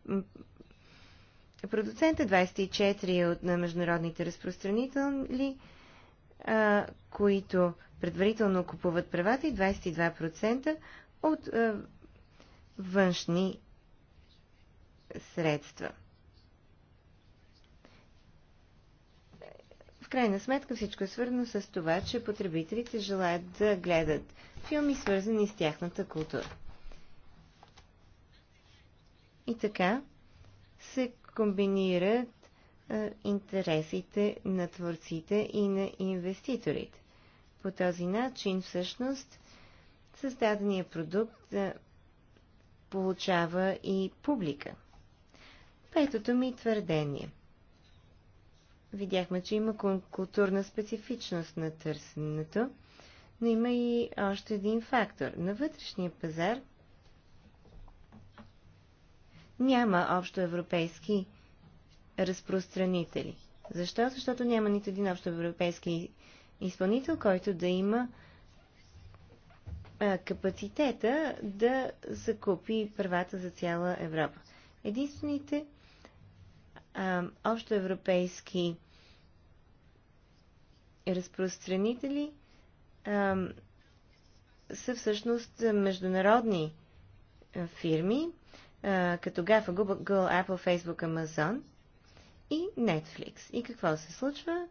продуцента, 24% от на международните разпространители, а, които предварително купуват правата и 22% от а, външни средства. В крайна сметка всичко е свързано с това, че потребителите желаят да гледат филми, свързани с тяхната култура. И така се комбинират е, интересите на творците и на инвеститорите. По този начин, всъщност, създадения продукт е, получава и публика. Петото ми твърдение. Видяхме, че има културна специфичност на търсенето, но има и още един фактор. На вътрешния пазар няма общо европейски разпространители. Защо? Защото няма нито един общо европейски изпълнител, който да има а, капацитета да закупи правата за цяла Европа. Единствените а, общоевропейски разпространители а, са всъщност международни фирми, а, като GAFA, Google, Apple, Facebook, Amazon – и Netflix. И какво се случва?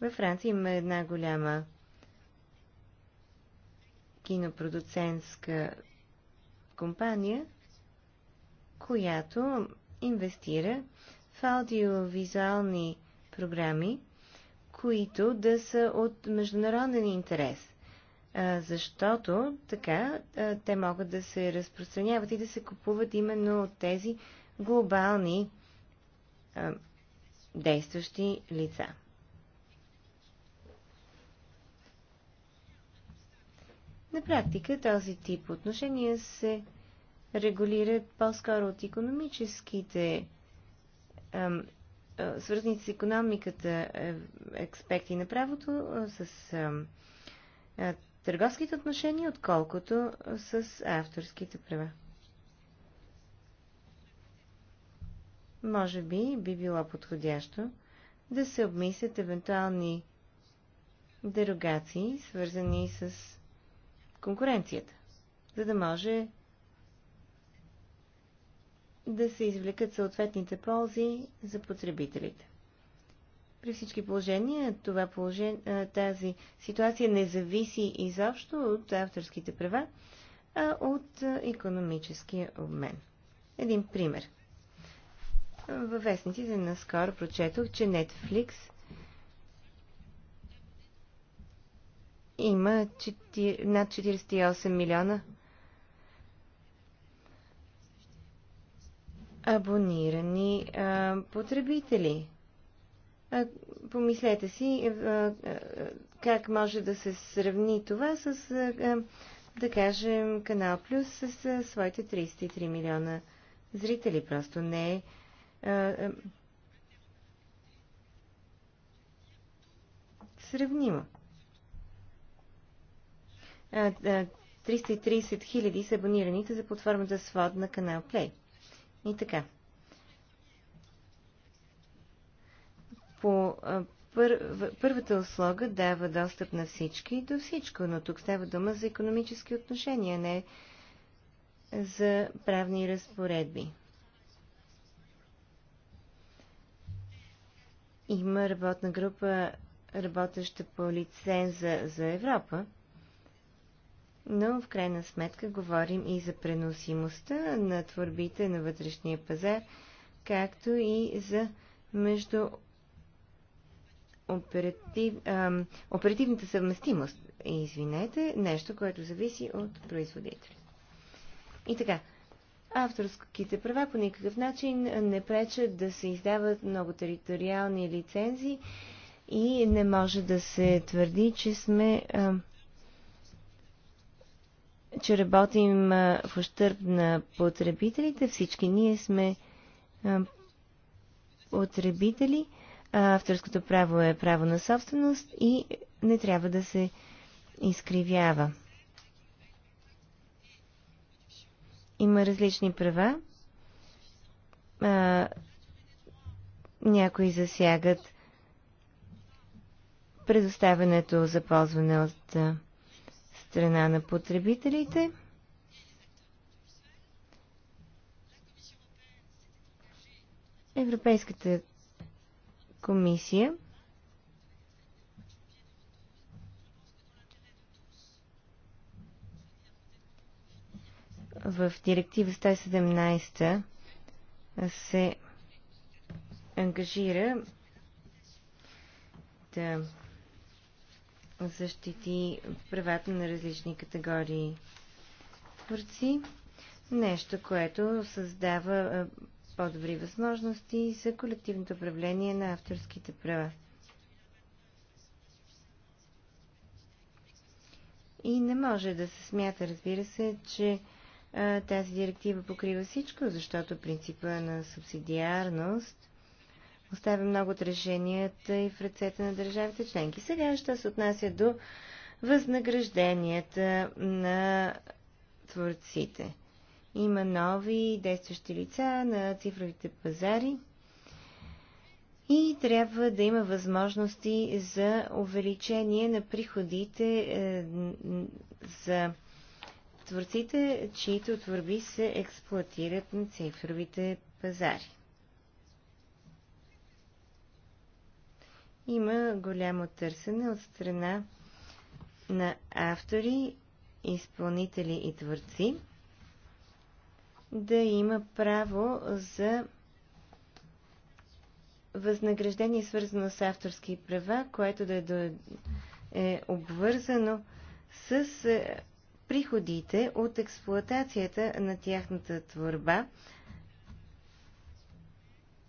Във Франция има една голяма кинопродуцентска компания, която инвестира в аудиовизуални програми, които да са от международен интерес защото така те могат да се разпространяват и да се купуват именно от тези глобални действащи лица. На практика този тип отношения се регулират по-скоро от економическите, свързани с економиката експекти на правото, с търговските отношения, отколкото с авторските права. Може би би било подходящо да се обмислят евентуални дерогации, свързани с конкуренцията, за да може да се извлекат съответните ползи за потребителите. При всички положения това положение, тази ситуация не зависи изобщо от авторските права, а от економическия обмен. Един пример. Във вестниците наскоро прочетох, че Netflix има 4, над 48 милиона абонирани а, потребители. Помислете си как може да се сравни това с, да кажем, Канал Плюс с своите 33 милиона зрители. Просто не е. Сравнимо. 330 хиляди са абонираните за платформата свод на канал Плей. И така. по пър, първата услуга дава достъп на всички и до всичко, но тук става дума за економически отношения, не за правни разпоредби. Има работна група, работеща по лиценза за Европа, но в крайна сметка говорим и за преносимостта на творбите на вътрешния пазар, както и за между оператив, а, оперативната съвместимост, извинете, нещо, което зависи от производителя. И така, авторските права по никакъв начин не пречат да се издават много териториални лицензии и не може да се твърди, че сме а, че работим в ущърп на потребителите. Всички ние сме потребители авторското право е право на собственост и не трябва да се изкривява. Има различни права. А, някои засягат предоставянето за ползване от страна на потребителите. Европейската комисия. В директива 117 се ангажира да защити правата на различни категории творци. Нещо, което създава по-добри възможности за колективното управление на авторските права. И не може да се смята, разбира се, че а, тази директива покрива всичко, защото принципа на субсидиарност оставя много от решенията и в ръцете на държавите членки. Сега, ще се отнася до възнагражденията на творците. Има нови действащи лица на цифровите пазари и трябва да има възможности за увеличение на приходите е, за творците, чието творби се експлуатират на цифровите пазари. Има голямо търсене от страна на автори, изпълнители и творци да има право за възнаграждение, свързано с авторски права, което да е, е обвързано с е, приходите от експлоатацията на тяхната творба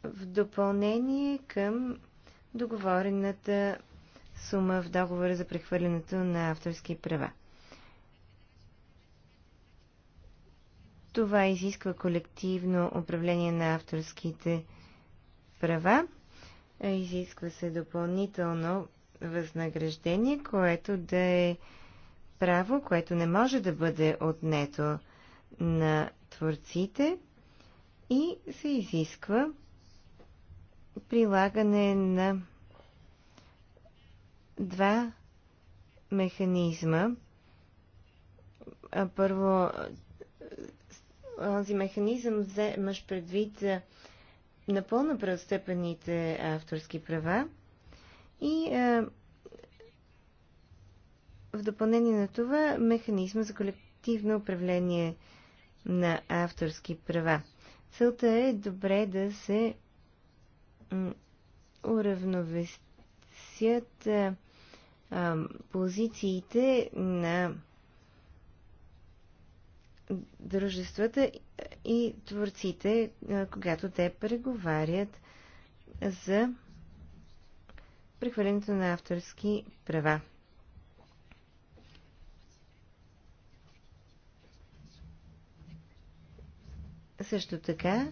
в допълнение към договорената сума в договора за прехвърлянето на авторски права. Това изисква колективно управление на авторските права. Изисква се допълнително възнаграждение, което да е право, което не може да бъде отнето на творците и се изисква прилагане на два механизма. Първо, онзи механизъм, вземаш предвид е, напълно преотстъпените авторски права и е, в допълнение на това механизма за колективно управление на авторски права. Целта е добре да се уравновесят е, позициите на дружествата и творците, когато те преговарят за прехвърлянето на авторски права. Също така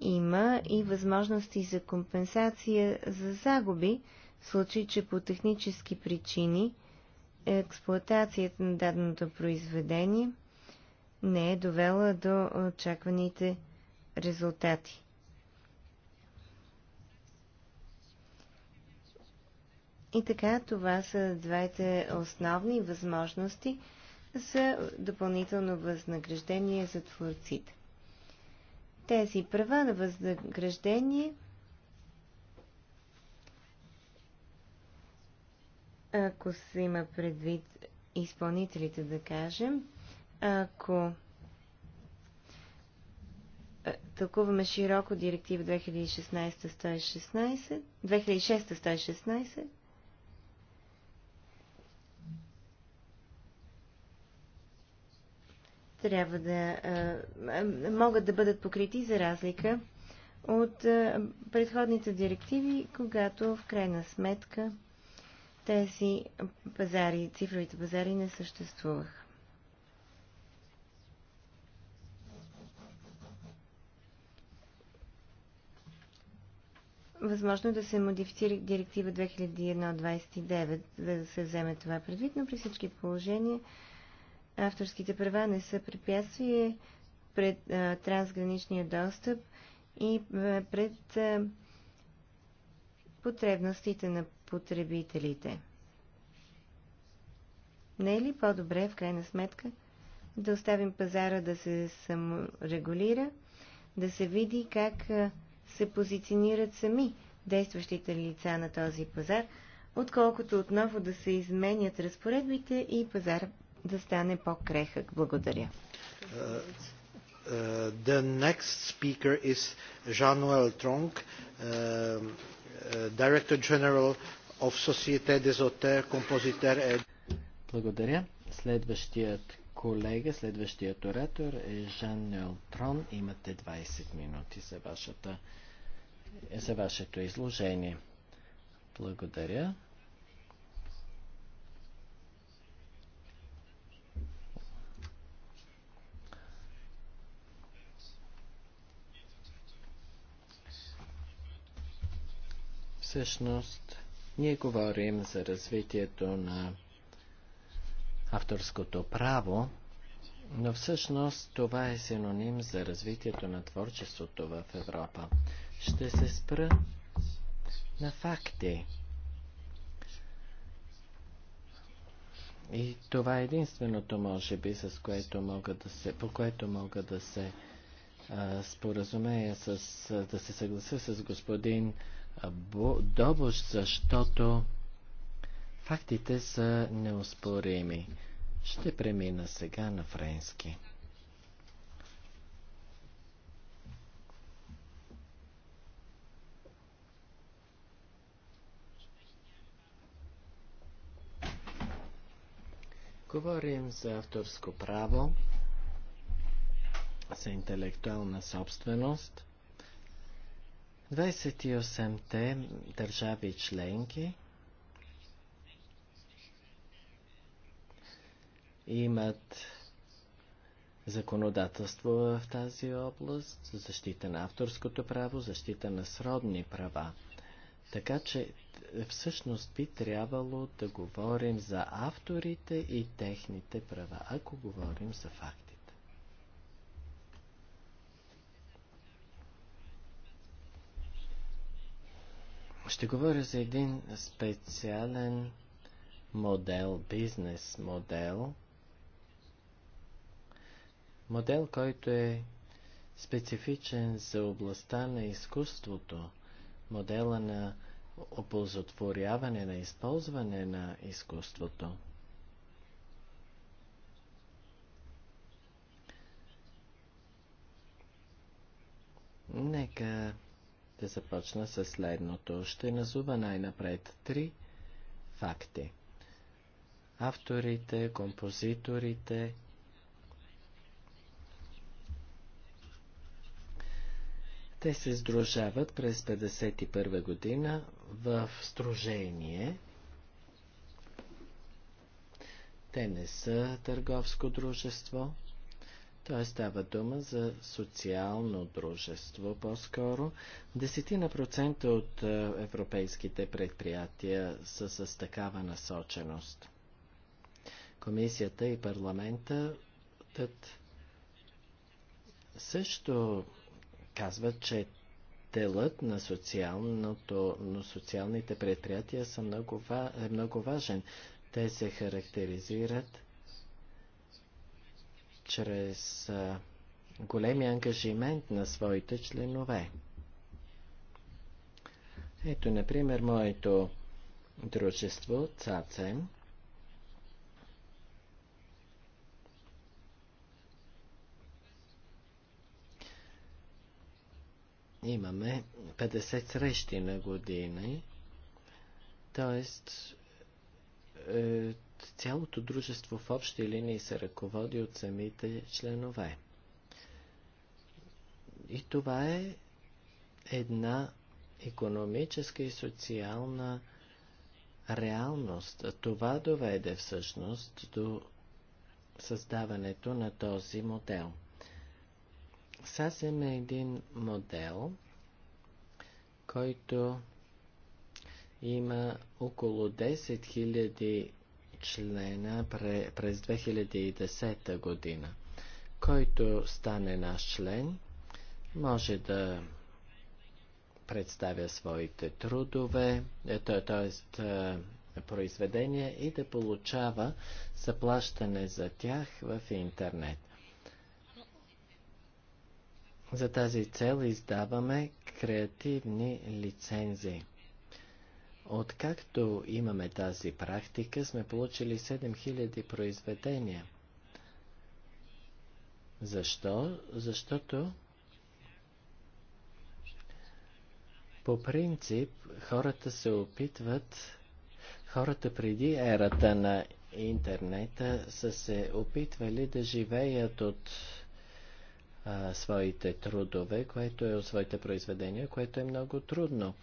има и възможности за компенсация за загуби, в случай, че по технически причини експлоатацията на даденото произведение – не е довела до очакваните резултати. И така, това са двете основни възможности за допълнително възнаграждение за творците. Тези права на възнаграждение ако се има предвид изпълнителите, да кажем, ако е, тълкуваме широко директива 2016-116, 2006-116, трябва да а, е, е, могат да бъдат покрити за разлика от а, предходните директиви, когато в крайна сметка тези пазари, цифровите пазари не съществуваха. Възможно е да се модифицира директива 2001-29, за да се вземе това предвид, но при всички положения авторските права не са препятствие пред а, трансграничния достъп и а, пред а, потребностите на потребителите. Не е ли по-добре, в крайна сметка, да оставим пазара да се саморегулира, да се види как а, се позиционират сами действащите лица на този пазар, отколкото отново да се изменят разпоредбите и пазар да стане по-крехък. Благодаря. Uh, uh, the next speaker is Jean-Noël Tronc, uh, uh, Director General of Société des Auteurs, Compositeurs et... Благодаря. Следващият колега, следващият оратор е Жан Нелтрон. Имате 20 минути за, вашата, за вашето изложение. Благодаря. Всъщност, ние говорим за развитието на авторското право, но всъщност това е синоним за развитието на творчеството в Европа. Ще се спра на факти. И това е единственото, може би, с което мога да се, по което мога да се а, споразумея, с, да се съглася с господин Добош, защото фактите са неоспорими. Ще премина сега на френски. Говорим за авторско право, за интелектуална собственост. 28-те държави членки – имат законодателство в тази област, защита на авторското право, защита на сродни права. Така че всъщност би трябвало да говорим за авторите и техните права, ако говорим за фактите. Ще говоря за един специален модел, бизнес модел – Модел, който е специфичен за областта на изкуството, модела на оползотворяване, на използване на изкуството. Нека да започна с следното. Ще назова най-напред три факти. Авторите, композиторите Те се сдружават през 1951 година в стружение. Те не са търговско дружество. Той става дума за социално дружество по-скоро. Десетина процента от е, европейските предприятия са с такава насоченост. Комисията и парламента тът също Казва, че делът на, на социалните предприятия са много, е много важен. Те се характеризират чрез големи ангажимент на своите членове. Ето, например, моето дружество ЦАЦЕМ имаме 50 срещи на години, т.е. цялото дружество в общи линии се ръководи от самите членове. И това е една економическа и социална реалност. Това доведе всъщност до създаването на този модел – САС има един модел, който има около 10 000 члена през 2010 година. Който стане наш член, може да представя своите трудове, т.е. Е, произведения и да получава заплащане за тях в интернет. За тази цел издаваме креативни лицензии. Откакто имаме тази практика, сме получили 7000 произведения. Защо? Защото по принцип хората се опитват, хората преди ерата на интернета са се опитвали да живеят от а, своите трудове, което е своите произведения, което е много трудно.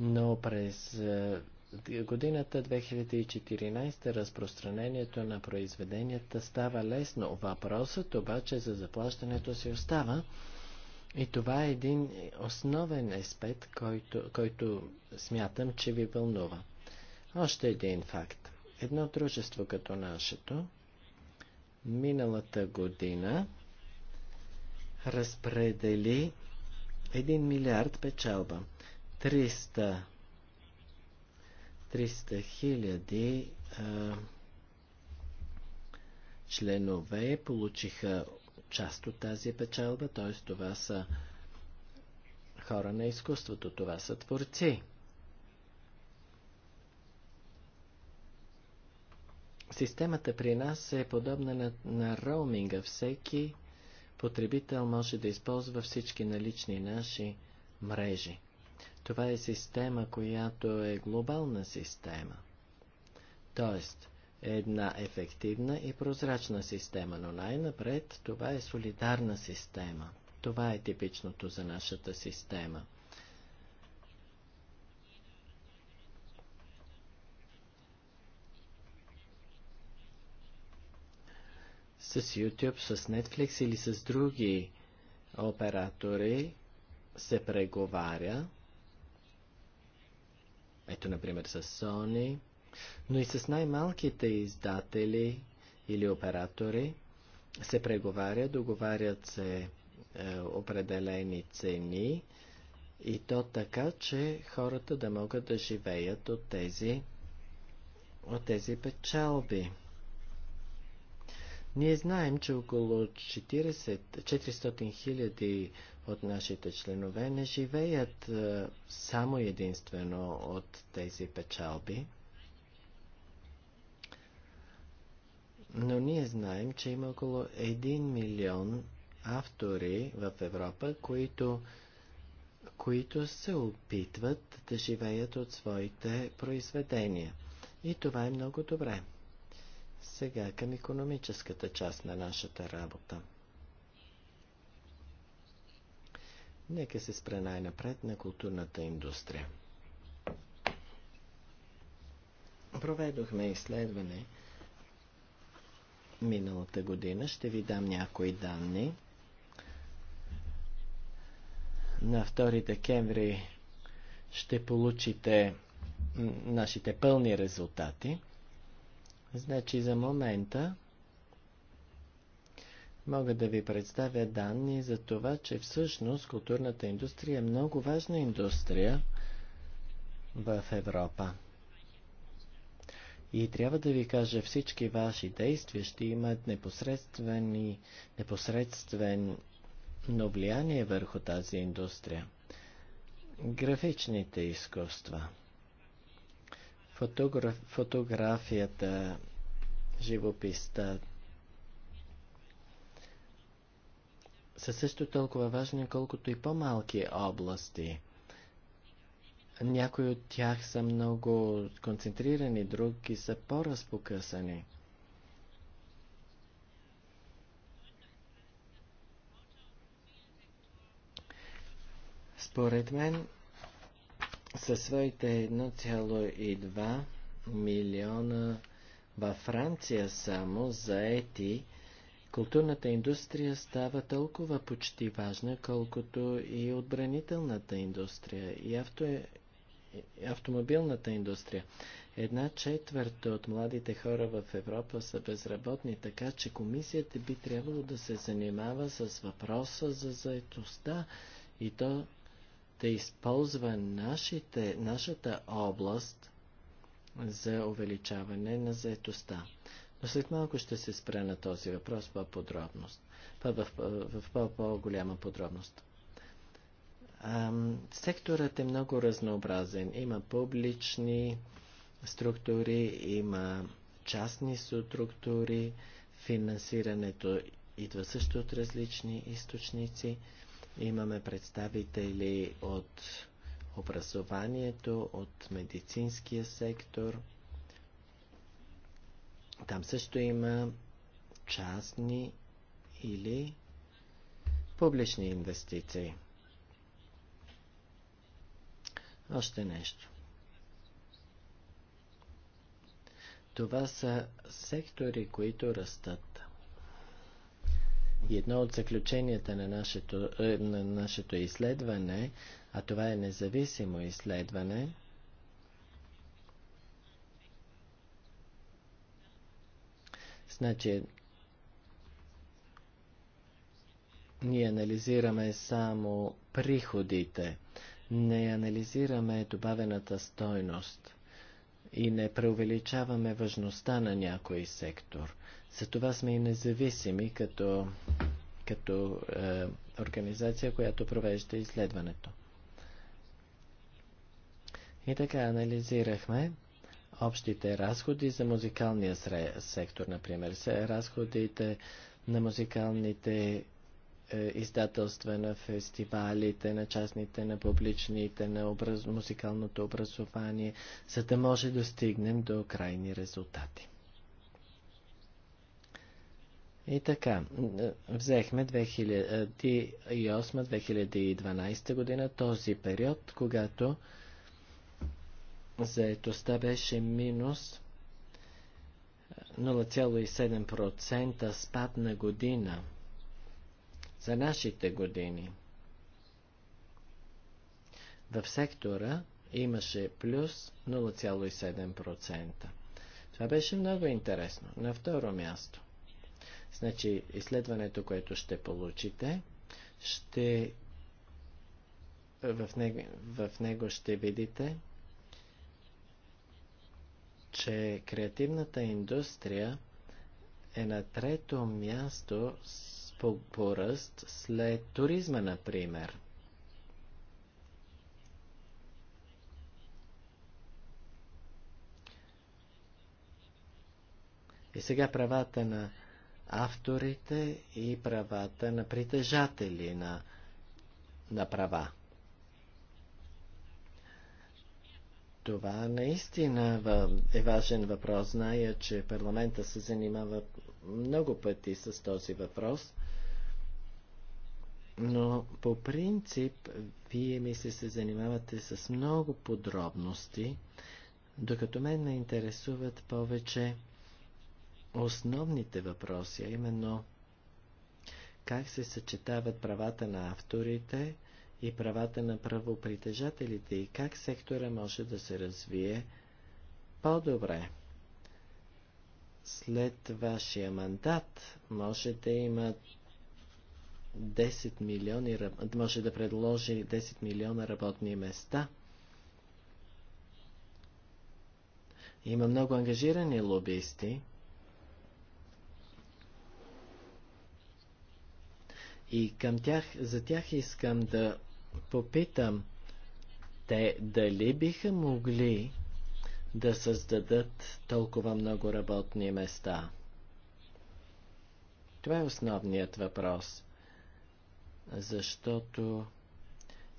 Но през а, годината 2014 разпространението на произведенията става лесно. Въпросът обаче за заплащането си остава. И това е един основен аспект, който, който смятам, че ви вълнува. Още един факт. Едно дружество като нашето, миналата година разпредели 1 милиард печалба. 300 300 хиляди членове получиха част от тази печалба, т.е. това са хора на изкуството, това са творци. Системата при нас е подобна на, на роуминга. Всеки потребител може да използва всички налични наши мрежи. Това е система, която е глобална система. Тоест, е една ефективна и прозрачна система, но най-напред това е солидарна система. Това е типичното за нашата система. с YouTube, с Netflix или с други оператори се преговаря. Ето, например, с Sony, но и с най-малките издатели или оператори се преговаря, договарят се е, определени цени и то така, че хората да могат да живеят от тези, от тези печалби. Ние знаем, че около 400 хиляди от нашите членове не живеят е, само единствено от тези печалби. Но ние знаем, че има около 1 милион автори в Европа, които, които се опитват да живеят от своите произведения. И това е много добре. Сега към економическата част на нашата работа. Нека се спре най-напред на културната индустрия. Проведохме изследване миналата година. Ще ви дам някои данни. На 2 декември ще получите нашите пълни резултати. Значи за момента мога да ви представя данни за това, че всъщност културната индустрия е много важна индустрия в Европа. И трябва да ви кажа, всички ваши действия ще имат непосредствени, непосредствено влияние върху тази индустрия. Графичните изкуства – Фотограф, фотографията, живописта са също толкова важни, колкото и по-малки области. Някои от тях са много концентрирани, други са по-разпокъсани. Според мен, със своите 1,2 милиона във Франция само заети, културната индустрия става толкова почти важна, колкото и отбранителната индустрия и авто... Е, автомобилната индустрия. Една четвърта от младите хора в Европа са безработни, така че комисията би трябвало да се занимава с въпроса за заетостта и то да използва нашите, нашата област за увеличаване на заетостта. Но след малко ще се спра на този въпрос по-подробност, в, по-голяма подробност. Ам, секторът е много разнообразен. Има публични структури, има частни структури, финансирането идва също от различни източници. Имаме представители от образованието, от медицинския сектор. Там също има частни или публични инвестиции. Още нещо. Това са сектори, които растат и едно от заключенията на нашето, е, на нашето изследване, а това е независимо изследване, значи ние анализираме само приходите, не анализираме добавената стойност и не преувеличаваме важността на някой сектор – затова сме и независими като, като е, организация, която провежда изследването. И така анализирахме общите разходи за музикалния сектор, например, разходите на музикалните е, издателства, на фестивалите, на частните, на публичните, на образ... музикалното образование, за да може да стигнем до крайни резултати. И така, взехме 2008-2012 година този период, когато заетостта беше минус 0,7% спад на година за нашите години. В сектора имаше плюс 0,7%. Това беше много интересно. На второ място. Значи, изследването, което ще получите, ще в него, в него ще видите, че креативната индустрия е на трето място по поръст след туризма, например. И сега правата на авторите и правата на притежатели на, на права. Това наистина е важен въпрос. Зная, че парламента се занимава много пъти с този въпрос, но по принцип вие ми се, се занимавате с много подробности, докато мен ме интересуват повече основните въпроси, а именно как се съчетават правата на авторите и правата на правопритежателите и как сектора може да се развие по-добре. След вашия мандат може да има 10 милиони, може да предложи 10 милиона работни места. Има много ангажирани лобисти – И към тях, за тях искам да попитам те дали биха могли да създадат толкова много работни места. Това е основният въпрос, защото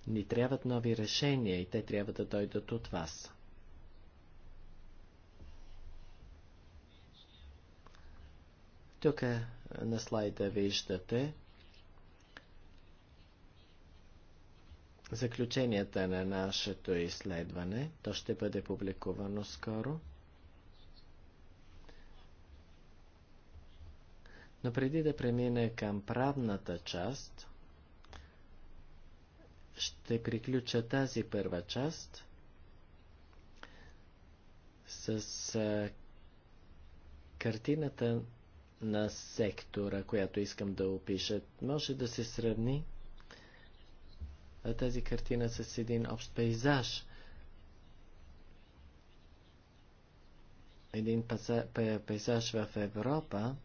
ни трябват нови решения и те трябва да дойдат от вас. Тук е, на слайда виждате заключенията на нашето изследване. То ще бъде публикувано скоро. Но преди да премине към правната част, ще приключа тази първа част с картината на сектора, която искам да опиша. Може да се сравни тази картина с един общ пейзаж. Един пейзаж в Европа,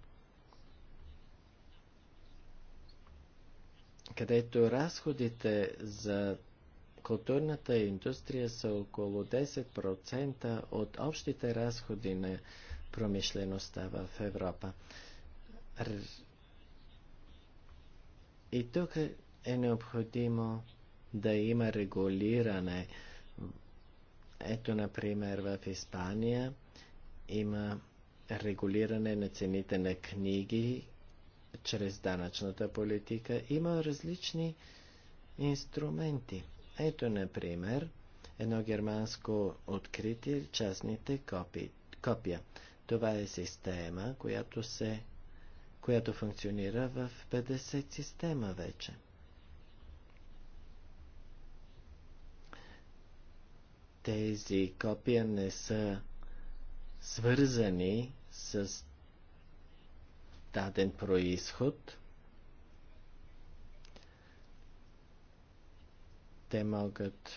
където разходите за културната индустрия са около 10% от общите разходи на промишлеността в Европа. И тук е необходимо да има регулиране. Ето, например, в Испания има регулиране на цените на книги чрез данъчната политика. Има различни инструменти. Ето, например, едно германско откритие частните копи, копия. Това е система, която, се, която функционира в 50 система вече. тези копия не са свързани с даден происход, те могат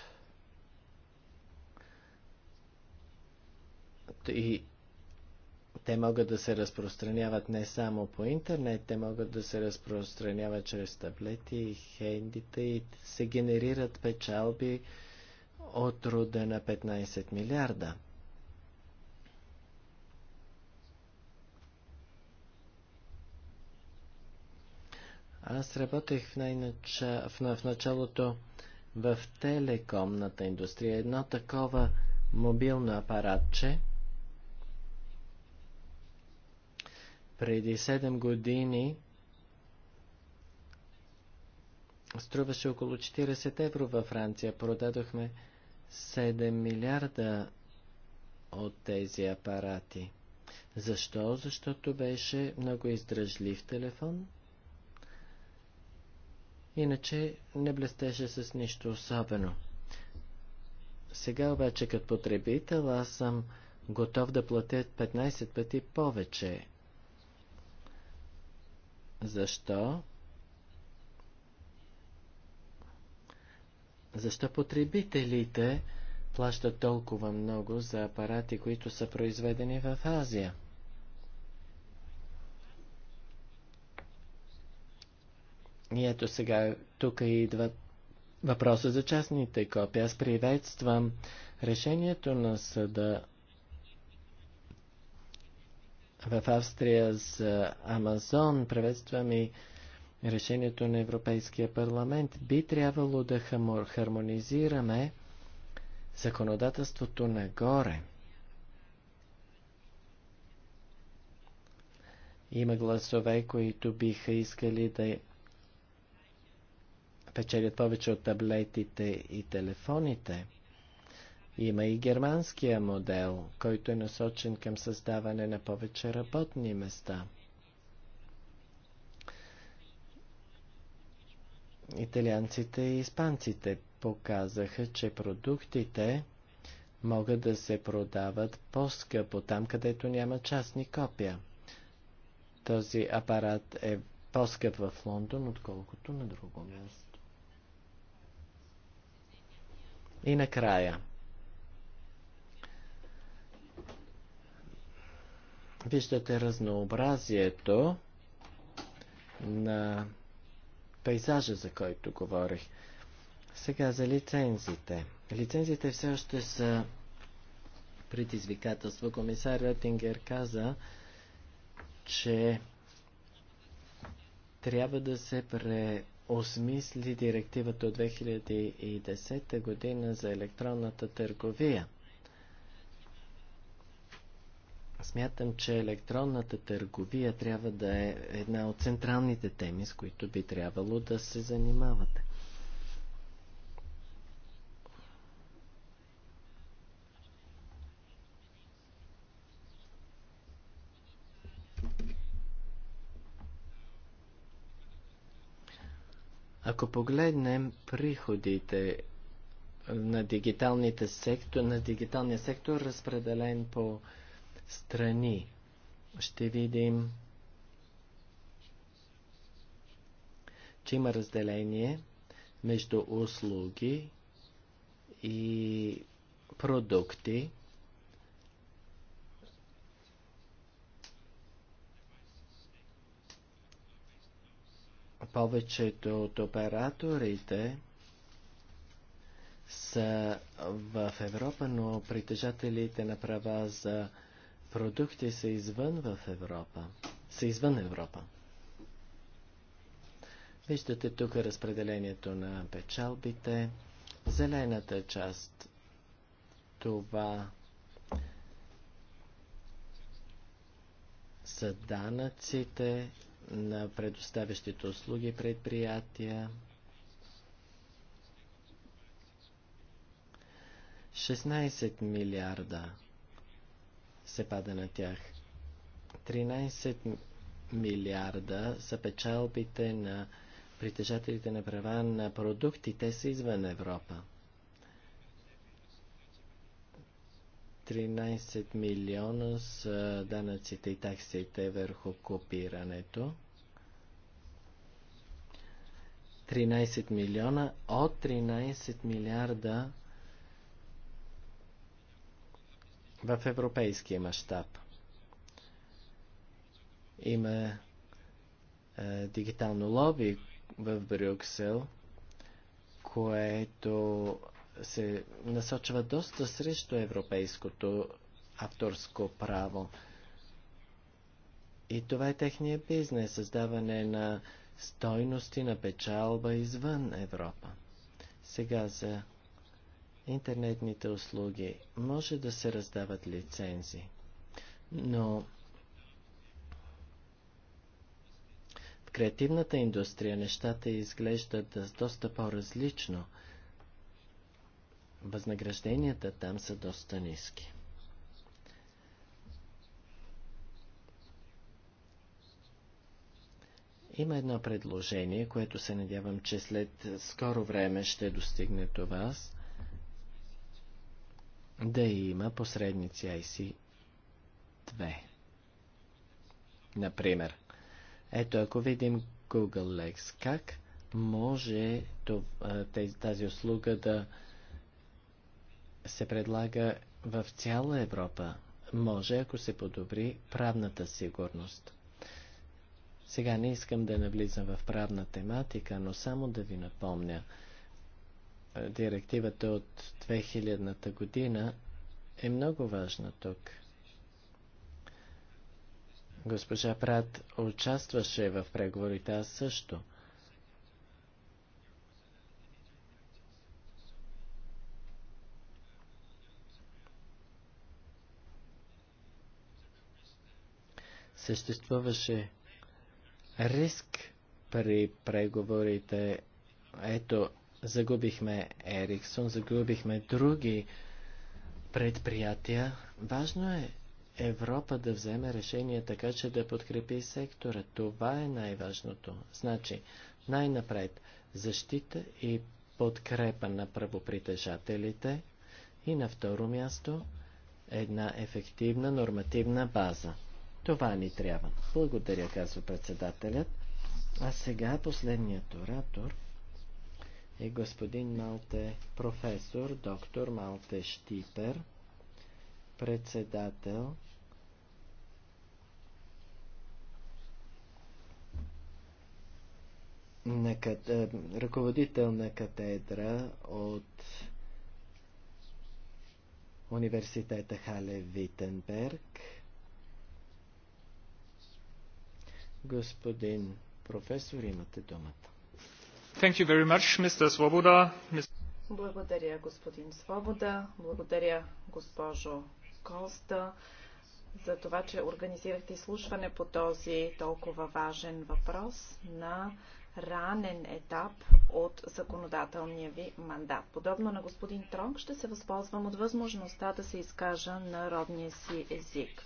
и те могат да се разпространяват не само по интернет, те могат да се разпространяват чрез таблети, хендите и се генерират печалби от рода на 15 милиарда. Аз работех в, в, в началото в телекомната индустрия. Едно такова мобилно апаратче. Преди 7 години струваше около 40 евро във Франция. Продадохме 7 милиарда от тези апарати. Защо? Защото беше много издръжлив телефон. Иначе не блестеше с нищо особено. Сега обаче като потребител аз съм готов да платя 15 пъти повече. Защо? Защо потребителите плащат толкова много за апарати, които са произведени в Азия? И ето сега, тук идва въпроса за частните копии. Аз приветствам решението на съда в Австрия за Амазон. Приветствам и решението на Европейския парламент. Би трябвало да хармонизираме законодателството нагоре. Има гласове, които биха искали да печелят повече от таблетите и телефоните. Има и германския модел, който е насочен към създаване на повече работни места – италианците и испанците показаха, че продуктите могат да се продават по-скъпо там, където няма частни копия. Този апарат е по-скъп в Лондон, отколкото на друго място. И накрая. Виждате разнообразието на пейзажа, за който говорих. Сега за лицензите. Лицензите все още са предизвикателство. Комисар Ротингер каза, че трябва да се преосмисли директивата от 2010 година за електронната търговия – Смятам, че електронната търговия трябва да е една от централните теми, с които би трябвало да се занимавате. Ако погледнем приходите на, дигиталните сектор, на дигиталния сектор, разпределен по страни. Ще видим, че има разделение между услуги и продукти. Повечето от операторите са в Европа, но притежателите на права за продукти са извън в Европа. Са извън Европа. Виждате тук разпределението на печалбите. Зелената част това са данъците на предоставящите услуги предприятия. 16 милиарда се пада на тях. 13 милиарда са печалбите на притежателите на права на продуктите са извън Европа. 13 милиона с данъците и таксите върху копирането. 13 милиона от 13 милиарда в европейския мащаб. Има е, дигитално лоби в Брюксел, което се насочва доста срещу европейското авторско право. И това е техния бизнес, създаване на стойности на печалба извън Европа. Сега за интернетните услуги. Може да се раздават лицензи, но в креативната индустрия нещата изглеждат доста по-различно. Възнагражденията там са доста ниски. Има едно предложение, което се надявам, че след скоро време ще достигне до вас – да има посредници IC2. Например, ето ако видим Google Lex, как може тази услуга да се предлага в цяла Европа? Може, ако се подобри правната сигурност. Сега не искам да навлизам в правна тематика, но само да ви напомня – директивата от 2000-та година е много важна тук. Госпожа Прат участваше в преговорите, аз също. Съществуваше риск при преговорите. Ето, загубихме Ериксон, загубихме други предприятия. Важно е Европа да вземе решение така, че да подкрепи сектора. Това е най-важното. Значи, най-напред защита и подкрепа на правопритежателите и на второ място една ефективна нормативна база. Това ни трябва. Благодаря, казва председателят. А сега последният оратор – е господин Малте, професор, доктор Малте Штипер, председател на кат... Е, ръководител на катедра от университета Хале Витенберг. Господин професор, имате думата. Благодаря, господин Свобода. Благодаря, госпожо Коста, за това, че организирахте изслушване по този толкова важен въпрос на ранен етап от законодателния ви мандат. Подобно на господин Тронг, ще се възползвам от възможността да се изкажа на родния си език.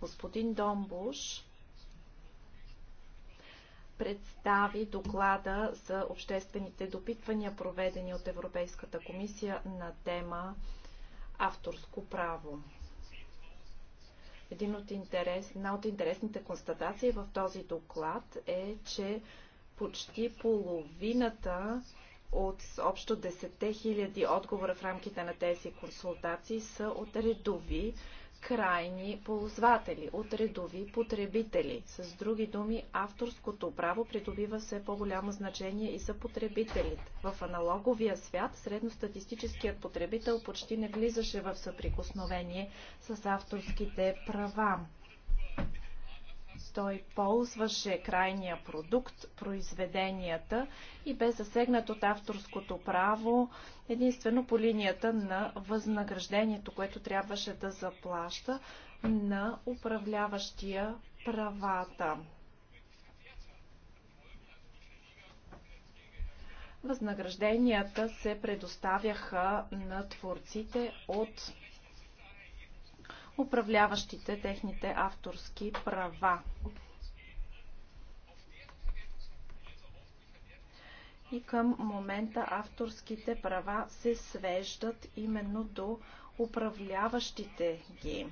Господин Домбуш представи доклада за обществените допитвания, проведени от Европейската комисия на тема авторско право. Един от интерес, една от интересните констатации в този доклад е, че почти половината от общо 10 000 отговора в рамките на тези консултации са от редови крайни ползватели, от редови потребители. С други думи, авторското право придобива все по-голямо значение и за потребителите. В аналоговия свят средностатистическият потребител почти не влизаше в съприкосновение с авторските права той ползваше крайния продукт, произведенията и бе засегнат от авторското право единствено по линията на възнаграждението, което трябваше да заплаща на управляващия правата. Възнагражденията се предоставяха на творците от управляващите техните авторски права. И към момента авторските права се свеждат именно до управляващите ги.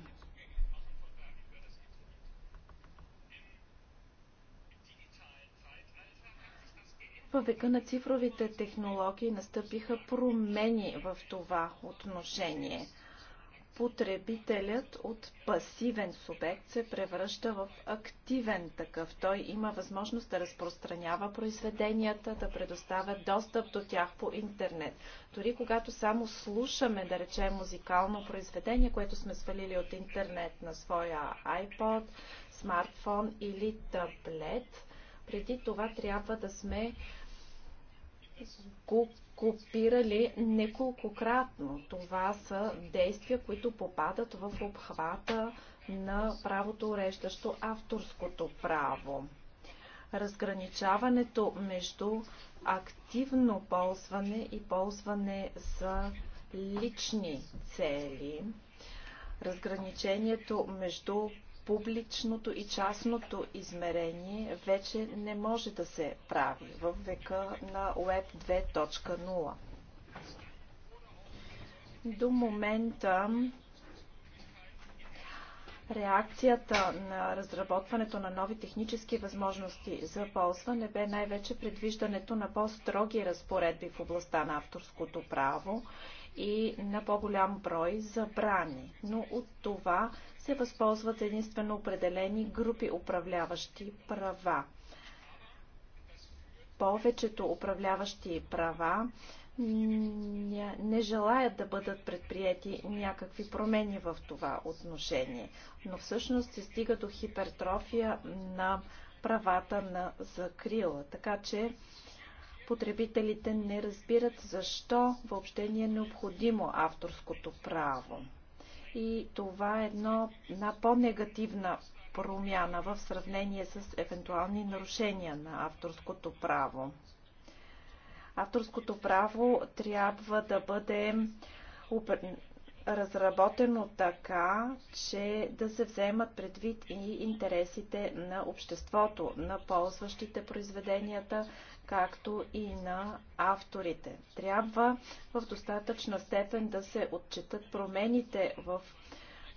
Във века на цифровите технологии настъпиха промени в това отношение – потребителят от пасивен субект се превръща в активен такъв. Той има възможност да разпространява произведенията, да предоставя достъп до тях по интернет. Дори когато само слушаме, да речем, музикално произведение, което сме свалили от интернет на своя iPod, смартфон или таблет, преди това трябва да сме го копирали неколкократно. Това са действия, които попадат в обхвата на правото, уреждащо авторското право. Разграничаването между активно ползване и ползване за лични цели, разграничението между публичното и частното измерение вече не може да се прави в века на Web 2.0. До момента реакцията на разработването на нови технически възможности за ползване бе най-вече предвиждането на по-строги разпоредби в областта на авторското право и на по-голям брой забрани. Но от това се възползват единствено определени групи управляващи права. Повечето управляващи права не желаят да бъдат предприяти някакви промени в това отношение, но всъщност се стига до хипертрофия на правата на закрила. Така че потребителите не разбират защо въобще ни е необходимо авторското право и това е едно, една по-негативна промяна в сравнение с евентуални нарушения на авторското право. Авторското право трябва да бъде разработено така, че да се вземат предвид и интересите на обществото, на ползващите произведенията, както и на авторите. Трябва в достатъчна степен да се отчетат промените в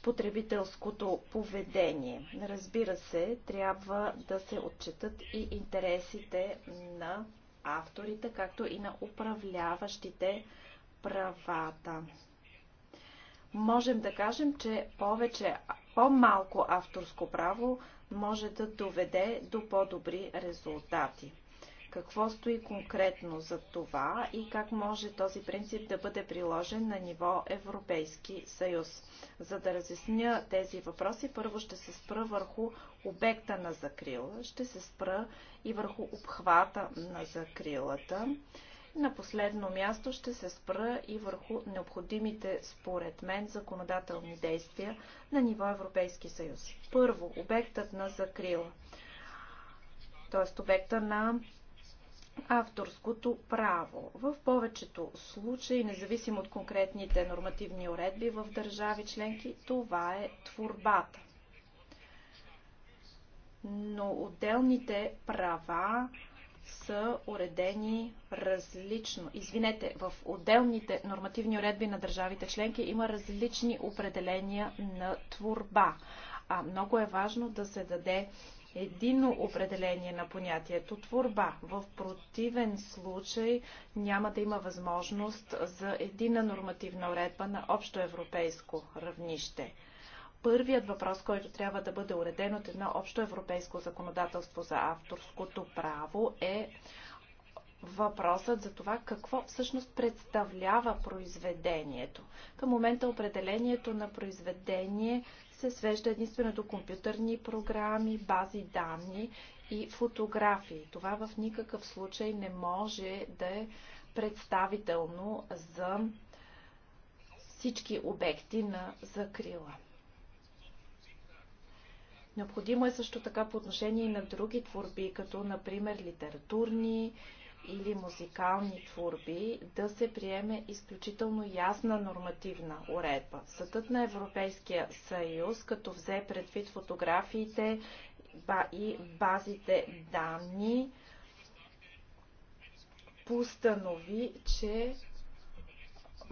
потребителското поведение. Разбира се, трябва да се отчетат и интересите на авторите, както и на управляващите правата. Можем да кажем, че повече, по-малко авторско право може да доведе до по-добри резултати. Какво стои конкретно за това и как може този принцип да бъде приложен на ниво Европейски съюз? За да разясня тези въпроси, първо ще се спра върху обекта на закрила, ще се спра и върху обхвата на закрилата. На последно място ще се спра и върху необходимите, според мен, законодателни действия на ниво Европейски съюз. Първо, обектът на закрила, т.е. обекта на авторското право. В повечето случаи, независимо от конкретните нормативни уредби в държави членки, това е творбата. Но отделните права са уредени различно. Извинете, в отделните нормативни уредби на държавите членки има различни определения на творба. А много е важно да се даде единно определение на понятието творба. В противен случай няма да има възможност за едина нормативна уредба на общо европейско равнище. Първият въпрос, който трябва да бъде уреден от едно общо европейско законодателство за авторското право е въпросът за това какво всъщност представлява произведението. Към момента определението на произведение се свежда единствено до компютърни програми, бази данни и фотографии. Това в никакъв случай не може да е представително за всички обекти на закрила. Необходимо е също така по отношение и на други творби, като например литературни или музикални творби да се приеме изключително ясна нормативна уредба. Съдът на Европейския съюз, като взе предвид фотографиите и базите данни, постанови, че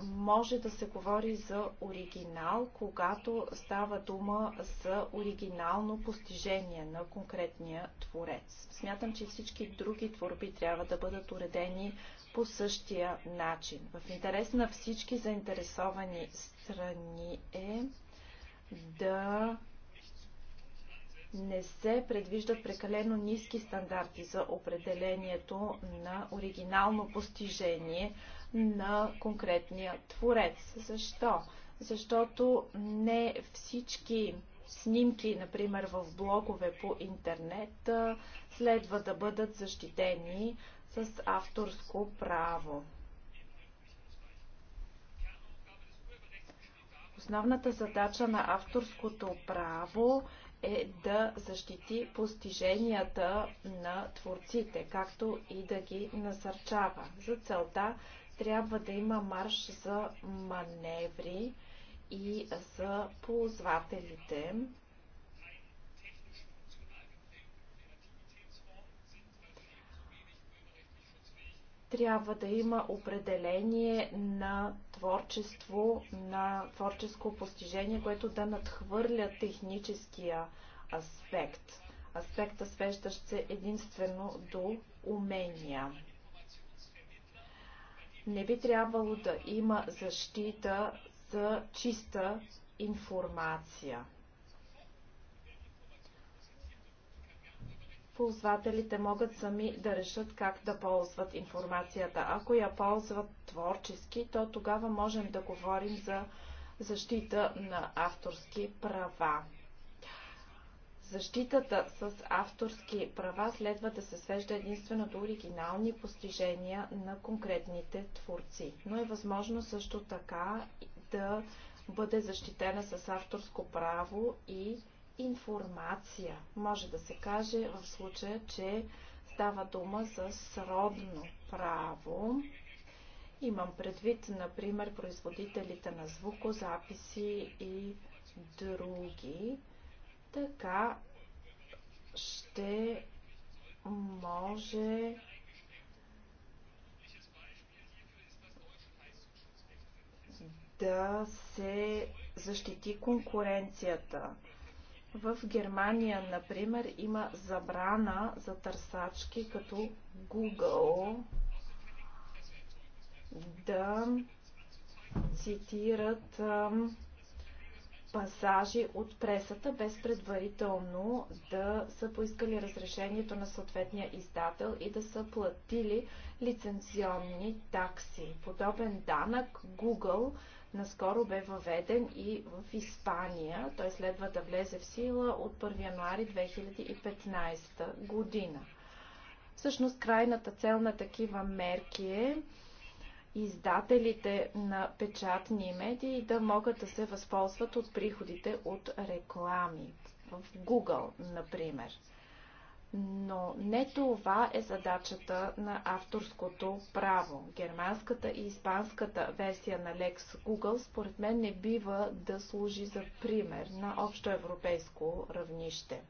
може да се говори за оригинал, когато става дума за оригинално постижение на конкретния творец. Смятам, че всички други творби трябва да бъдат уредени по същия начин. В интерес на всички заинтересовани страни е да не се предвиждат прекалено ниски стандарти за определението на оригинално постижение на конкретния творец. Защо? Защото не всички снимки, например в блогове по интернет, следва да бъдат защитени с авторско право. Основната задача на авторското право е да защити постиженията на творците, както и да ги насърчава. За целта трябва да има марш за маневри и за ползвателите. трябва да има определение на творчество, на творческо постижение, което да надхвърля техническия аспект. Аспекта свеждащ се единствено до умения не би трябвало да има защита за чиста информация. ползвателите могат сами да решат как да ползват информацията. Ако я ползват творчески, то тогава можем да говорим за защита на авторски права. Защитата с авторски права следва да се свежда единствено до оригинални постижения на конкретните творци, но е възможно също така да бъде защитена с авторско право и информация. Може да се каже в случая, че става дума за сродно право. Имам предвид, например, производителите на звукозаписи и други. Така ще може да се защити конкуренцията. В Германия, например, има забрана за търсачки като Google да цитират пасажи от пресата, без предварително да са поискали разрешението на съответния издател и да са платили лицензионни такси. Подобен данък Google наскоро бе въведен и в Испания. Той следва да влезе в сила от 1 януари 2015 година. Всъщност крайната цел на такива мерки е издателите на печатни медии да могат да се възползват от приходите от реклами в Google, например. Но не това е задачата на авторското право. Германската и испанската версия на Lex Google според мен не бива да служи за пример на общоевропейско равнище.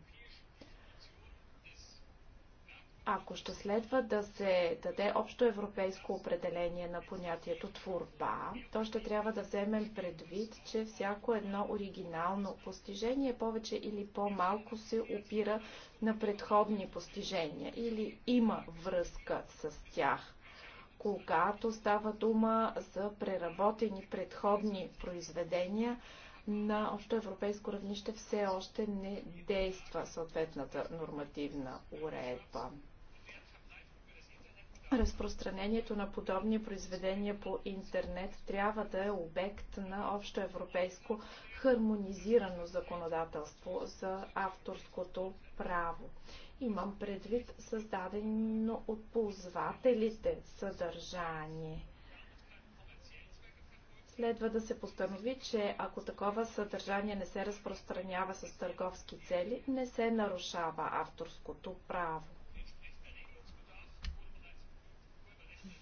Ако ще следва да се даде общо европейско определение на понятието творба, то ще трябва да вземем предвид, че всяко едно оригинално постижение повече или по-малко се опира на предходни постижения или има връзка с тях. Когато става дума за преработени предходни произведения, на общо европейско равнище все още не действа съответната нормативна уредба разпространението на подобни произведения по интернет трябва да е обект на общо европейско хармонизирано законодателство за авторското право. Имам предвид създадено от ползвателите съдържание. Следва да се постанови, че ако такова съдържание не се разпространява с търговски цели, не се нарушава авторското право.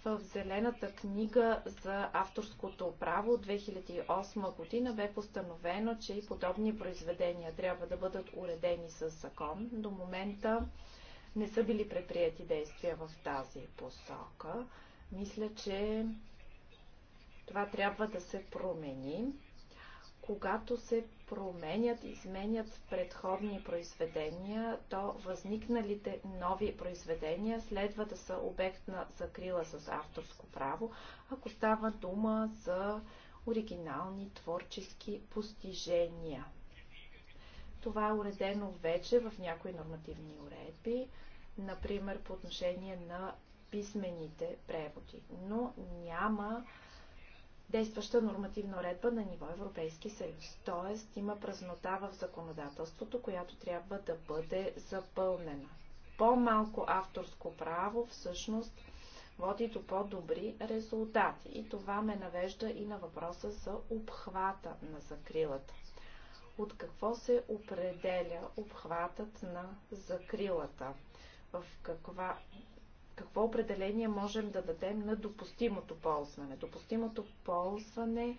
В Зелената книга за авторското право от 2008 година бе постановено, че и подобни произведения трябва да бъдат уредени с закон. До момента не са били предприяти действия в тази посока. Мисля, че това трябва да се промени, когато се променят, изменят предходни произведения, то възникналите нови произведения следва да са обект на закрила с авторско право, ако става дума за оригинални творчески постижения. Това е уредено вече в някои нормативни уредби, например по отношение на писмените преводи, но няма действаща нормативна уредба на ниво Европейски съюз. Тоест има празнота в законодателството, която трябва да бъде запълнена. По-малко авторско право всъщност води до по-добри резултати. И това ме навежда и на въпроса за обхвата на закрилата. От какво се определя обхватът на закрилата? В каква какво определение можем да дадем на допустимото ползване. Допустимото ползване,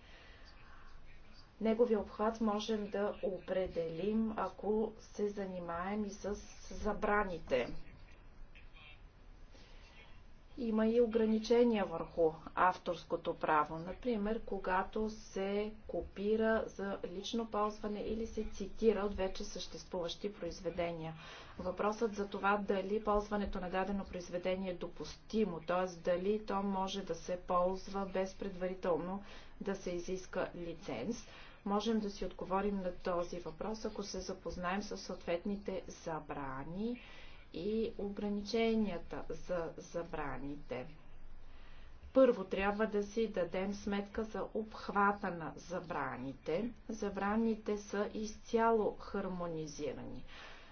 неговия обхват можем да определим, ако се занимаем и с забраните има и ограничения върху авторското право. Например, когато се копира за лично ползване или се цитира от вече съществуващи произведения. Въпросът за това дали ползването на дадено произведение е допустимо, т.е. дали то може да се ползва без предварително да се изиска лиценз, можем да си отговорим на този въпрос, ако се запознаем с съответните забрани и ограниченията за забраните. Първо трябва да си дадем сметка за обхвата на забраните. Забраните са изцяло хармонизирани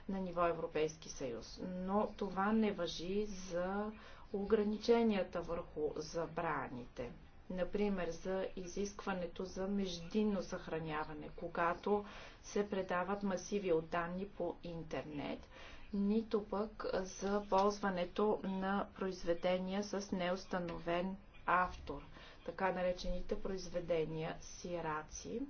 на ниво Европейски съюз, но това не въжи за ограниченията върху забраните. Например, за изискването за междинно съхраняване, когато се предават масиви от данни по интернет – нито пък за ползването на произведения с неустановен автор, така наречените произведения сираци.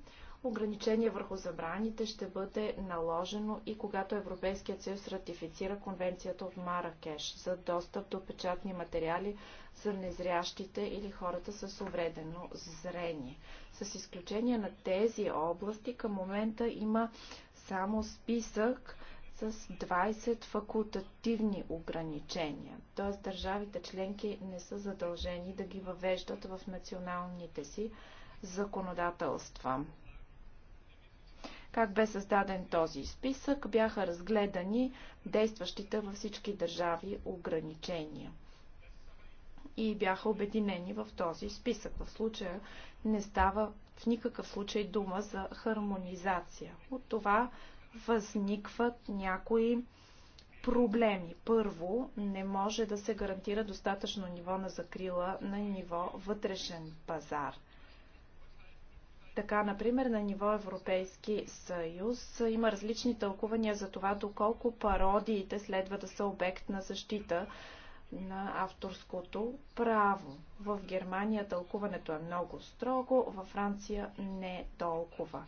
Ограничение върху забраните ще бъде наложено и когато Европейският съюз ратифицира конвенцията от Маракеш за достъп до печатни материали за незрящите или хората с увредено зрение. С изключение на тези области към момента има само списък с 20 факултативни ограничения. Т.е. държавите членки не са задължени да ги въвеждат в националните си законодателства. Как бе създаден този списък, бяха разгледани действащите във всички държави ограничения и бяха обединени в този списък. В случая не става в никакъв случай дума за хармонизация. От това възникват някои проблеми. Първо, не може да се гарантира достатъчно ниво на закрила на ниво вътрешен пазар. Така, например, на ниво Европейски съюз има различни тълкувания за това доколко пародиите следва да са обект на защита на авторското право. В Германия тълкуването е много строго, във Франция не толкова.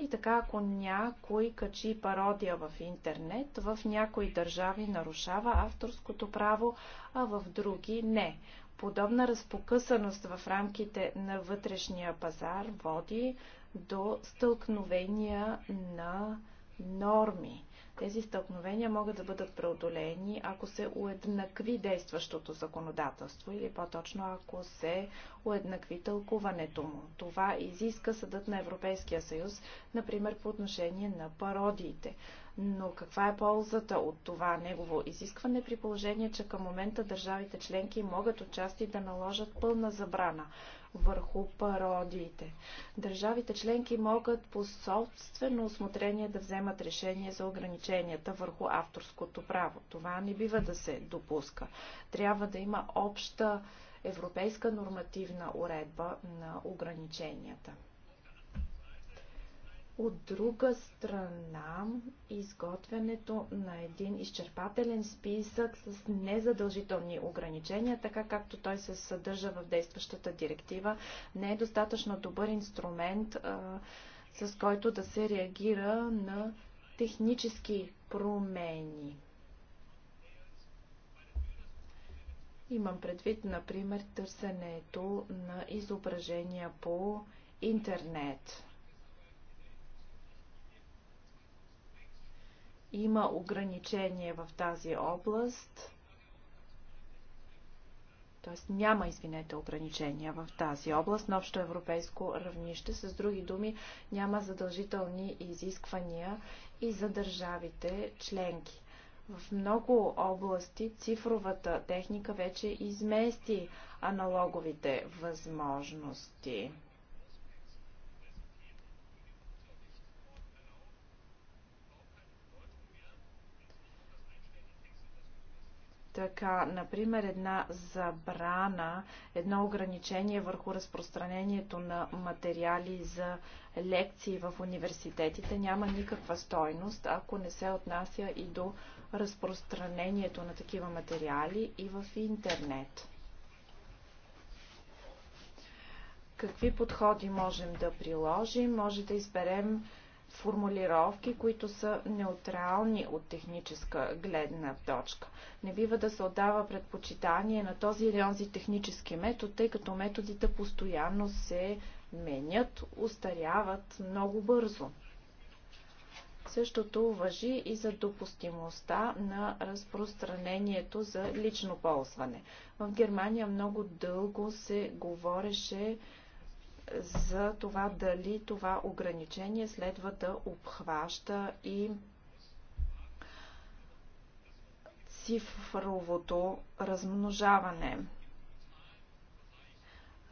И така, ако някой качи пародия в интернет, в някои държави нарушава авторското право, а в други не. Подобна разпокъсаност в рамките на вътрешния пазар води до стълкновения на норми. Тези стълкновения могат да бъдат преодолени, ако се уеднакви действащото законодателство или по-точно ако се уеднакви тълкуването му. Това изиска Съдът на Европейския съюз, например по отношение на пародиите. Но каква е ползата от това негово изискване при положение, че към момента държавите членки могат отчасти да наложат пълна забрана? върху пародиите. Държавите членки могат по собствено осмотрение да вземат решение за ограниченията върху авторското право. Това не бива да се допуска. Трябва да има обща европейска нормативна уредба на ограниченията. От друга страна, изготвянето на един изчерпателен списък с незадължителни ограничения, така както той се съдържа в действащата директива, не е достатъчно добър инструмент, а, с който да се реагира на технически промени. Имам предвид, например, търсенето на изображения по интернет. Има ограничение в тази област. Т.е. няма, извинете, ограничения в тази област на общо европейско равнище. С други думи, няма задължителни изисквания и за държавите членки. В много области цифровата техника вече измести аналоговите възможности. Така, например, една забрана, едно ограничение върху разпространението на материали за лекции в университетите няма никаква стойност, ако не се отнася и до разпространението на такива материали и в интернет. Какви подходи можем да приложим? Може да изберем формулировки, които са неутрални от техническа гледна точка. Не бива да се отдава предпочитание на този или онзи технически метод, тъй като методите постоянно се менят, устаряват много бързо. Същото въжи и за допустимостта на разпространението за лично ползване. В Германия много дълго се говореше за това дали това ограничение следва да обхваща и цифровото размножаване.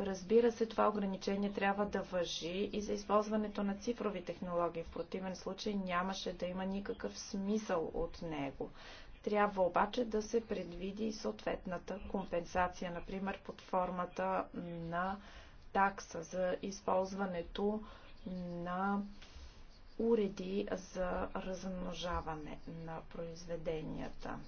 Разбира се, това ограничение трябва да въжи и за използването на цифрови технологии. В противен случай нямаше да има никакъв смисъл от него. Трябва обаче да се предвиди съответната компенсация, например под формата на такса за използването на уреди за размножаване на произведенията.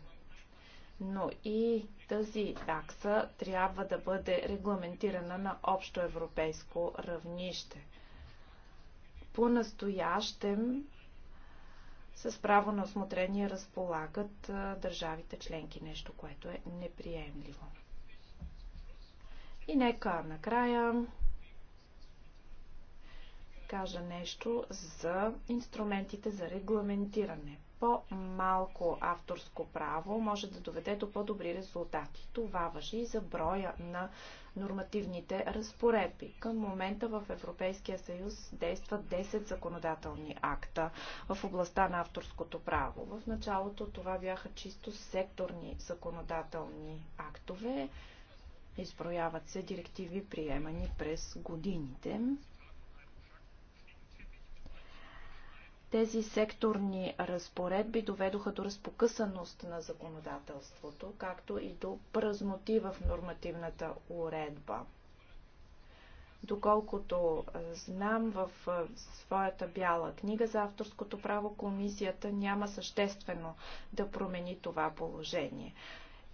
Но и тази такса трябва да бъде регламентирана на общо европейско равнище. По-настоящем с право на осмотрение разполагат държавите членки, нещо, което е неприемливо. И нека накрая кажа нещо за инструментите за регламентиране. По-малко авторско право може да доведе до по-добри резултати. Това въжи и за броя на нормативните разпоредби. Към момента в Европейския съюз действат 10 законодателни акта в областта на авторското право. В началото това бяха чисто секторни законодателни актове. Изброяват се директиви, приемани през годините. Тези секторни разпоредби доведоха до разпокъсаност на законодателството, както и до празноти в нормативната уредба. Доколкото е, знам в е, своята бяла книга за авторското право, комисията няма съществено да промени това положение.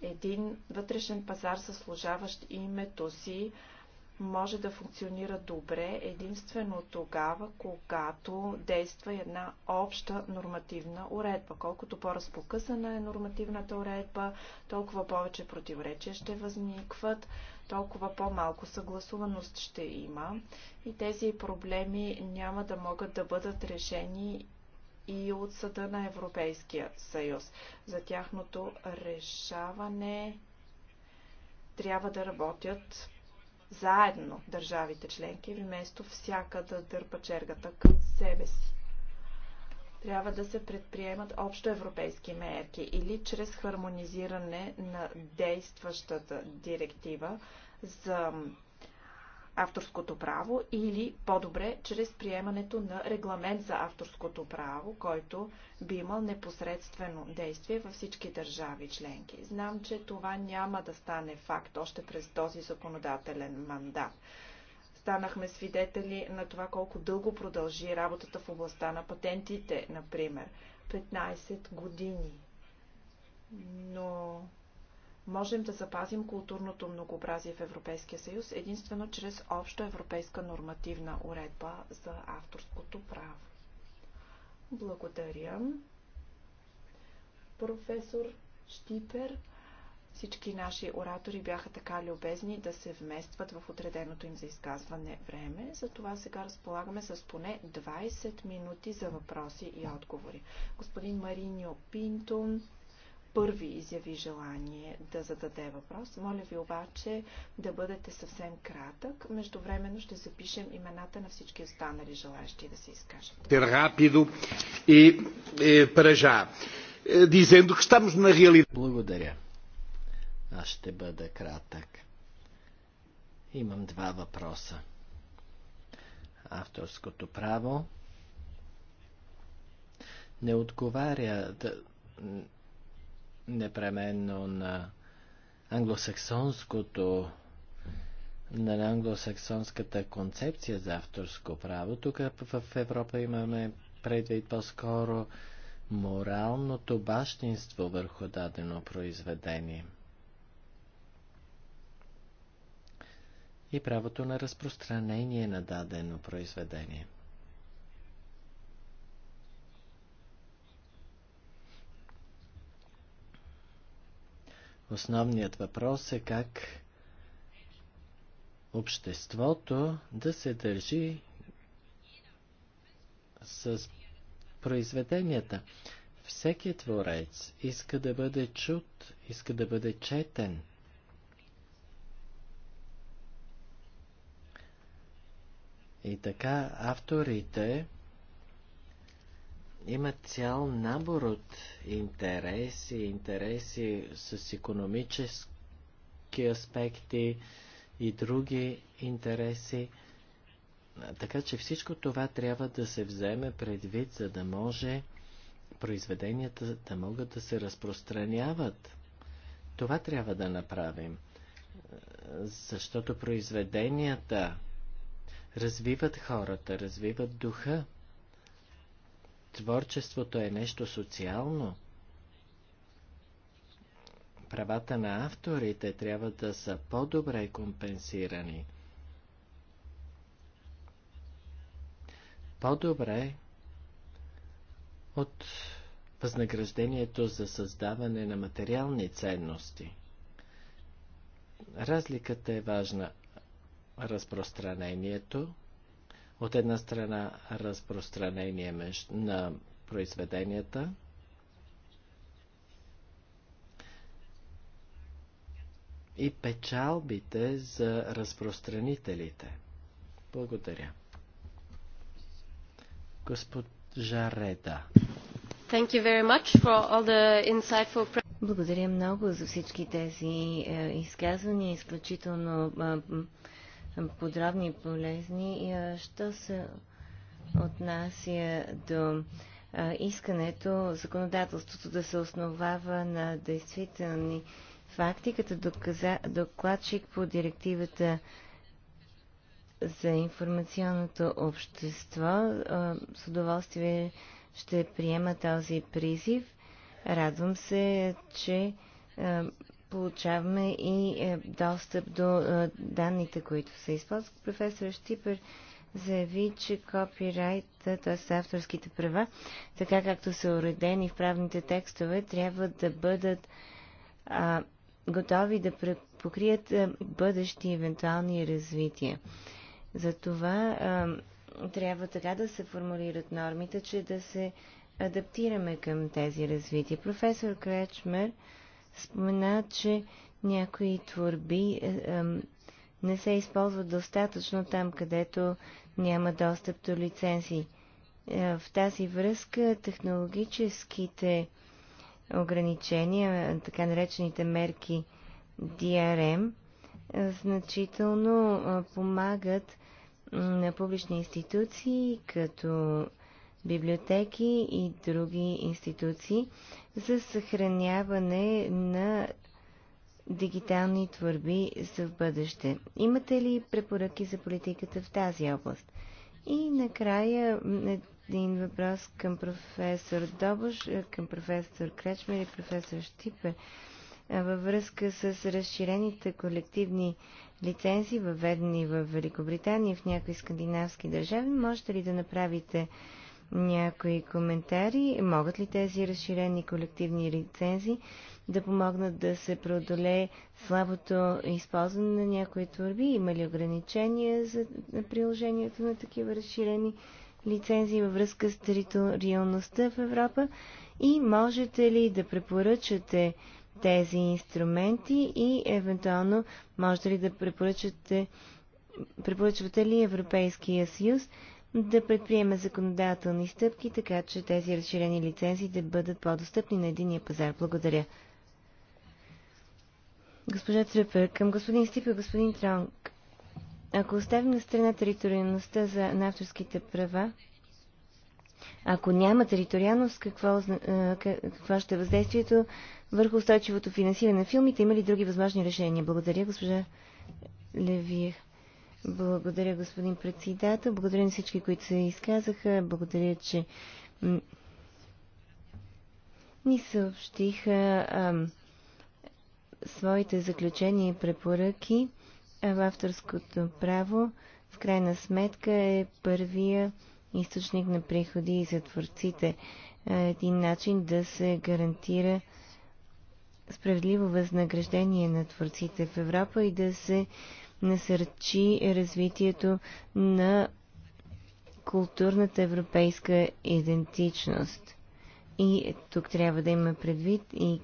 Един вътрешен пазар, съслужаващ името си, може да функционира добре единствено тогава, когато действа една обща нормативна уредба. Колкото по-разпокъсана е нормативната уредба, толкова повече противоречия ще възникват, толкова по-малко съгласуваност ще има и тези проблеми няма да могат да бъдат решени и от Съда на Европейския съюз. За тяхното решаване трябва да работят заедно държавите членки, вместо всяка да дърпа чергата към себе си. Трябва да се предприемат общо европейски мерки или чрез хармонизиране на действащата директива за авторското право или по-добре чрез приемането на регламент за авторското право, който би имал непосредствено действие във всички държави членки. Знам, че това няма да стане факт още през този законодателен мандат. Станахме свидетели на това колко дълго продължи работата в областта на патентите, например. 15 години. Но Можем да запазим културното многообразие в Европейския съюз единствено чрез обща европейска нормативна уредба за авторското право. Благодаря. Професор Штипер, всички наши оратори бяха така любезни да се вместват в отреденото им за изказване време. Затова сега разполагаме с поне 20 минути за въпроси и отговори. Господин Мариньо Пинтон, първи изяви желание да зададе въпрос. Моля ви обаче да бъдете съвсем кратък. Междувременно ще запишем имената на всички останали желаящи да се изкажат. Рапидо и прежа. já. Е, dizendo que estamos Благодаря. Аз ще бъда кратък. Имам два въпроса. Авторското право не отговаря да, непременно на англосаксонското на англосаксонската концепция за авторско право. Тук в Европа имаме предвид по-скоро моралното бащинство върху дадено произведение и правото на разпространение на дадено произведение – Основният въпрос е как обществото да се държи с произведенията. Всеки творец иска да бъде чут, иска да бъде четен. И така авторите има цял набор от интереси, интереси с економически аспекти и други интереси. Така че всичко това трябва да се вземе предвид, за да може произведенията да могат да се разпространяват. Това трябва да направим. Защото произведенията развиват хората, развиват духа. Творчеството е нещо социално. Правата на авторите трябва да са по-добре компенсирани. По-добре от възнаграждението за създаване на материални ценности. Разликата е важна. Разпространението от една страна разпространение на произведенията, и печалбите за разпространителите. Благодаря. Госпожа Реда. Thank you very much for all the insightful... Благодаря много за всички тези е, изказвания, изключително е, подробни и полезни. Що се отнася до искането законодателството да се основава на действителни факти, като доказа, докладчик по директивата за информационното общество. С удоволствие ще приема този призив. Радвам се, че получаваме и е, достъп до е, данните, които се използват. Професор Штипер заяви, че копирайт, т.е. авторските права, така както са уредени в правните текстове, трябва да бъдат а, готови да покрият а, е, бъдещи евентуални развития. Затова а, трябва така да се формулират нормите, че да се адаптираме към тези развития. Професор Кречмер спомена, че някои творби е, е, не се използват достатъчно там, където няма достъп до лицензии. Е, в тази връзка технологическите ограничения, така наречените мерки DRM, е, значително е, помагат на публични институции, като библиотеки и други институции за съхраняване на дигитални творби за в бъдеще. Имате ли препоръки за политиката в тази област? И накрая един въпрос към професор Добош, е, към професор Кречмер и професор Штипер. Във връзка с разширените колективни лицензии, въведени в Великобритания и в някои скандинавски държави, можете ли да направите някои коментари. Могат ли тези разширени колективни лицензи да помогнат да се преодолее слабото използване на някои творби? Има ли ограничения за приложението на такива разширени лицензии във връзка с териториалността в Европа? И можете ли да препоръчате тези инструменти и евентуално можете ли да препоръчате препоръчвате ли Европейския съюз да предприеме законодателни стъпки, така че тези разширени лицензии да бъдат по-достъпни на единия пазар. Благодаря. Госпожа Трюпер, към господин Стип и господин Тронг. Ако оставим на страна териториалността за, на авторските права, ако няма териториалност, какво, какво ще е въздействието върху устойчивото финансиране на филмите? Има ли други възможни решения? Благодаря, госпожа Левиех. Благодаря, господин председател. Благодаря на всички, които се изказаха. Благодаря, че ни съобщиха а, своите заключения и препоръки. А авторското право в крайна сметка е първия източник на приходи и за творците. Един начин да се гарантира справедливо възнаграждение на творците в Европа и да се насърчи развитието на културната европейска идентичност. И тук трябва да има предвид и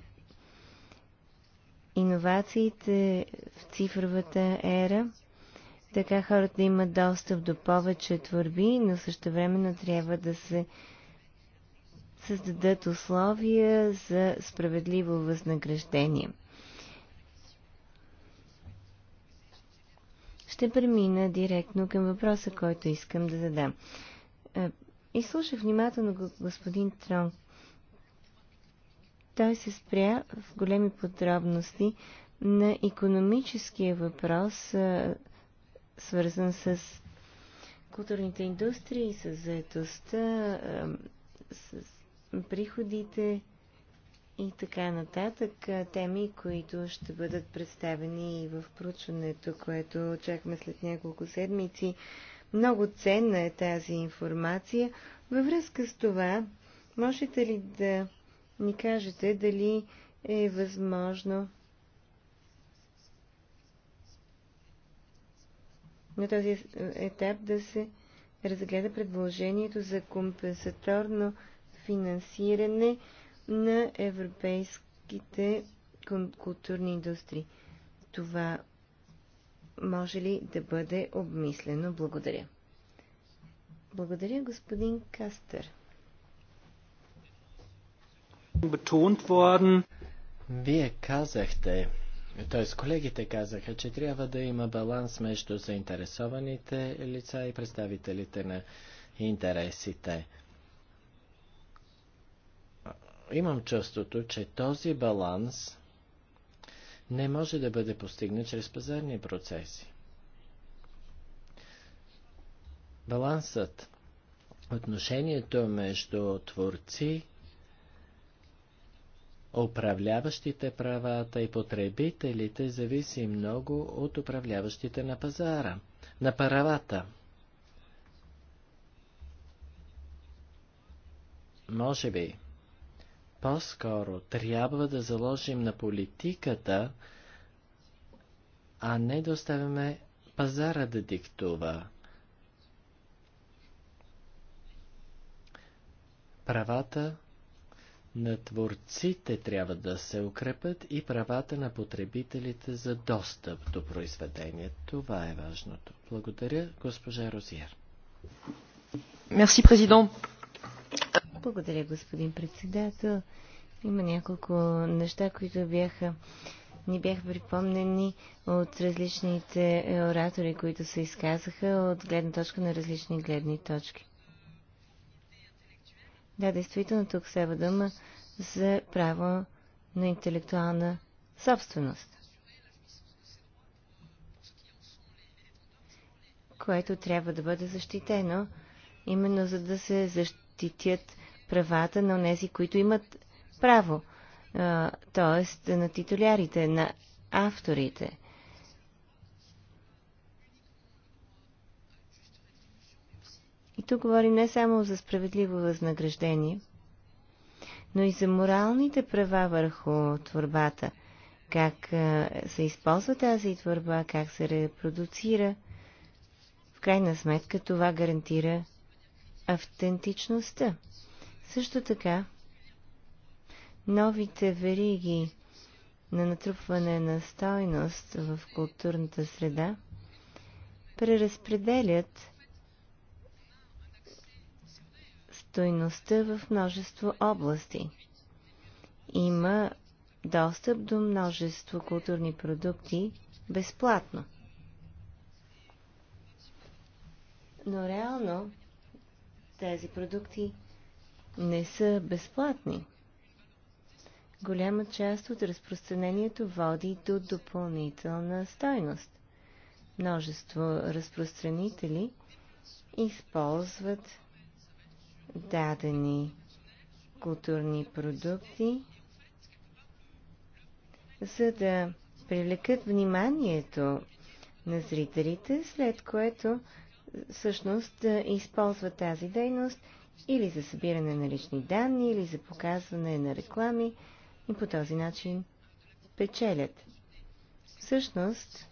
иновациите в цифровата ера, така хората имат достъп до повече творби, но също времено трябва да се създадат условия за справедливо възнаграждение – ще премина директно към въпроса, който искам да задам. Е, и слушах внимателно господин Трон. Той се спря в големи подробности на економическия въпрос, е, свързан с културните индустрии, с заетостта, е, с приходите, и така нататък. Теми, които ще бъдат представени и в проучването, което очакваме след няколко седмици. Много ценна е тази информация. Във връзка с това, можете ли да ни кажете дали е възможно на този етап да се разгледа предложението за компенсаторно финансиране на европейските културни индустрии. Това може ли да бъде обмислено? Благодаря. Благодаря, господин Кастер. Вие казахте, т.е. колегите казаха, че трябва да има баланс между заинтересованите лица и представителите на интересите имам чувството, че този баланс не може да бъде постигнат чрез пазарни процеси. Балансът, отношението между творци, управляващите правата и потребителите зависи много от управляващите на пазара, на правата. Може би, по-скоро трябва да заложим на политиката, а не да оставяме пазара да диктува. Правата на творците трябва да се укрепят и правата на потребителите за достъп до произведение. Това е важното. Благодаря, госпожа Розиер. Мерси, президент. Благодаря, господин председател. Има няколко неща, които бяха, ни бяха припомнени от различните оратори, които се изказаха от гледна точка на различни гледни точки. Да, действително тук става дума за право на интелектуална собственост, което трябва да бъде защитено, именно за да се защитят правата на тези, които имат право, т.е. на титулярите, на авторите. И тук говорим не само за справедливо възнаграждение, но и за моралните права върху творбата, как се използва тази творба, как се репродуцира. В крайна сметка това гарантира автентичността. Също така, новите вериги на натрупване на стойност в културната среда преразпределят стойността в множество области. Има достъп до множество културни продукти безплатно. Но реално тези продукти не са безплатни. Голяма част от разпространението води до допълнителна стойност. Множество разпространители използват дадени културни продукти, за да привлекат вниманието на зрителите, след което всъщност да използват тази дейност – или за събиране на лични данни, или за показване на реклами и по този начин печелят. Всъщност,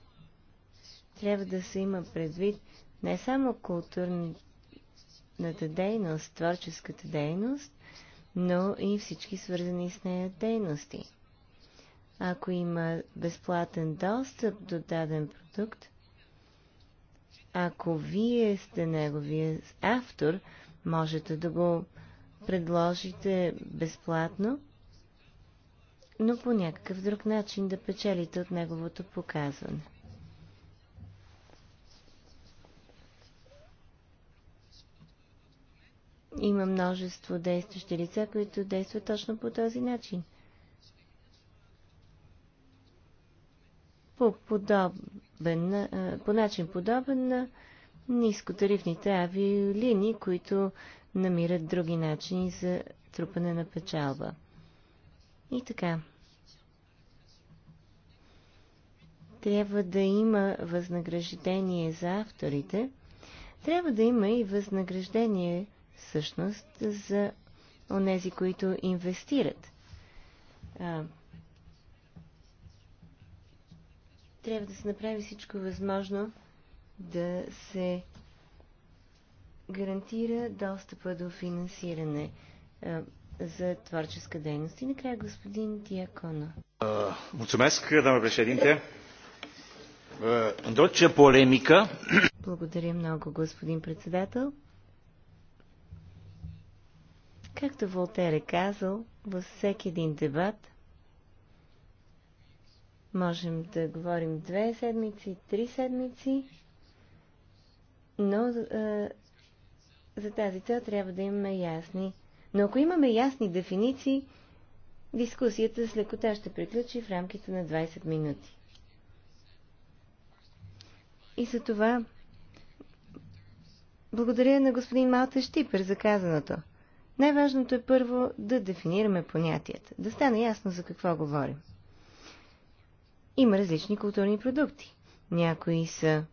трябва да се има предвид не само културната дейност, творческата дейност, но и всички свързани с нея дейности. Ако има безплатен достъп до даден продукт, ако вие сте неговия автор, Можете да го предложите безплатно, но по някакъв друг начин да печелите от неговото показване. Има множество действащи лица, които действат точно по този начин. По, подобен, по начин подобен на нискотарифните авиолинии, които намират други начини за трупане на печалба. И така. Трябва да има възнаграждение за авторите. Трябва да има и възнаграждение всъщност за онези, които инвестират. А, трябва да се направи всичко възможно да се гарантира достъпа до финансиране за творческа дейност. И накрая господин Диакона. Мулțumesc, doamnă președinte. În orice Благодаря много, господин председател. Както Волтер е казал, във всеки един дебат можем да говорим две седмици, три седмици, но за тази цел трябва да имаме ясни. Но ако имаме ясни дефиниции, дискусията с лекота ще приключи в рамките на 20 минути. И за това благодаря на господин Малта Штипер за казаното. Най-важното е първо да дефинираме понятията, да стане ясно за какво говорим. Има различни културни продукти. Някои са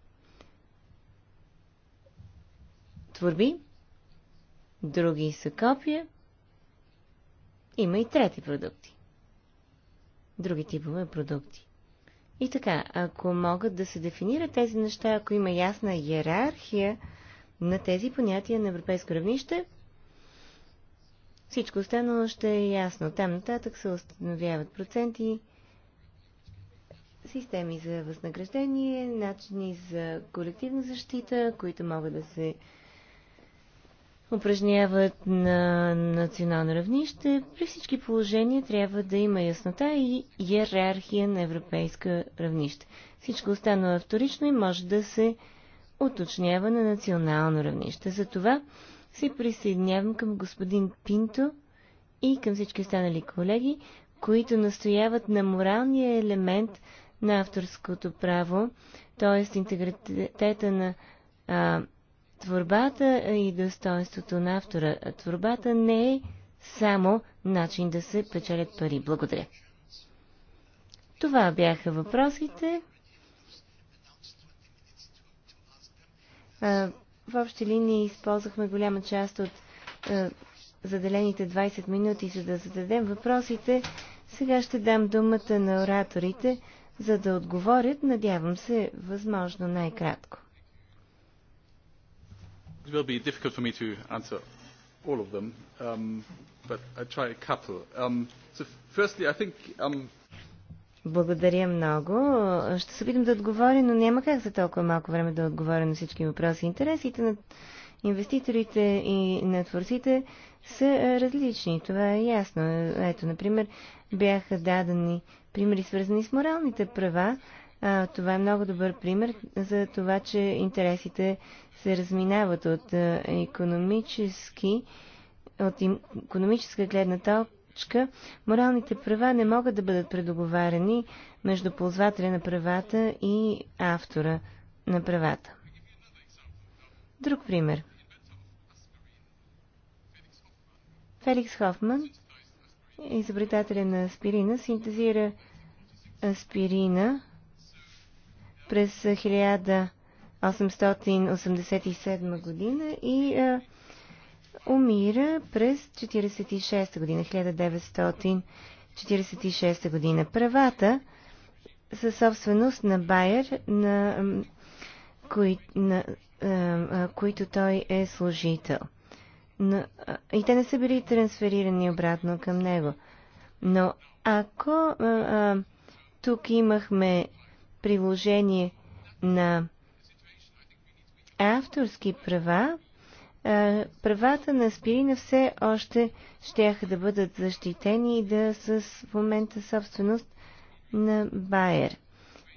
творби, други са копия, има и трети продукти. Други типове продукти. И така, ако могат да се дефинират тези неща, ако има ясна иерархия на тези понятия на европейско равнище, всичко останало ще е ясно. Там нататък се установяват проценти, системи за възнаграждение, начини за колективна защита, които могат да се упражняват на национално равнище, при всички положения трябва да има яснота и иерархия на европейско равнище. Всичко останало е вторично и може да се уточнява на национално равнище. Затова се присъединявам към господин Пинто и към всички останали колеги, които настояват на моралния елемент на авторското право, т.е. интегритета на а, Творбата и достоинството на автора. Творбата не е само начин да се печелят пари. Благодаря. Това бяха въпросите. В общи линии използвахме голяма част от заделените 20 минути, за да зададем въпросите. Сега ще дам думата на ораторите, за да отговорят, надявам се, възможно най-кратко. It will be difficult for me to answer all of them, um, but I try a couple. Um, so firstly, I think um, благодаря много. Ще се опитам да отговоря, но няма как за толкова малко време да отговоря на всички въпроси. Интересите на инвеститорите и на творците са различни. Това е ясно. Ето, например, бяха дадени примери свързани с моралните права, а, това е много добър пример за това, че интересите се разминават от економически, от економическа гледна точка. Моралните права не могат да бъдат предоговарени между ползвателя на правата и автора на правата. Друг пример. Феликс Хофман, изобретателя на аспирина, синтезира аспирина през 1887 година и а, умира през 1946 година, 1946 година. Правата са собственост на Байер, на, кои, на а, които той е служител. Но, а, и те не са били трансферирани обратно към него. Но ако а, а, тук имахме приложение на авторски права, правата на аспирина все още щяха да бъдат защитени и да с в момента собственост на Байер.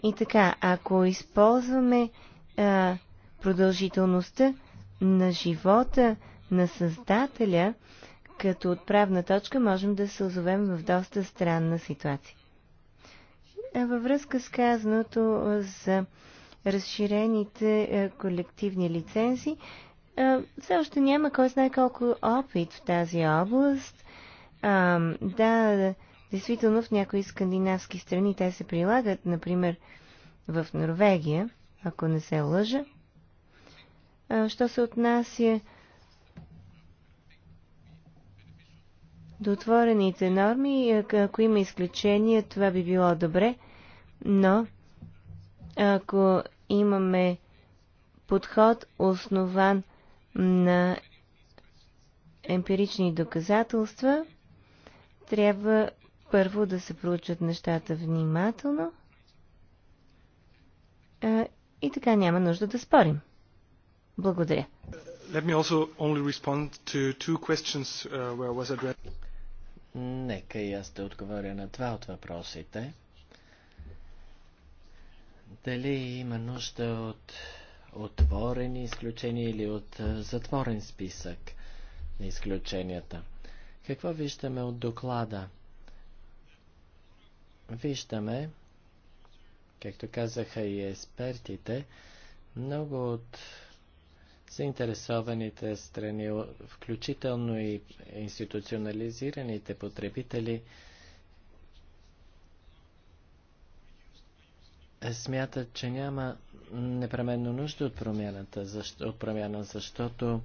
И така, ако използваме а, продължителността на живота на Създателя като отправна точка, можем да се озовем в доста странна ситуация. Във връзка с казаното за разширените е, колективни лицензи, е, все още няма кой знае колко опит в тази област. Е, да, действително в някои скандинавски страни те се прилагат, например в Норвегия, ако не се лъжа. Що се отнася до отворените норми. Ако има изключения, това би било добре, но ако имаме подход основан на емпирични доказателства, трябва първо да се проучат нещата внимателно и така няма нужда да спорим. Благодаря. Let me also only respond to two questions uh, where was addressed. Нека и аз да отговоря на два от въпросите. Дали има нужда от отворени изключения или от затворен списък на изключенията? Какво виждаме от доклада? Виждаме, както казаха и експертите, много от заинтересованите страни, включително и институционализираните потребители, смятат, че няма непременно нужда от, промяната, защо, от промяна, защото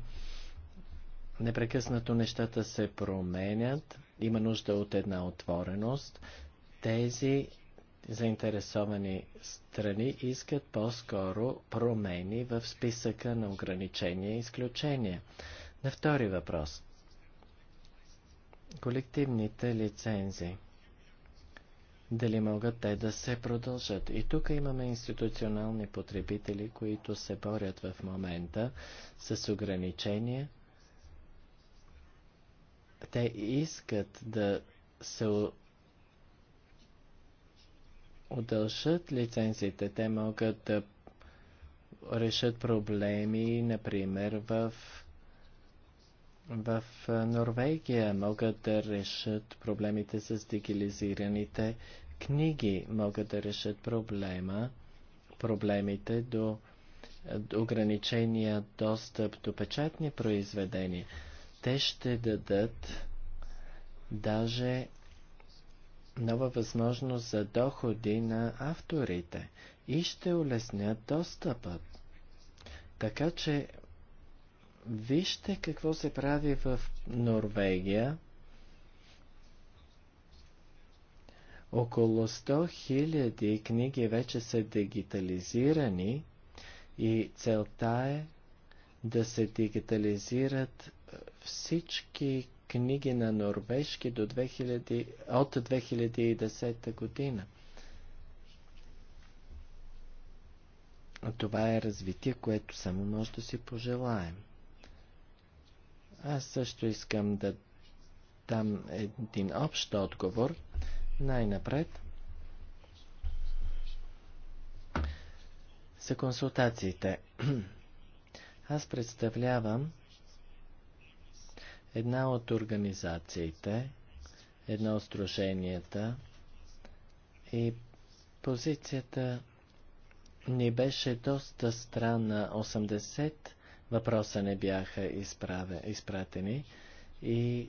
непрекъснато нещата се променят, има нужда от една отвореност. Тези заинтересовани страни искат по-скоро промени в списъка на ограничения и изключения. На втори въпрос. Колективните лицензии. Дали могат те да се продължат? И тук имаме институционални потребители, които се борят в момента с ограничения. Те искат да се удължат лицензите. Те могат да решат проблеми, например, в, в Норвегия. Могат да решат проблемите с дигилизираните книги. Могат да решат проблема, проблемите до, до ограничения достъп до печатни произведения. Те ще дадат даже нова възможност за доходи на авторите и ще улеснят достъпът. Така че вижте какво се прави в Норвегия. Около 100 000 книги вече са дигитализирани и целта е да се дигитализират всички книги на норвежки до 2000, от 2010 година. Това е развитие, което само може да си пожелаем. Аз също искам да дам един общ отговор. Най-напред за консултациите. Аз представлявам Една от организациите, едно от сдруженията и позицията ни беше доста странна. 80 въпроса не бяха изправе, изпратени и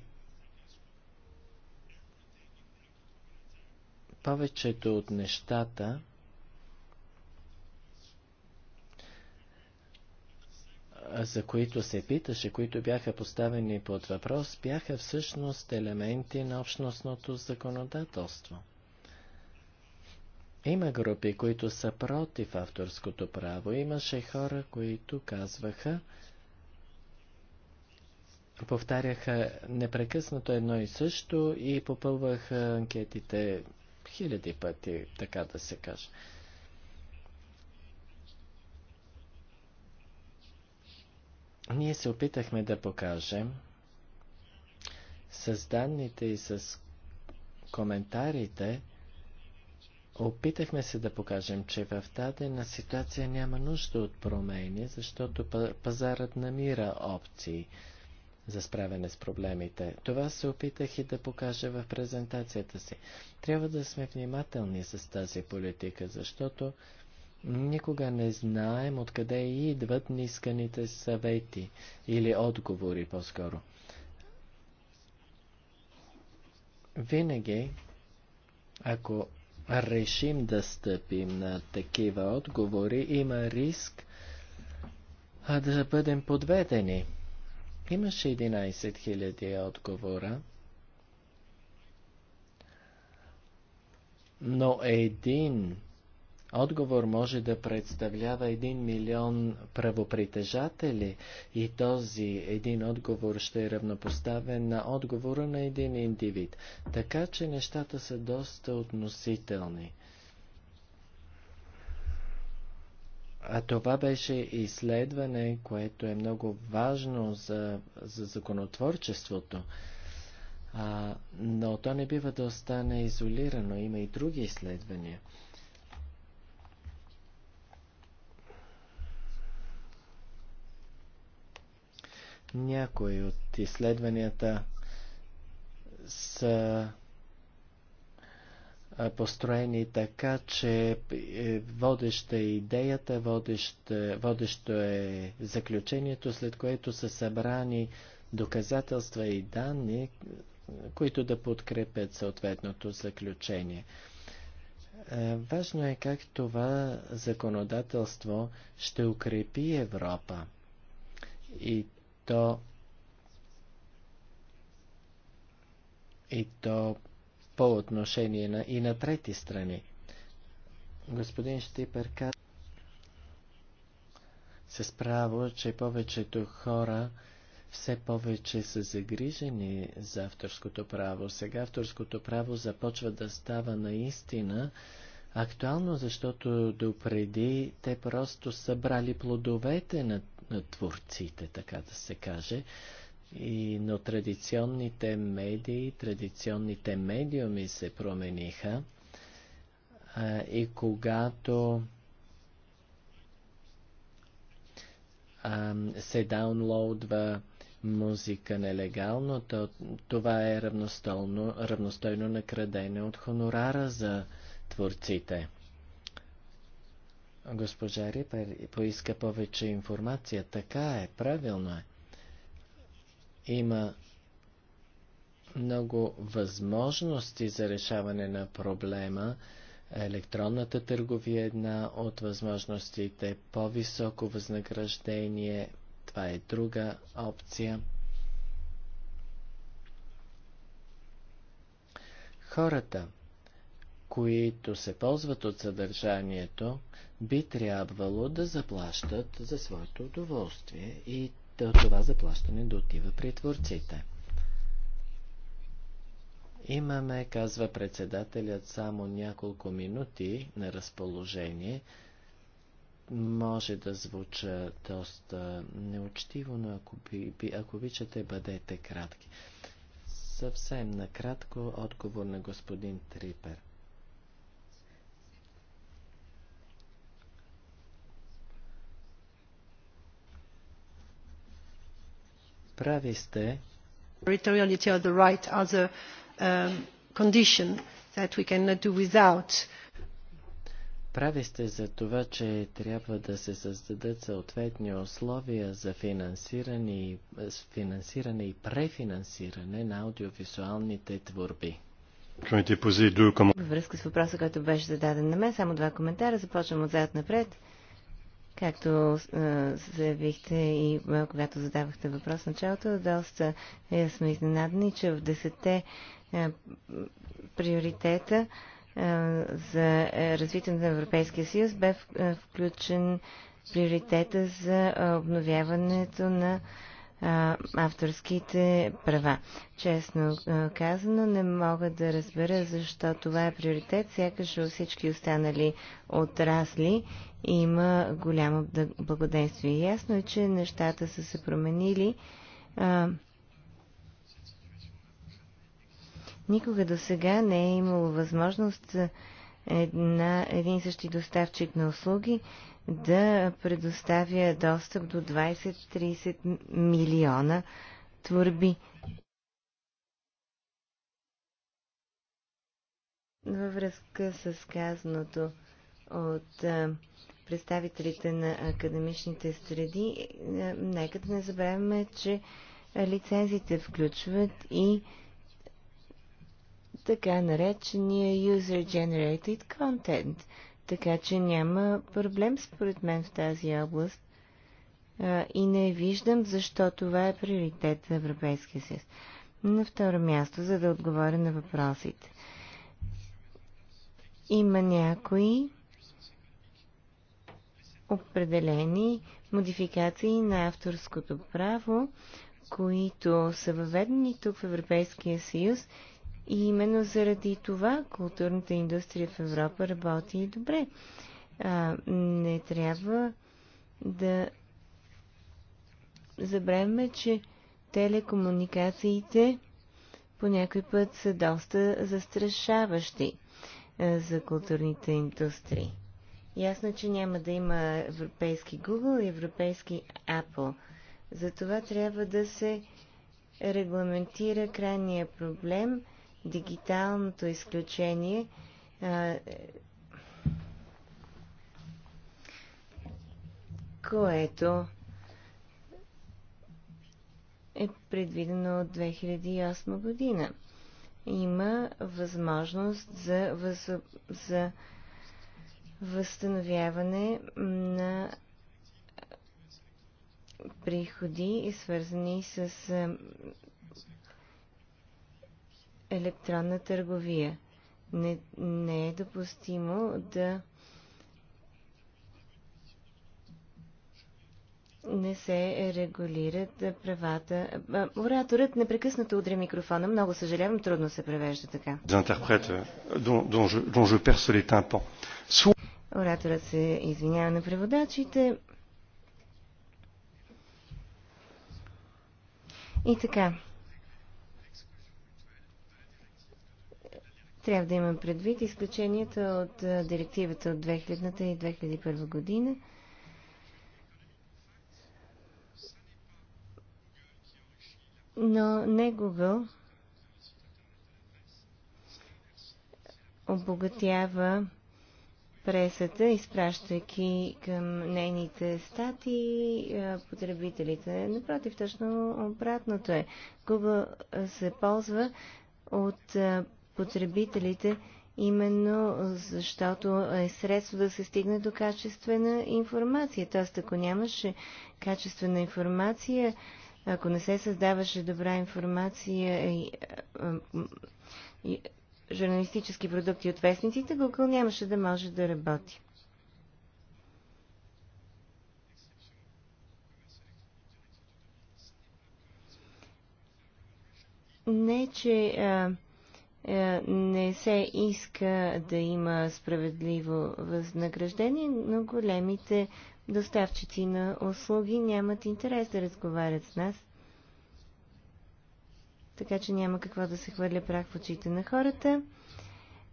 повечето от нещата за които се питаше, които бяха поставени под въпрос, бяха всъщност елементи на общностното законодателство. Има групи, които са против авторското право. Имаше хора, които казваха, повтаряха непрекъснато едно и също и попълваха анкетите хиляди пъти, така да се каже. Ние се опитахме да покажем с данните и с коментарите, опитахме се да покажем, че в дадена ситуация няма нужда от промени, защото пазарът намира опции за справяне с проблемите. Това се опитах и да покажа в презентацията си. Трябва да сме внимателни с тази политика, защото Никога не знаем откъде идват нисканите съвети или отговори по-скоро. Винаги, ако решим да стъпим на такива отговори, има риск а да бъдем подведени. Имаше 11 000 отговора, но един отговор може да представлява един милион правопритежатели и този един отговор ще е равнопоставен на отговора на един индивид. Така че нещата са доста относителни. А това беше изследване, което е много важно за, за законотворчеството. А, но то не бива да остане изолирано. Има и други изследвания. Някои от изследванията са построени така, че е, водеща е идеята, водещо е заключението, след което са събрани доказателства и данни, които да подкрепят съответното заключение. Е, важно е как това законодателство ще укрепи Европа. И то и то по отношение на, и на трети страни. Господин Штипер каза се справо, че повечето хора все повече са загрижени за авторското право. Сега авторското право започва да става наистина актуално, защото допреди те просто са брали плодовете на на творците, така да се каже. И, но традиционните медии, традиционните медиуми се промениха. А, и когато а, се даунлоудва музика нелегално, то, това е равностойно, равностойно от хонорара за творците. Госпожа Рипер поиска повече информация. Така е, правилно е. Има много възможности за решаване на проблема. Електронната търговия е една от възможностите, по-високо възнаграждение, това е друга опция. Хората, които се ползват от съдържанието, би трябвало да заплащат за своето удоволствие и това заплащане да отива при творците. Имаме, казва председателят, само няколко минути на разположение. Може да звуча доста неучтиво, но ако, би, ако обичате, бъдете кратки. Съвсем накратко отговор на господин Трипер. Прави сте. Прави сте за това, че трябва да се създадат съответни условия за финансиране и, е, финансиране и префинансиране на аудиовизуалните творби. Във връзка с въпроса, който беше зададен на мен, само два коментара. Започвам отзад напред. Както заявихте и когато задавахте въпрос в началото, доста е, сме изненадани, че в десете е, приоритета е, за развитието на Европейския съюз бе включен приоритета за обновяването на а, авторските права. Честно казано, не мога да разбера защо това е приоритет, сякаш у всички останали отрасли има голямо благоденствие. Ясно е, че нещата са се променили. А, никога до сега не е имало възможност една, един същи доставчик на услуги да предоставя достъп до 20-30 милиона творби. Във връзка с казаното от представителите на академичните среди, нека да не забравяме, че лицензите включват и така наречения User Generated Content, така че няма проблем според мен в тази област и не виждам защо това е приоритет за Европейския съюз. На второ място, за да отговоря на въпросите. Има някои определени модификации на авторското право, които са въведени тук в Европейския съюз и именно заради това културната индустрия в Европа работи и добре. А, не трябва да забравяме, че телекомуникациите по някой път са доста застрашаващи а, за културните индустрии. Ясно, че няма да има европейски Google и европейски Apple. Затова трябва да се регламентира крайния проблем – дигиталното изключение което е предвидено от 2008 година. Има възможност за, въз... за възстановяване на приходи, свързани с електронна търговия. Не, не е допустимо да не се регулират правата. Ораторът непрекъснато удря микрофона. Много съжалявам, трудно се превежда така. Euh, ораторът се извинява на преводачите. И така. Трябва да имам предвид изключенията от директивата от 2000 и 2001 година. Но не Google обогатява пресата, изпращайки към нейните стати потребителите. Напротив, точно обратното е. Google се ползва от потребителите, именно защото е средство да се стигне до качествена информация. Тоест, ако нямаше качествена информация, ако не се създаваше добра информация и, е, е, и журналистически продукти от вестниците, Google нямаше да може да работи. Не, че а, е, е, не се иска да има справедливо възнаграждение, но големите доставчици на услуги нямат интерес да разговарят с нас. Така че няма какво да се хвърля прах в очите на хората.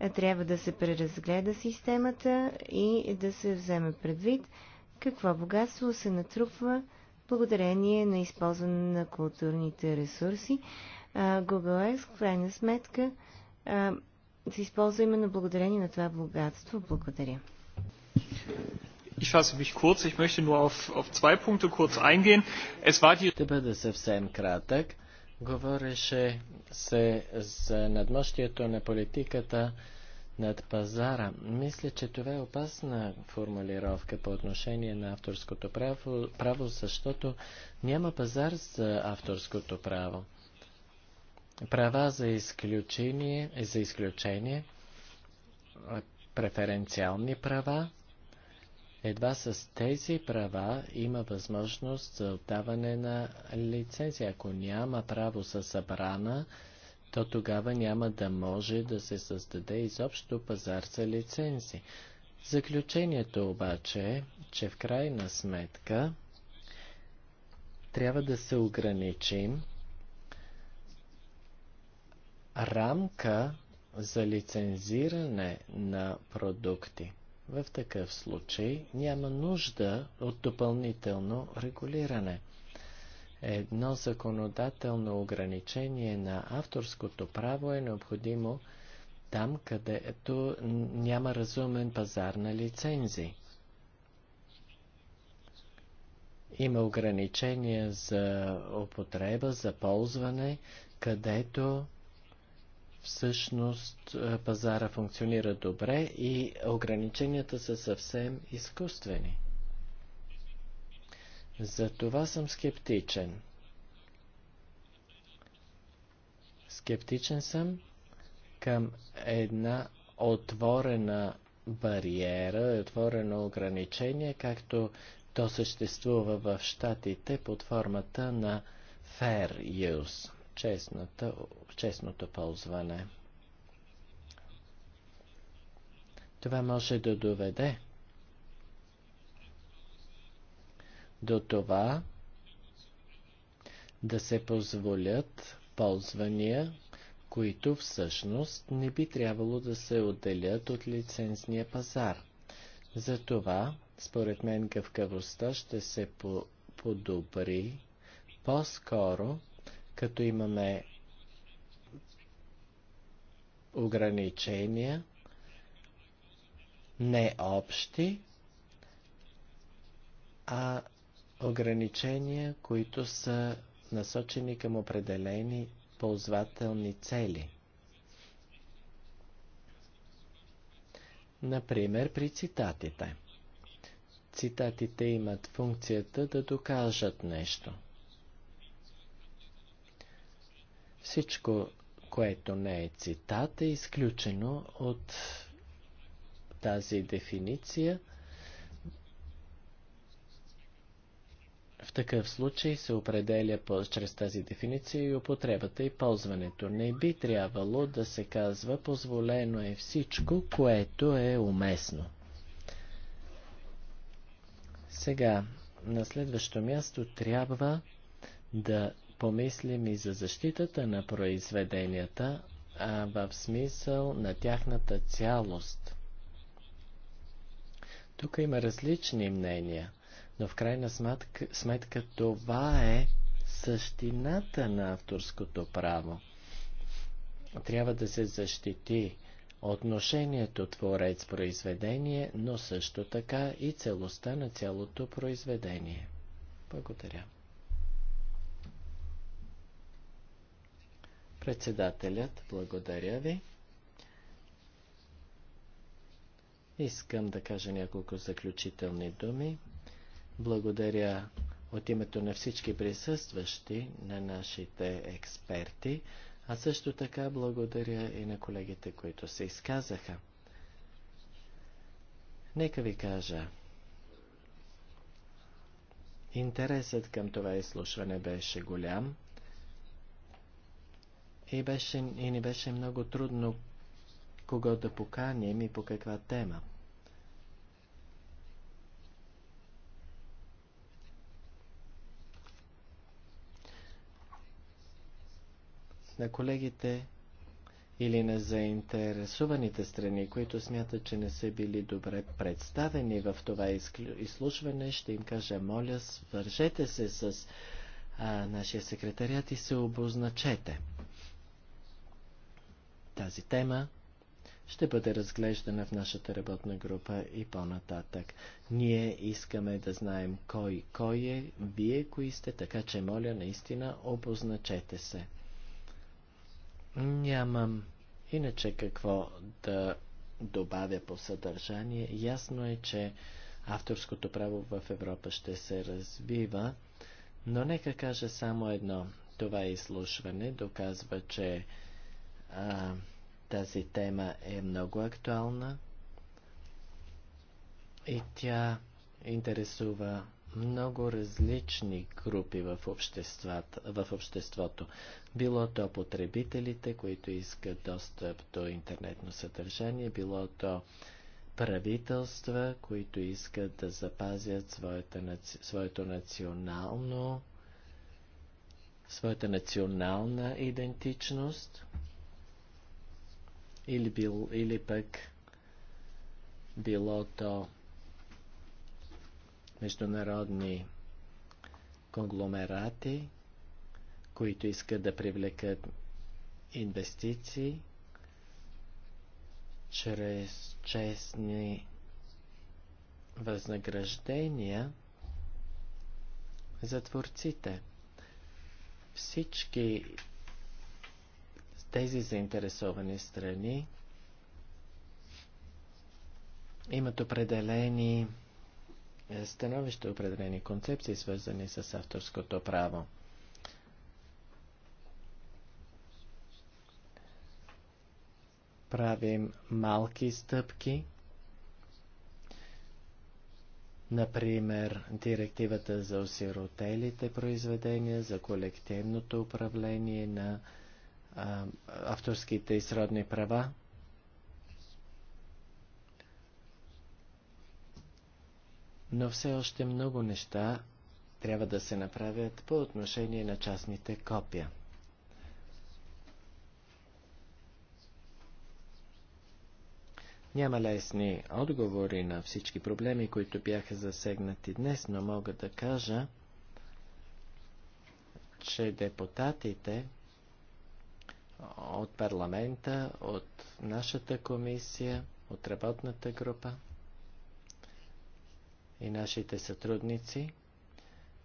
Е, трябва да се преразгледа системата и да се вземе предвид какво богатство се натрупва благодарение на използване на културните ресурси. Е, Google X крайна сметка се използва именно благодарение на това богатство. Благодаря. Ich fasse mich kurz. Ich möchte nur auf, auf zwei Punkte kurz eingehen. Es war die... Ще бъда съвсем кратък. Говореше се за надмощието на политиката над пазара. Мисля, че това е опасна формулировка по отношение на авторското право, право защото няма пазар за авторското право права за изключение, за изключение преференциални права. Едва с тези права има възможност за отдаване на лицензия. Ако няма право за събрана, то тогава няма да може да се създаде изобщо пазар за лицензи. Заключението обаче е, че в крайна сметка трябва да се ограничим рамка за лицензиране на продукти. В такъв случай няма нужда от допълнително регулиране. Едно законодателно ограничение на авторското право е необходимо там, където няма разумен пазар на лицензии. Има ограничения за употреба, за ползване, където всъщност е, пазара функционира добре и ограниченията са съвсем изкуствени. За това съм скептичен. Скептичен съм към една отворена бариера, отворено ограничение, както то съществува в щатите под формата на fair use честната, честното ползване. Това може да доведе до това да се позволят ползвания, които всъщност не би трябвало да се отделят от лицензния пазар. Затова, според мен, гъвкавостта ще се подобри по-скоро като имаме ограничения, не общи, а ограничения, които са насочени към определени ползвателни цели. Например, при цитатите. Цитатите имат функцията да докажат нещо – Всичко, което не е цитат, е изключено от тази дефиниция. В такъв случай се определя по, чрез тази дефиниция и употребата и ползването. Не би трябвало да се казва позволено е всичко, което е уместно. Сега, на следващо място трябва да помислим и за защитата на произведенията, а в смисъл на тяхната цялост. Тук има различни мнения, но в крайна сметка, сметка това е същината на авторското право. Трябва да се защити отношението творец-произведение, но също така и целостта на цялото произведение. Благодаря. Председателят, благодаря ви. Искам да кажа няколко заключителни думи. Благодаря от името на всички присъстващи, на нашите експерти, а също така благодаря и на колегите, които се изказаха. Нека ви кажа, интересът към това изслушване беше голям и, беше, и ни беше много трудно кого да поканим и по каква тема. На колегите или на заинтересуваните страни, които смятат, че не са били добре представени в това изслушване, ще им кажа, моля, свържете се с а, нашия секретарят и се обозначете тази тема ще бъде разглеждана в нашата работна група и по-нататък. Ние искаме да знаем кой кой е, вие кои сте, така че моля наистина обозначете се. Нямам иначе какво да добавя по съдържание. Ясно е, че авторското право в Европа ще се развива, но нека кажа само едно. Това изслушване доказва, че а, тази тема е много актуална и тя интересува много различни групи в, в обществото. Било то потребителите, които искат достъп до интернетно съдържание, било то правителства, които искат да запазят своята, своето национално, своята национална идентичност или, бил, или пък било то международни конгломерати, които искат да привлекат инвестиции чрез честни възнаграждения за творците. Всички тези заинтересовани страни имат определени е, становища, определени концепции, свързани с авторското право. Правим малки стъпки, например директивата за осиротелите произведения, за колективното управление на авторските и сродни права. Но все още много неща трябва да се направят по отношение на частните копия. Няма лесни отговори на всички проблеми, които бяха засегнати днес, но мога да кажа, че депутатите от парламента, от нашата комисия, от работната група и нашите сътрудници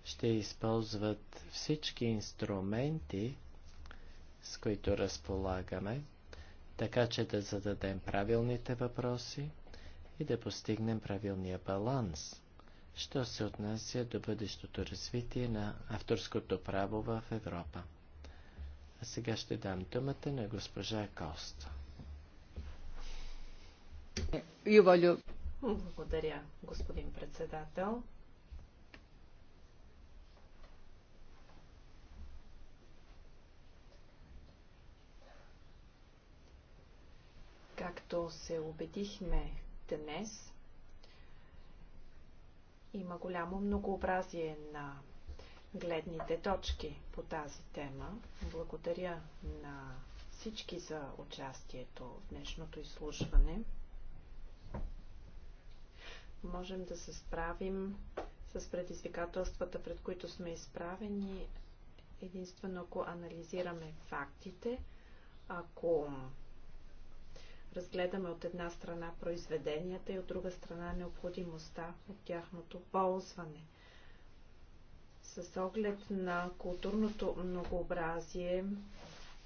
ще използват всички инструменти, с които разполагаме, така че да зададем правилните въпроси и да постигнем правилния баланс, що се отнася до бъдещото развитие на авторското право в Европа. А сега ще дам думата на госпожа Коста. Ювалю. Благодаря, господин председател. Както се убедихме днес, има голямо многообразие на гледните точки по тази тема. Благодаря на всички за участието в днешното изслушване. Можем да се справим с предизвикателствата, пред които сме изправени, единствено ако анализираме фактите, ако разгледаме от една страна произведенията и от друга страна необходимостта от тяхното ползване – с оглед на културното многообразие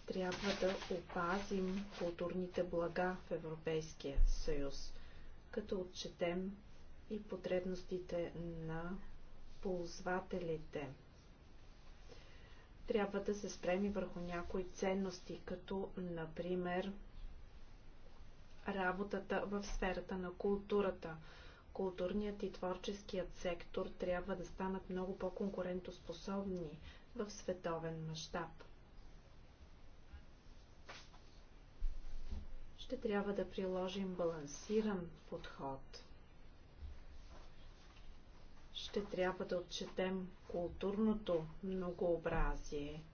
трябва да опазим културните блага в Европейския съюз, като отчетем и потребностите на ползвателите. Трябва да се спреми върху някои ценности, като например работата в сферата на културата – културният и творческият сектор трябва да станат много по-конкурентоспособни в световен мащаб. Ще трябва да приложим балансиран подход. Ще трябва да отчетем културното многообразие –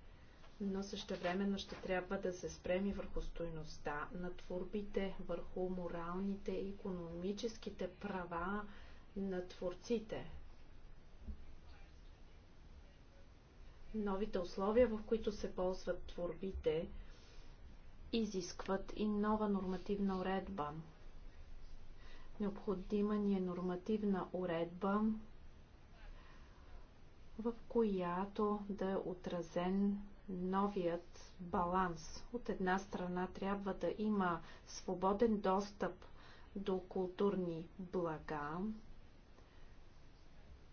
но същевременно ще трябва да се спреми върху стойността на творбите, върху моралните и економическите права на творците. Новите условия, в които се ползват творбите, изискват и нова нормативна уредба. Необходима ни е нормативна уредба, в която да е отразен новият баланс. От една страна трябва да има свободен достъп до културни блага,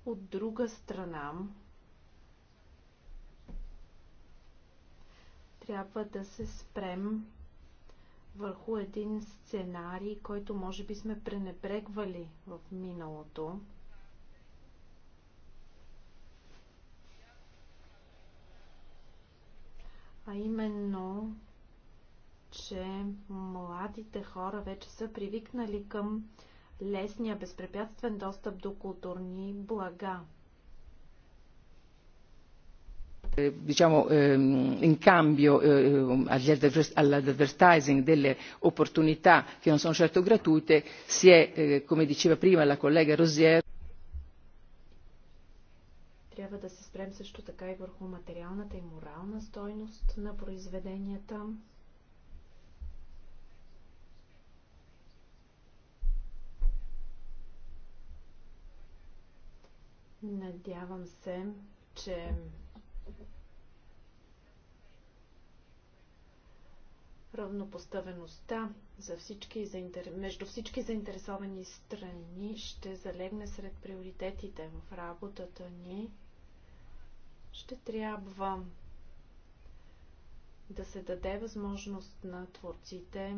от друга страна трябва да се спрем върху един сценарий, който може би сме пренебрегвали в миналото – а именно, че младите хора вече са привикнали към лесния, безпрепятствен достъп до културни блага. diciamo, ehm, in cambio eh, all'advertising delle opportunità che non sono certo gratuite si è, eh, come diceva prima la collega Rosier, трябва да се спрем също така и върху материалната и морална стойност на произведенията. Надявам се, че равнопоставеността за всички, между всички заинтересовани страни ще залегне сред приоритетите в работата ни ще трябва да се даде възможност на творците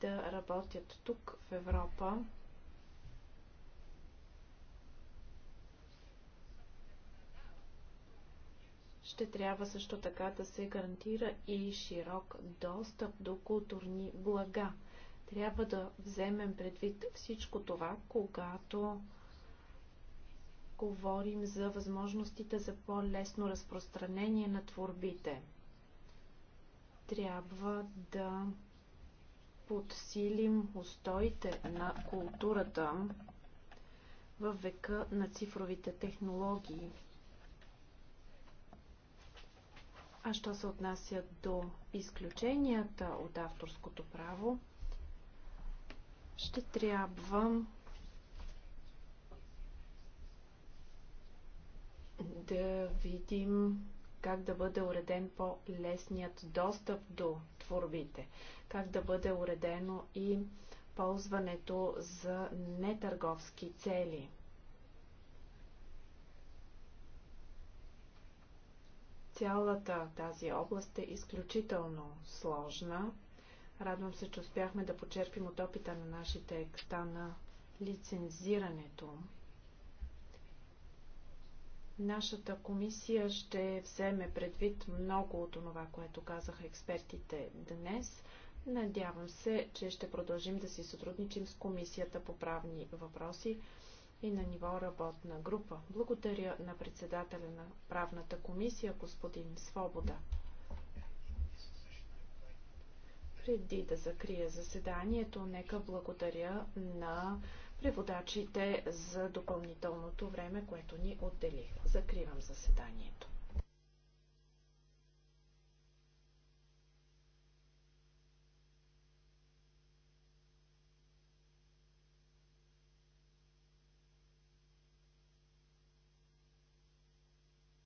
да работят тук в Европа. Ще трябва също така да се гарантира и широк достъп до културни блага. Трябва да вземем предвид всичко това, когато говорим за възможностите за по-лесно разпространение на творбите. Трябва да подсилим устоите на културата в века на цифровите технологии. А що се отнася до изключенията от авторското право, ще трябва да видим как да бъде уреден по-лесният достъп до творбите, как да бъде уредено и ползването за нетърговски цели. Цялата тази област е изключително сложна. Радвам се, че успяхме да почерпим от опита на нашите екста на лицензирането. Нашата комисия ще вземе предвид много от това, което казаха експертите днес. Надявам се, че ще продължим да си сътрудничим с Комисията по правни въпроси и на ниво работна група. Благодаря на председателя на правната комисия, господин Свобода. Преди да закрия заседанието, нека благодаря на преводачите за допълнителното време, което ни отделих. Закривам заседанието.